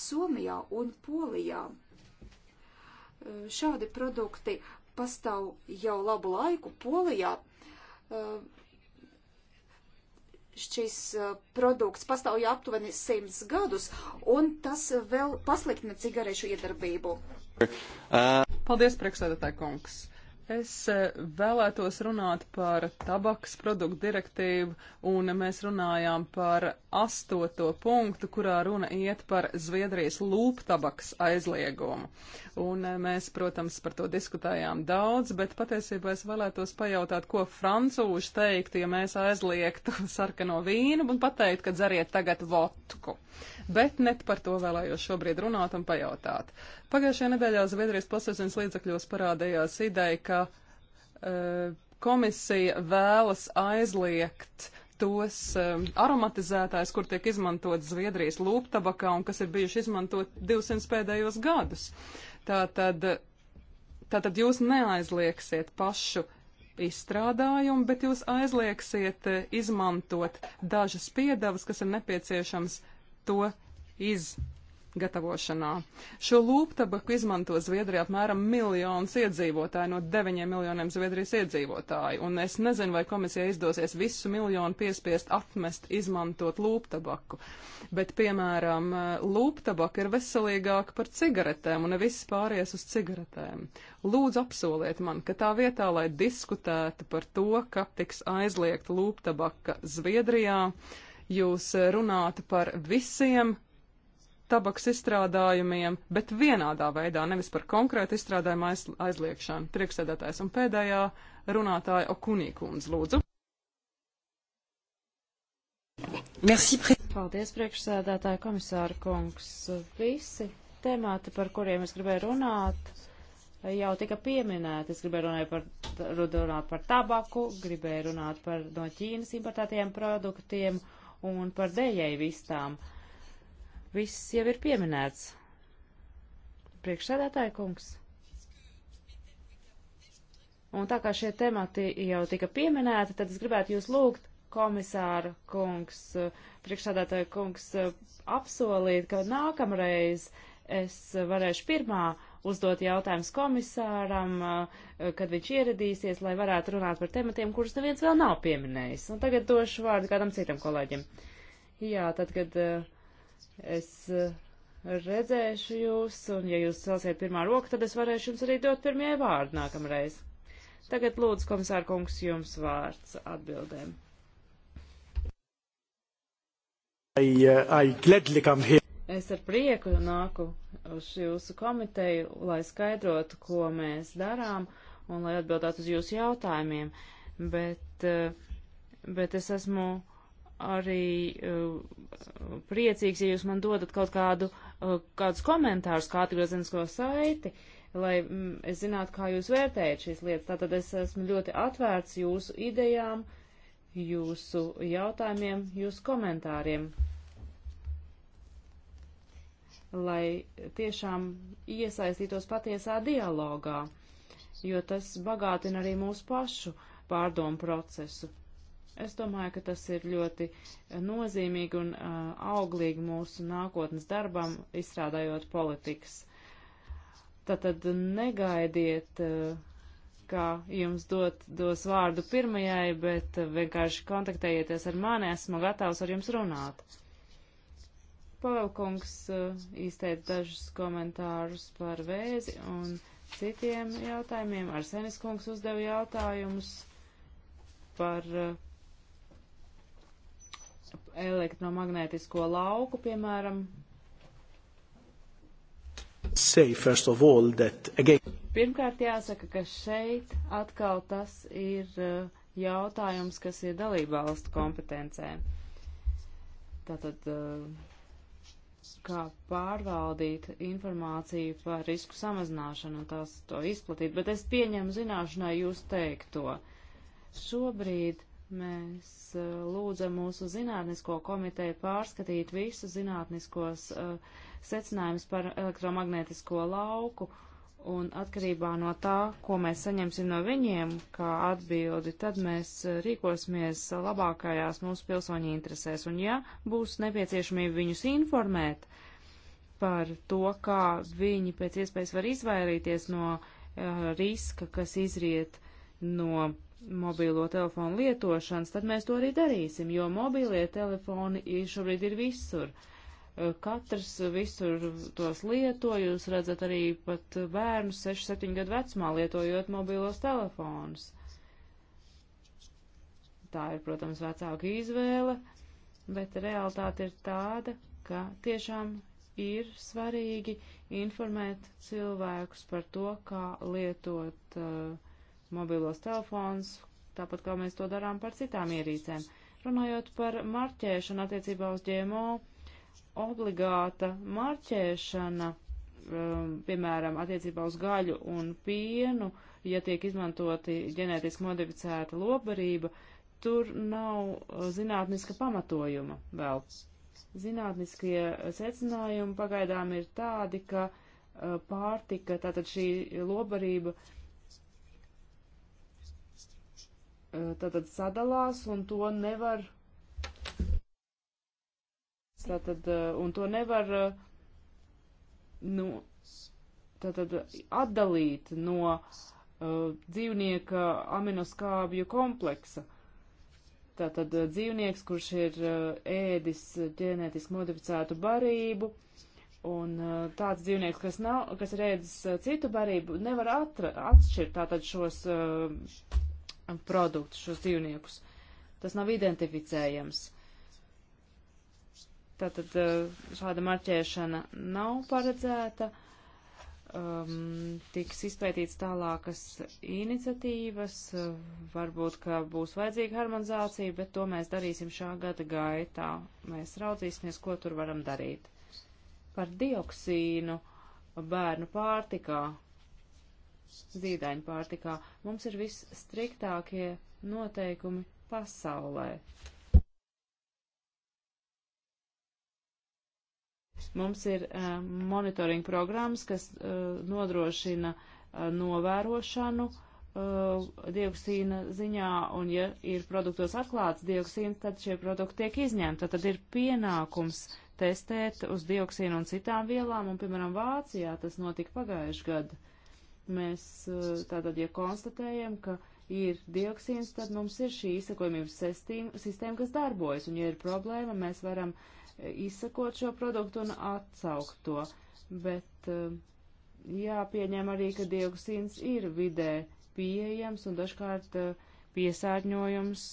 Somijā un Polijā. Uh, šādi produkti pastāv jau labu laiku Polijā. Uh, šis uh, produkts pastāv jau aptuveni simts gadus, un tas vēl pasliktina cigarešu iedarbību. Uh. Paldies, priekšsēdētāji kungs! Es uh, vēlētos runāt par tabaks produktu direktīvu, un mēs runājām par astoto punktu, kurā runa iet par Zviedrijas lūptabaks aizliegumu. Un eh, mēs, protams, par to diskutējām daudz, bet patiesībā es vēlētos pajautāt, ko francūši teiktu, ja mēs aizliegtu sarkano vīnu un pateiktu, ka dzeriet tagad votku. Bet net par to vēlējos šobrīd runāt un pajautāt. Pagājušajā nedēļā Zviedrijas plasaziņas līdzakļos parādījās ideja, ka uh, komisija vēlas aizliegt tos um, aromatizētājus, kur tiek izmantot Zviedrijas lūptabakā un kas ir bijuši izmantot 200 pēdējos gadus. Tātad, tātad jūs neaizlieksiet pašu izstrādājumu, bet jūs aizlieksiet eh, izmantot dažas piedevas, kas ir nepieciešams to izmantot gatavošanā. Šo lūptabaku izmanto Zviedrijā apmēram miljons iedzīvotāju no 9 miljoniem Zviedrijas iedzīvotāju, un es nezinu, vai komisijai izdosies visu miljonu piespiest atmest izmantot lūptabaku. Bet, piemēram, lūptabaka ir veselīgāka par cigaretēm, un ne viss pāries uz cigaretēm. Lūdzu, apsoliet man, ka tā vietā, lai diskutētu par to, ka tiks aizliegta lūptabaka Zviedrijā, jūs runātu par visiem tabaks izstrādājumiem, bet vienādā veidā, nevis par konkrētu izstrādājumu aiz, aizliekšanu. Priekšsēdētājs un pēdējā runātāja Okunī kundze, lūdzu. Merci, pre... Paldies, priekšsēdētāja komisāra kungs. Visi temāti, par kuriem es gribēju runāt, jau tika pieminēti. Es gribēju runāt par, runāt par tabaku, gribēju runāt par no Ķīnas importētajiem produktiem un par dējai vistām. Uh, Viss jau ir pieminēts. Priekšsēdētāja kungs. Un tā kā šie temati jau tika pieminēti, tad es gribētu jūs lūgt, komisāra kungs, priekšsādātāja kungs, apsolīt, ka nākamreiz es varēšu pirmā uzdot jautājumus komisāram, kad viņš ieradīsies, lai varētu runāt par tematiem, kurus neviens vēl nav pieminējis. Un tagad došu vārdu kādam citam kolēģim. Jā, tad, kad uh, Es eh, redzēšu jūs, un ja jūs celsiet pirmā roka, tad es varēšu jums arī dot pirmie vārdu nākamreiz. Tagad lūdzu, komisārkungs, jums vārds atbildēm. I, uh, I gladly come here. Es ar prieku nāku uz jūsu komiteju, lai skaidrotu, ko mēs darām un lai atbildētu uz jūsu jautājumiem, bet, eh, bet es esmu arī uh, priecīgs, ja jūs man dodat kaut kādu, uh, kādus komentārus, kā atgriezenisko saiti, lai mm, es zinātu, kā jūs vērtējat šīs lietas. Tātad es esmu ļoti atvērts jūsu idejām, jūsu jautājumiem, jūsu komentāriem, lai tiešām iesaistītos patiesā dialogā, jo tas bagātina arī mūsu pašu pārdomu procesu. Es domāju, ka tas ir ļoti eh, nozīmīgi un uh, auglīgi mūsu nākotnes darbam, izstrādājot politikas. Tātad negaidiet, uh, eh, kā jums dot, dos vārdu pirmajai, bet uh, vienkārši kontaktējieties ar mani, esmu gatavs ar jums runāt. Pavelkungs uh, izteica dažus komentārus par vēzi un citiem jautājumiem. Arsenis kungs uzdeva jautājumus par uh, elektromagnētisko lauku, piemēram. Say, first of all, that again. Pirmkārt jāsaka, ka šeit atkal tas ir uh, jautājums, kas ir dalībvalstu kompetencē. Tātad, uh, kā pārvaldīt informāciju par risku samazināšanu un tās to izplatīt, bet es pieņemu zināšanai jūs teikto. Šobrīd Mēs eh, lūdzam mūsu zinātnisko komiteju pārskatīt visus zinātniskos uh, secinājumus par elektromagnētisko lauku un atkarībā no tā, ko mēs saņemsim no viņiem kā atbildi, tad mēs eh, rīkosimies labākajās mūsu pilsoņu interesēs. Un ja būs nepieciešamība viņus informēt par to, kā viņi pēc iespējas var izvairīties no uh, riska, kas izriet no mobīlo telefonu lietošanas, tad mēs to arī darīsim, jo mobīlie telefoni šobrīd ir visur. Katrs visur tos lieto, jūs redzat arī pat bērnus 6-7 gadu vecumā lietojot mobīlos telefonus. Tā ir, protams, vecāka izvēle, bet realitāte ir tāda, ka tiešām ir svarīgi informēt cilvēkus par to, kā lietot uh, mobilos telefons, tāpat kā mēs to darām par citām ierīcēm. Runājot par marķēšanu attiecībā uz GMO, obligāta marķēšana, um, piemēram, attiecībā uz gaļu un pienu, ja tiek izmantoti ģenētiski modificēta lobarība, tur nav uh, zinātniska pamatojuma vēl. Zinātniskie secinājumi pagaidām ir tādi, ka uh, pārtika, tātad šī lobarība uh, Eh, tātad sadalās un to nevar. Tātad, eh, un to nevar, eh, nu, tātad atdalīt no uh, dzīvnieka aminoskābju kompleksa. Tātad dzīvnieks, kurš ir uh, ēdis ģenētiski modificētu barību, un uh, tāds dzīvnieks, kas, nav, kas ir ēdis citu barību, nevar atra, atšķirt tātad šos produktus, šos dzīvniekus. Tas nav identificējams. Tātad eh, šāda marķēšana nav paredzēta. Um, tiks izpētīts tālākas iniciatīvas, varbūt, ka būs vajadzīga harmonizācija, bet to mēs darīsim šā gada gaitā. Mēs raudzīsimies, ko tur varam darīt. Par dioksīnu bērnu pārtikā zīdaiņu pārtikā. Mums ir visstriktākie noteikumi pasaulē. Mums ir uh, monitoring programmas, kas uh, nodrošina uh, novērošanu uh, dioksīna ziņā, un ja ir produktos atklāts dioksīns, tad šie produkti tiek izņemti. Tad ir pienākums testēt uz dioksīnu un citām vielām, un, piemēram, Vācijā tas notika pagājuši gadu. Mēs eh, tātad, ja konstatējam, ka ir dioksīns, tad mums ir šī izsakojumības sistēma, kas darbojas, un ja ir problēma, mēs varam eh, izsakot šo produktu un atsaukt to. Bet eh, jāpieņem arī, ka dioksīns ir vidē pieejams un dažkārt piesārņojums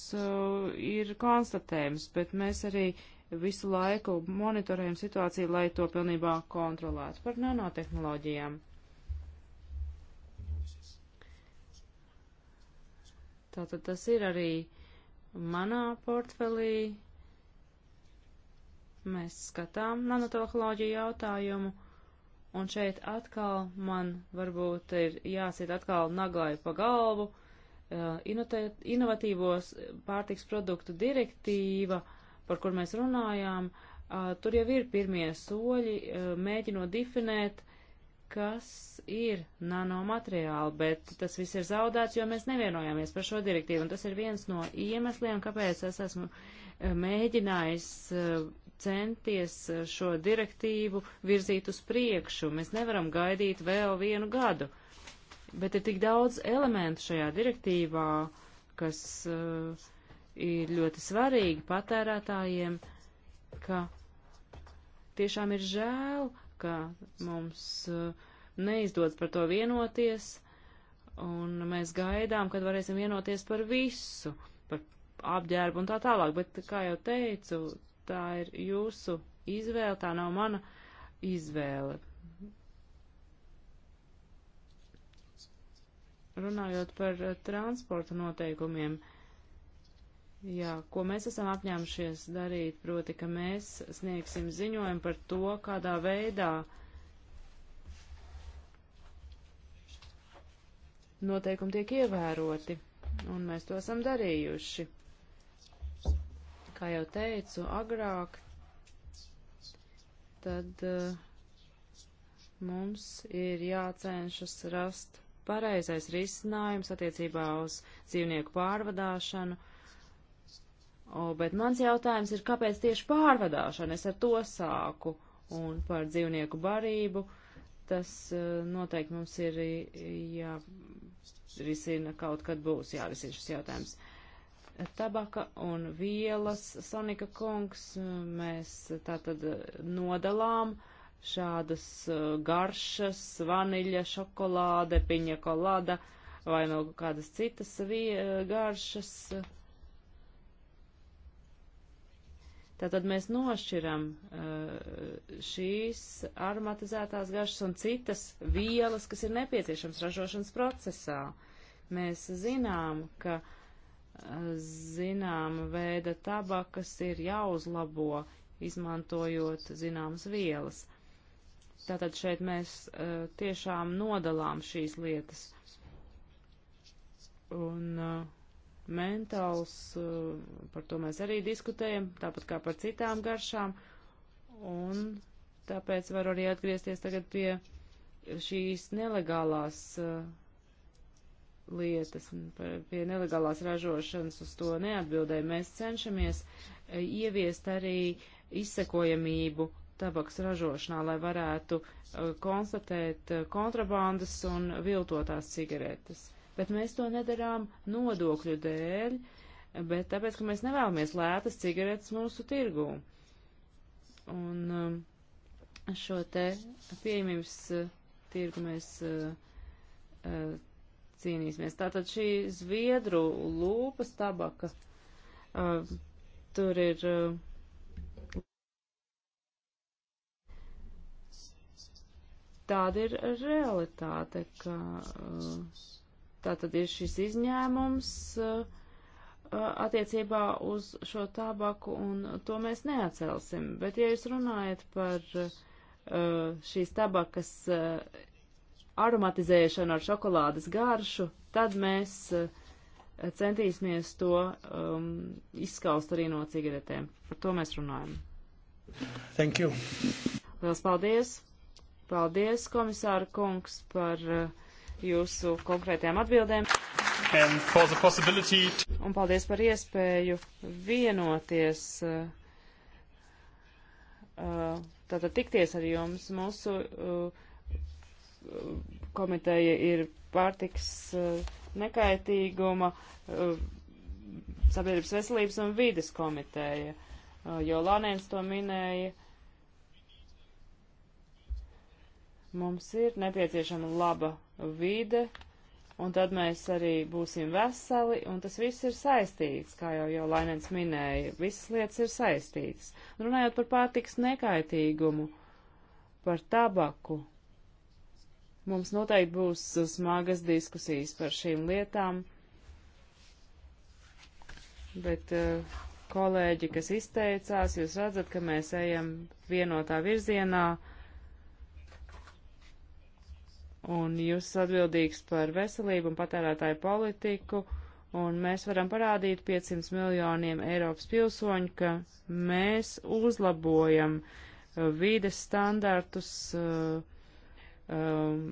ir konstatējams, bet mēs arī visu laiku monitorējam situāciju, lai to pilnībā kontrolētu par nanotehnoloģijām. Tātad tas ir arī manā portfelī. Mēs skatām nanotehnoloģiju jautājumu, un šeit atkal man varbūt ir jāsit atkal naglai pa galvu. Uh, inovatīvos pārtiks produktu direktīva, par kur mēs runājām, uh, tur jau ir pirmie soļi, uh, mēģinot definēt, kas ir nanomateriāli, bet tas viss ir zaudēts, jo mēs nevienojāmies par šo direktīvu, un tas ir viens no iemesliem, kāpēc es esmu eh, mēģinājis eh, centies eh, šo direktīvu virzīt uz priekšu. Mēs nevaram gaidīt vēl vienu gadu, bet ir tik daudz elementu šajā direktīvā, kas uh, ir ļoti svarīgi patērētājiem, ka tiešām ir žēl, uh, ka mums eh, neizdodas par to vienoties, un mēs gaidām, kad varēsim vienoties par visu, par apģērbu un tā tālāk, bet, kā jau teicu, tā ir jūsu izvēle, tā nav mana izvēle. Runājot par eh, transporta noteikumiem, uh, Jā, ko mēs esam apņēmušies darīt, proti, ka mēs sniegsim ziņojumu par to, kādā veidā noteikumi tiek ievēroti, un mēs to esam darījuši. Kā jau teicu agrāk, tad uh, mums ir jācenšas rast pareizais risinājums attiecībā uz dzīvnieku pārvadāšanu O, bet mans jautājums ir, kāpēc tieši pārvadāšana? Es ar to sāku un par dzīvnieku barību. Tas e, noteikti mums ir jārisina kaut kad būs jārisina šis jautājums. Tabaka un vielas, Sonika kungs, e, mēs tātad e, nodalām šādas garšas, vaniļa, šokolāde, piņa kolāda vai no kādas citas garšas Tātad mēs nošķiram uh, šīs aromatizētās garšas un citas vielas, kas ir nepieciešams ražošanas procesā. Mēs zinām, ka uh, zināma veida tabakas ir jāuzlabo, izmantojot zināmas vielas. Tātad šeit mēs uh, tiešām nodalām šīs lietas. Un uh, mentāls, eh, par to mēs arī diskutējam, tāpat kā par citām garšām, un tāpēc varu arī atgriezties tagad pie šīs nelegālās eh, lietas, pie nelegālās ražošanas uz to neatbildēju. Mēs cenšamies eh, ieviest arī izsekojamību tabaks ražošanā, lai varētu konstatēt kontrabandas un viltotās cigaretes bet mēs to nedarām nodokļu dēļ, bet tāpēc, ka mēs nevēlamies lētas cigaretes mūsu tirgū. Un um, šo te pieejamības uh, tirgu mēs uh, uh, cīnīsimies. Tātad šī zviedru lūpas tabaka, uh, tur ir. Uh, tāda ir realitāte, ka uh, Tātad ir šis izņēmums uh, uh, attiecībā uz šo tabaku, un to mēs neatcelsim. Bet, ja jūs runājat par uh, šīs tabakas aromatizēšanu ar šokolādes garšu, tad mēs centīsimies to um, izskaust arī no cigaretēm. Par to mēs runājam. Thank you. Lielas paldies! Paldies, komisāra kungs, par uh, jūsu konkrētajām atbildēm. Un paldies par iespēju vienoties, uh, tātad tikties ar jums. Mūsu uh, komiteja ir pārtiks uh, nekaitīguma, sabiedrības veselības un vides komiteja, jo Lanēns to minēja Mums ir nepieciešama laba vide, un tad mēs arī būsim veseli, un tas viss ir saistīts, kā jau, jau Lainens minēja, visas lietas ir saistītas. Runājot par pārtiks nekaitīgumu, par tabaku, mums noteikti būs smagas diskusijas par šīm lietām, bet uh, kolēģi, kas izteicās, jūs redzat, ka mēs ejam vienotā virzienā un jūs esat atbildīgs par veselību un patērētāju politiku, un mēs varam parādīt 500 miljoniem Eiropas pilsoņu, ka mēs uzlabojam uh, vīdes standartus, uh, um,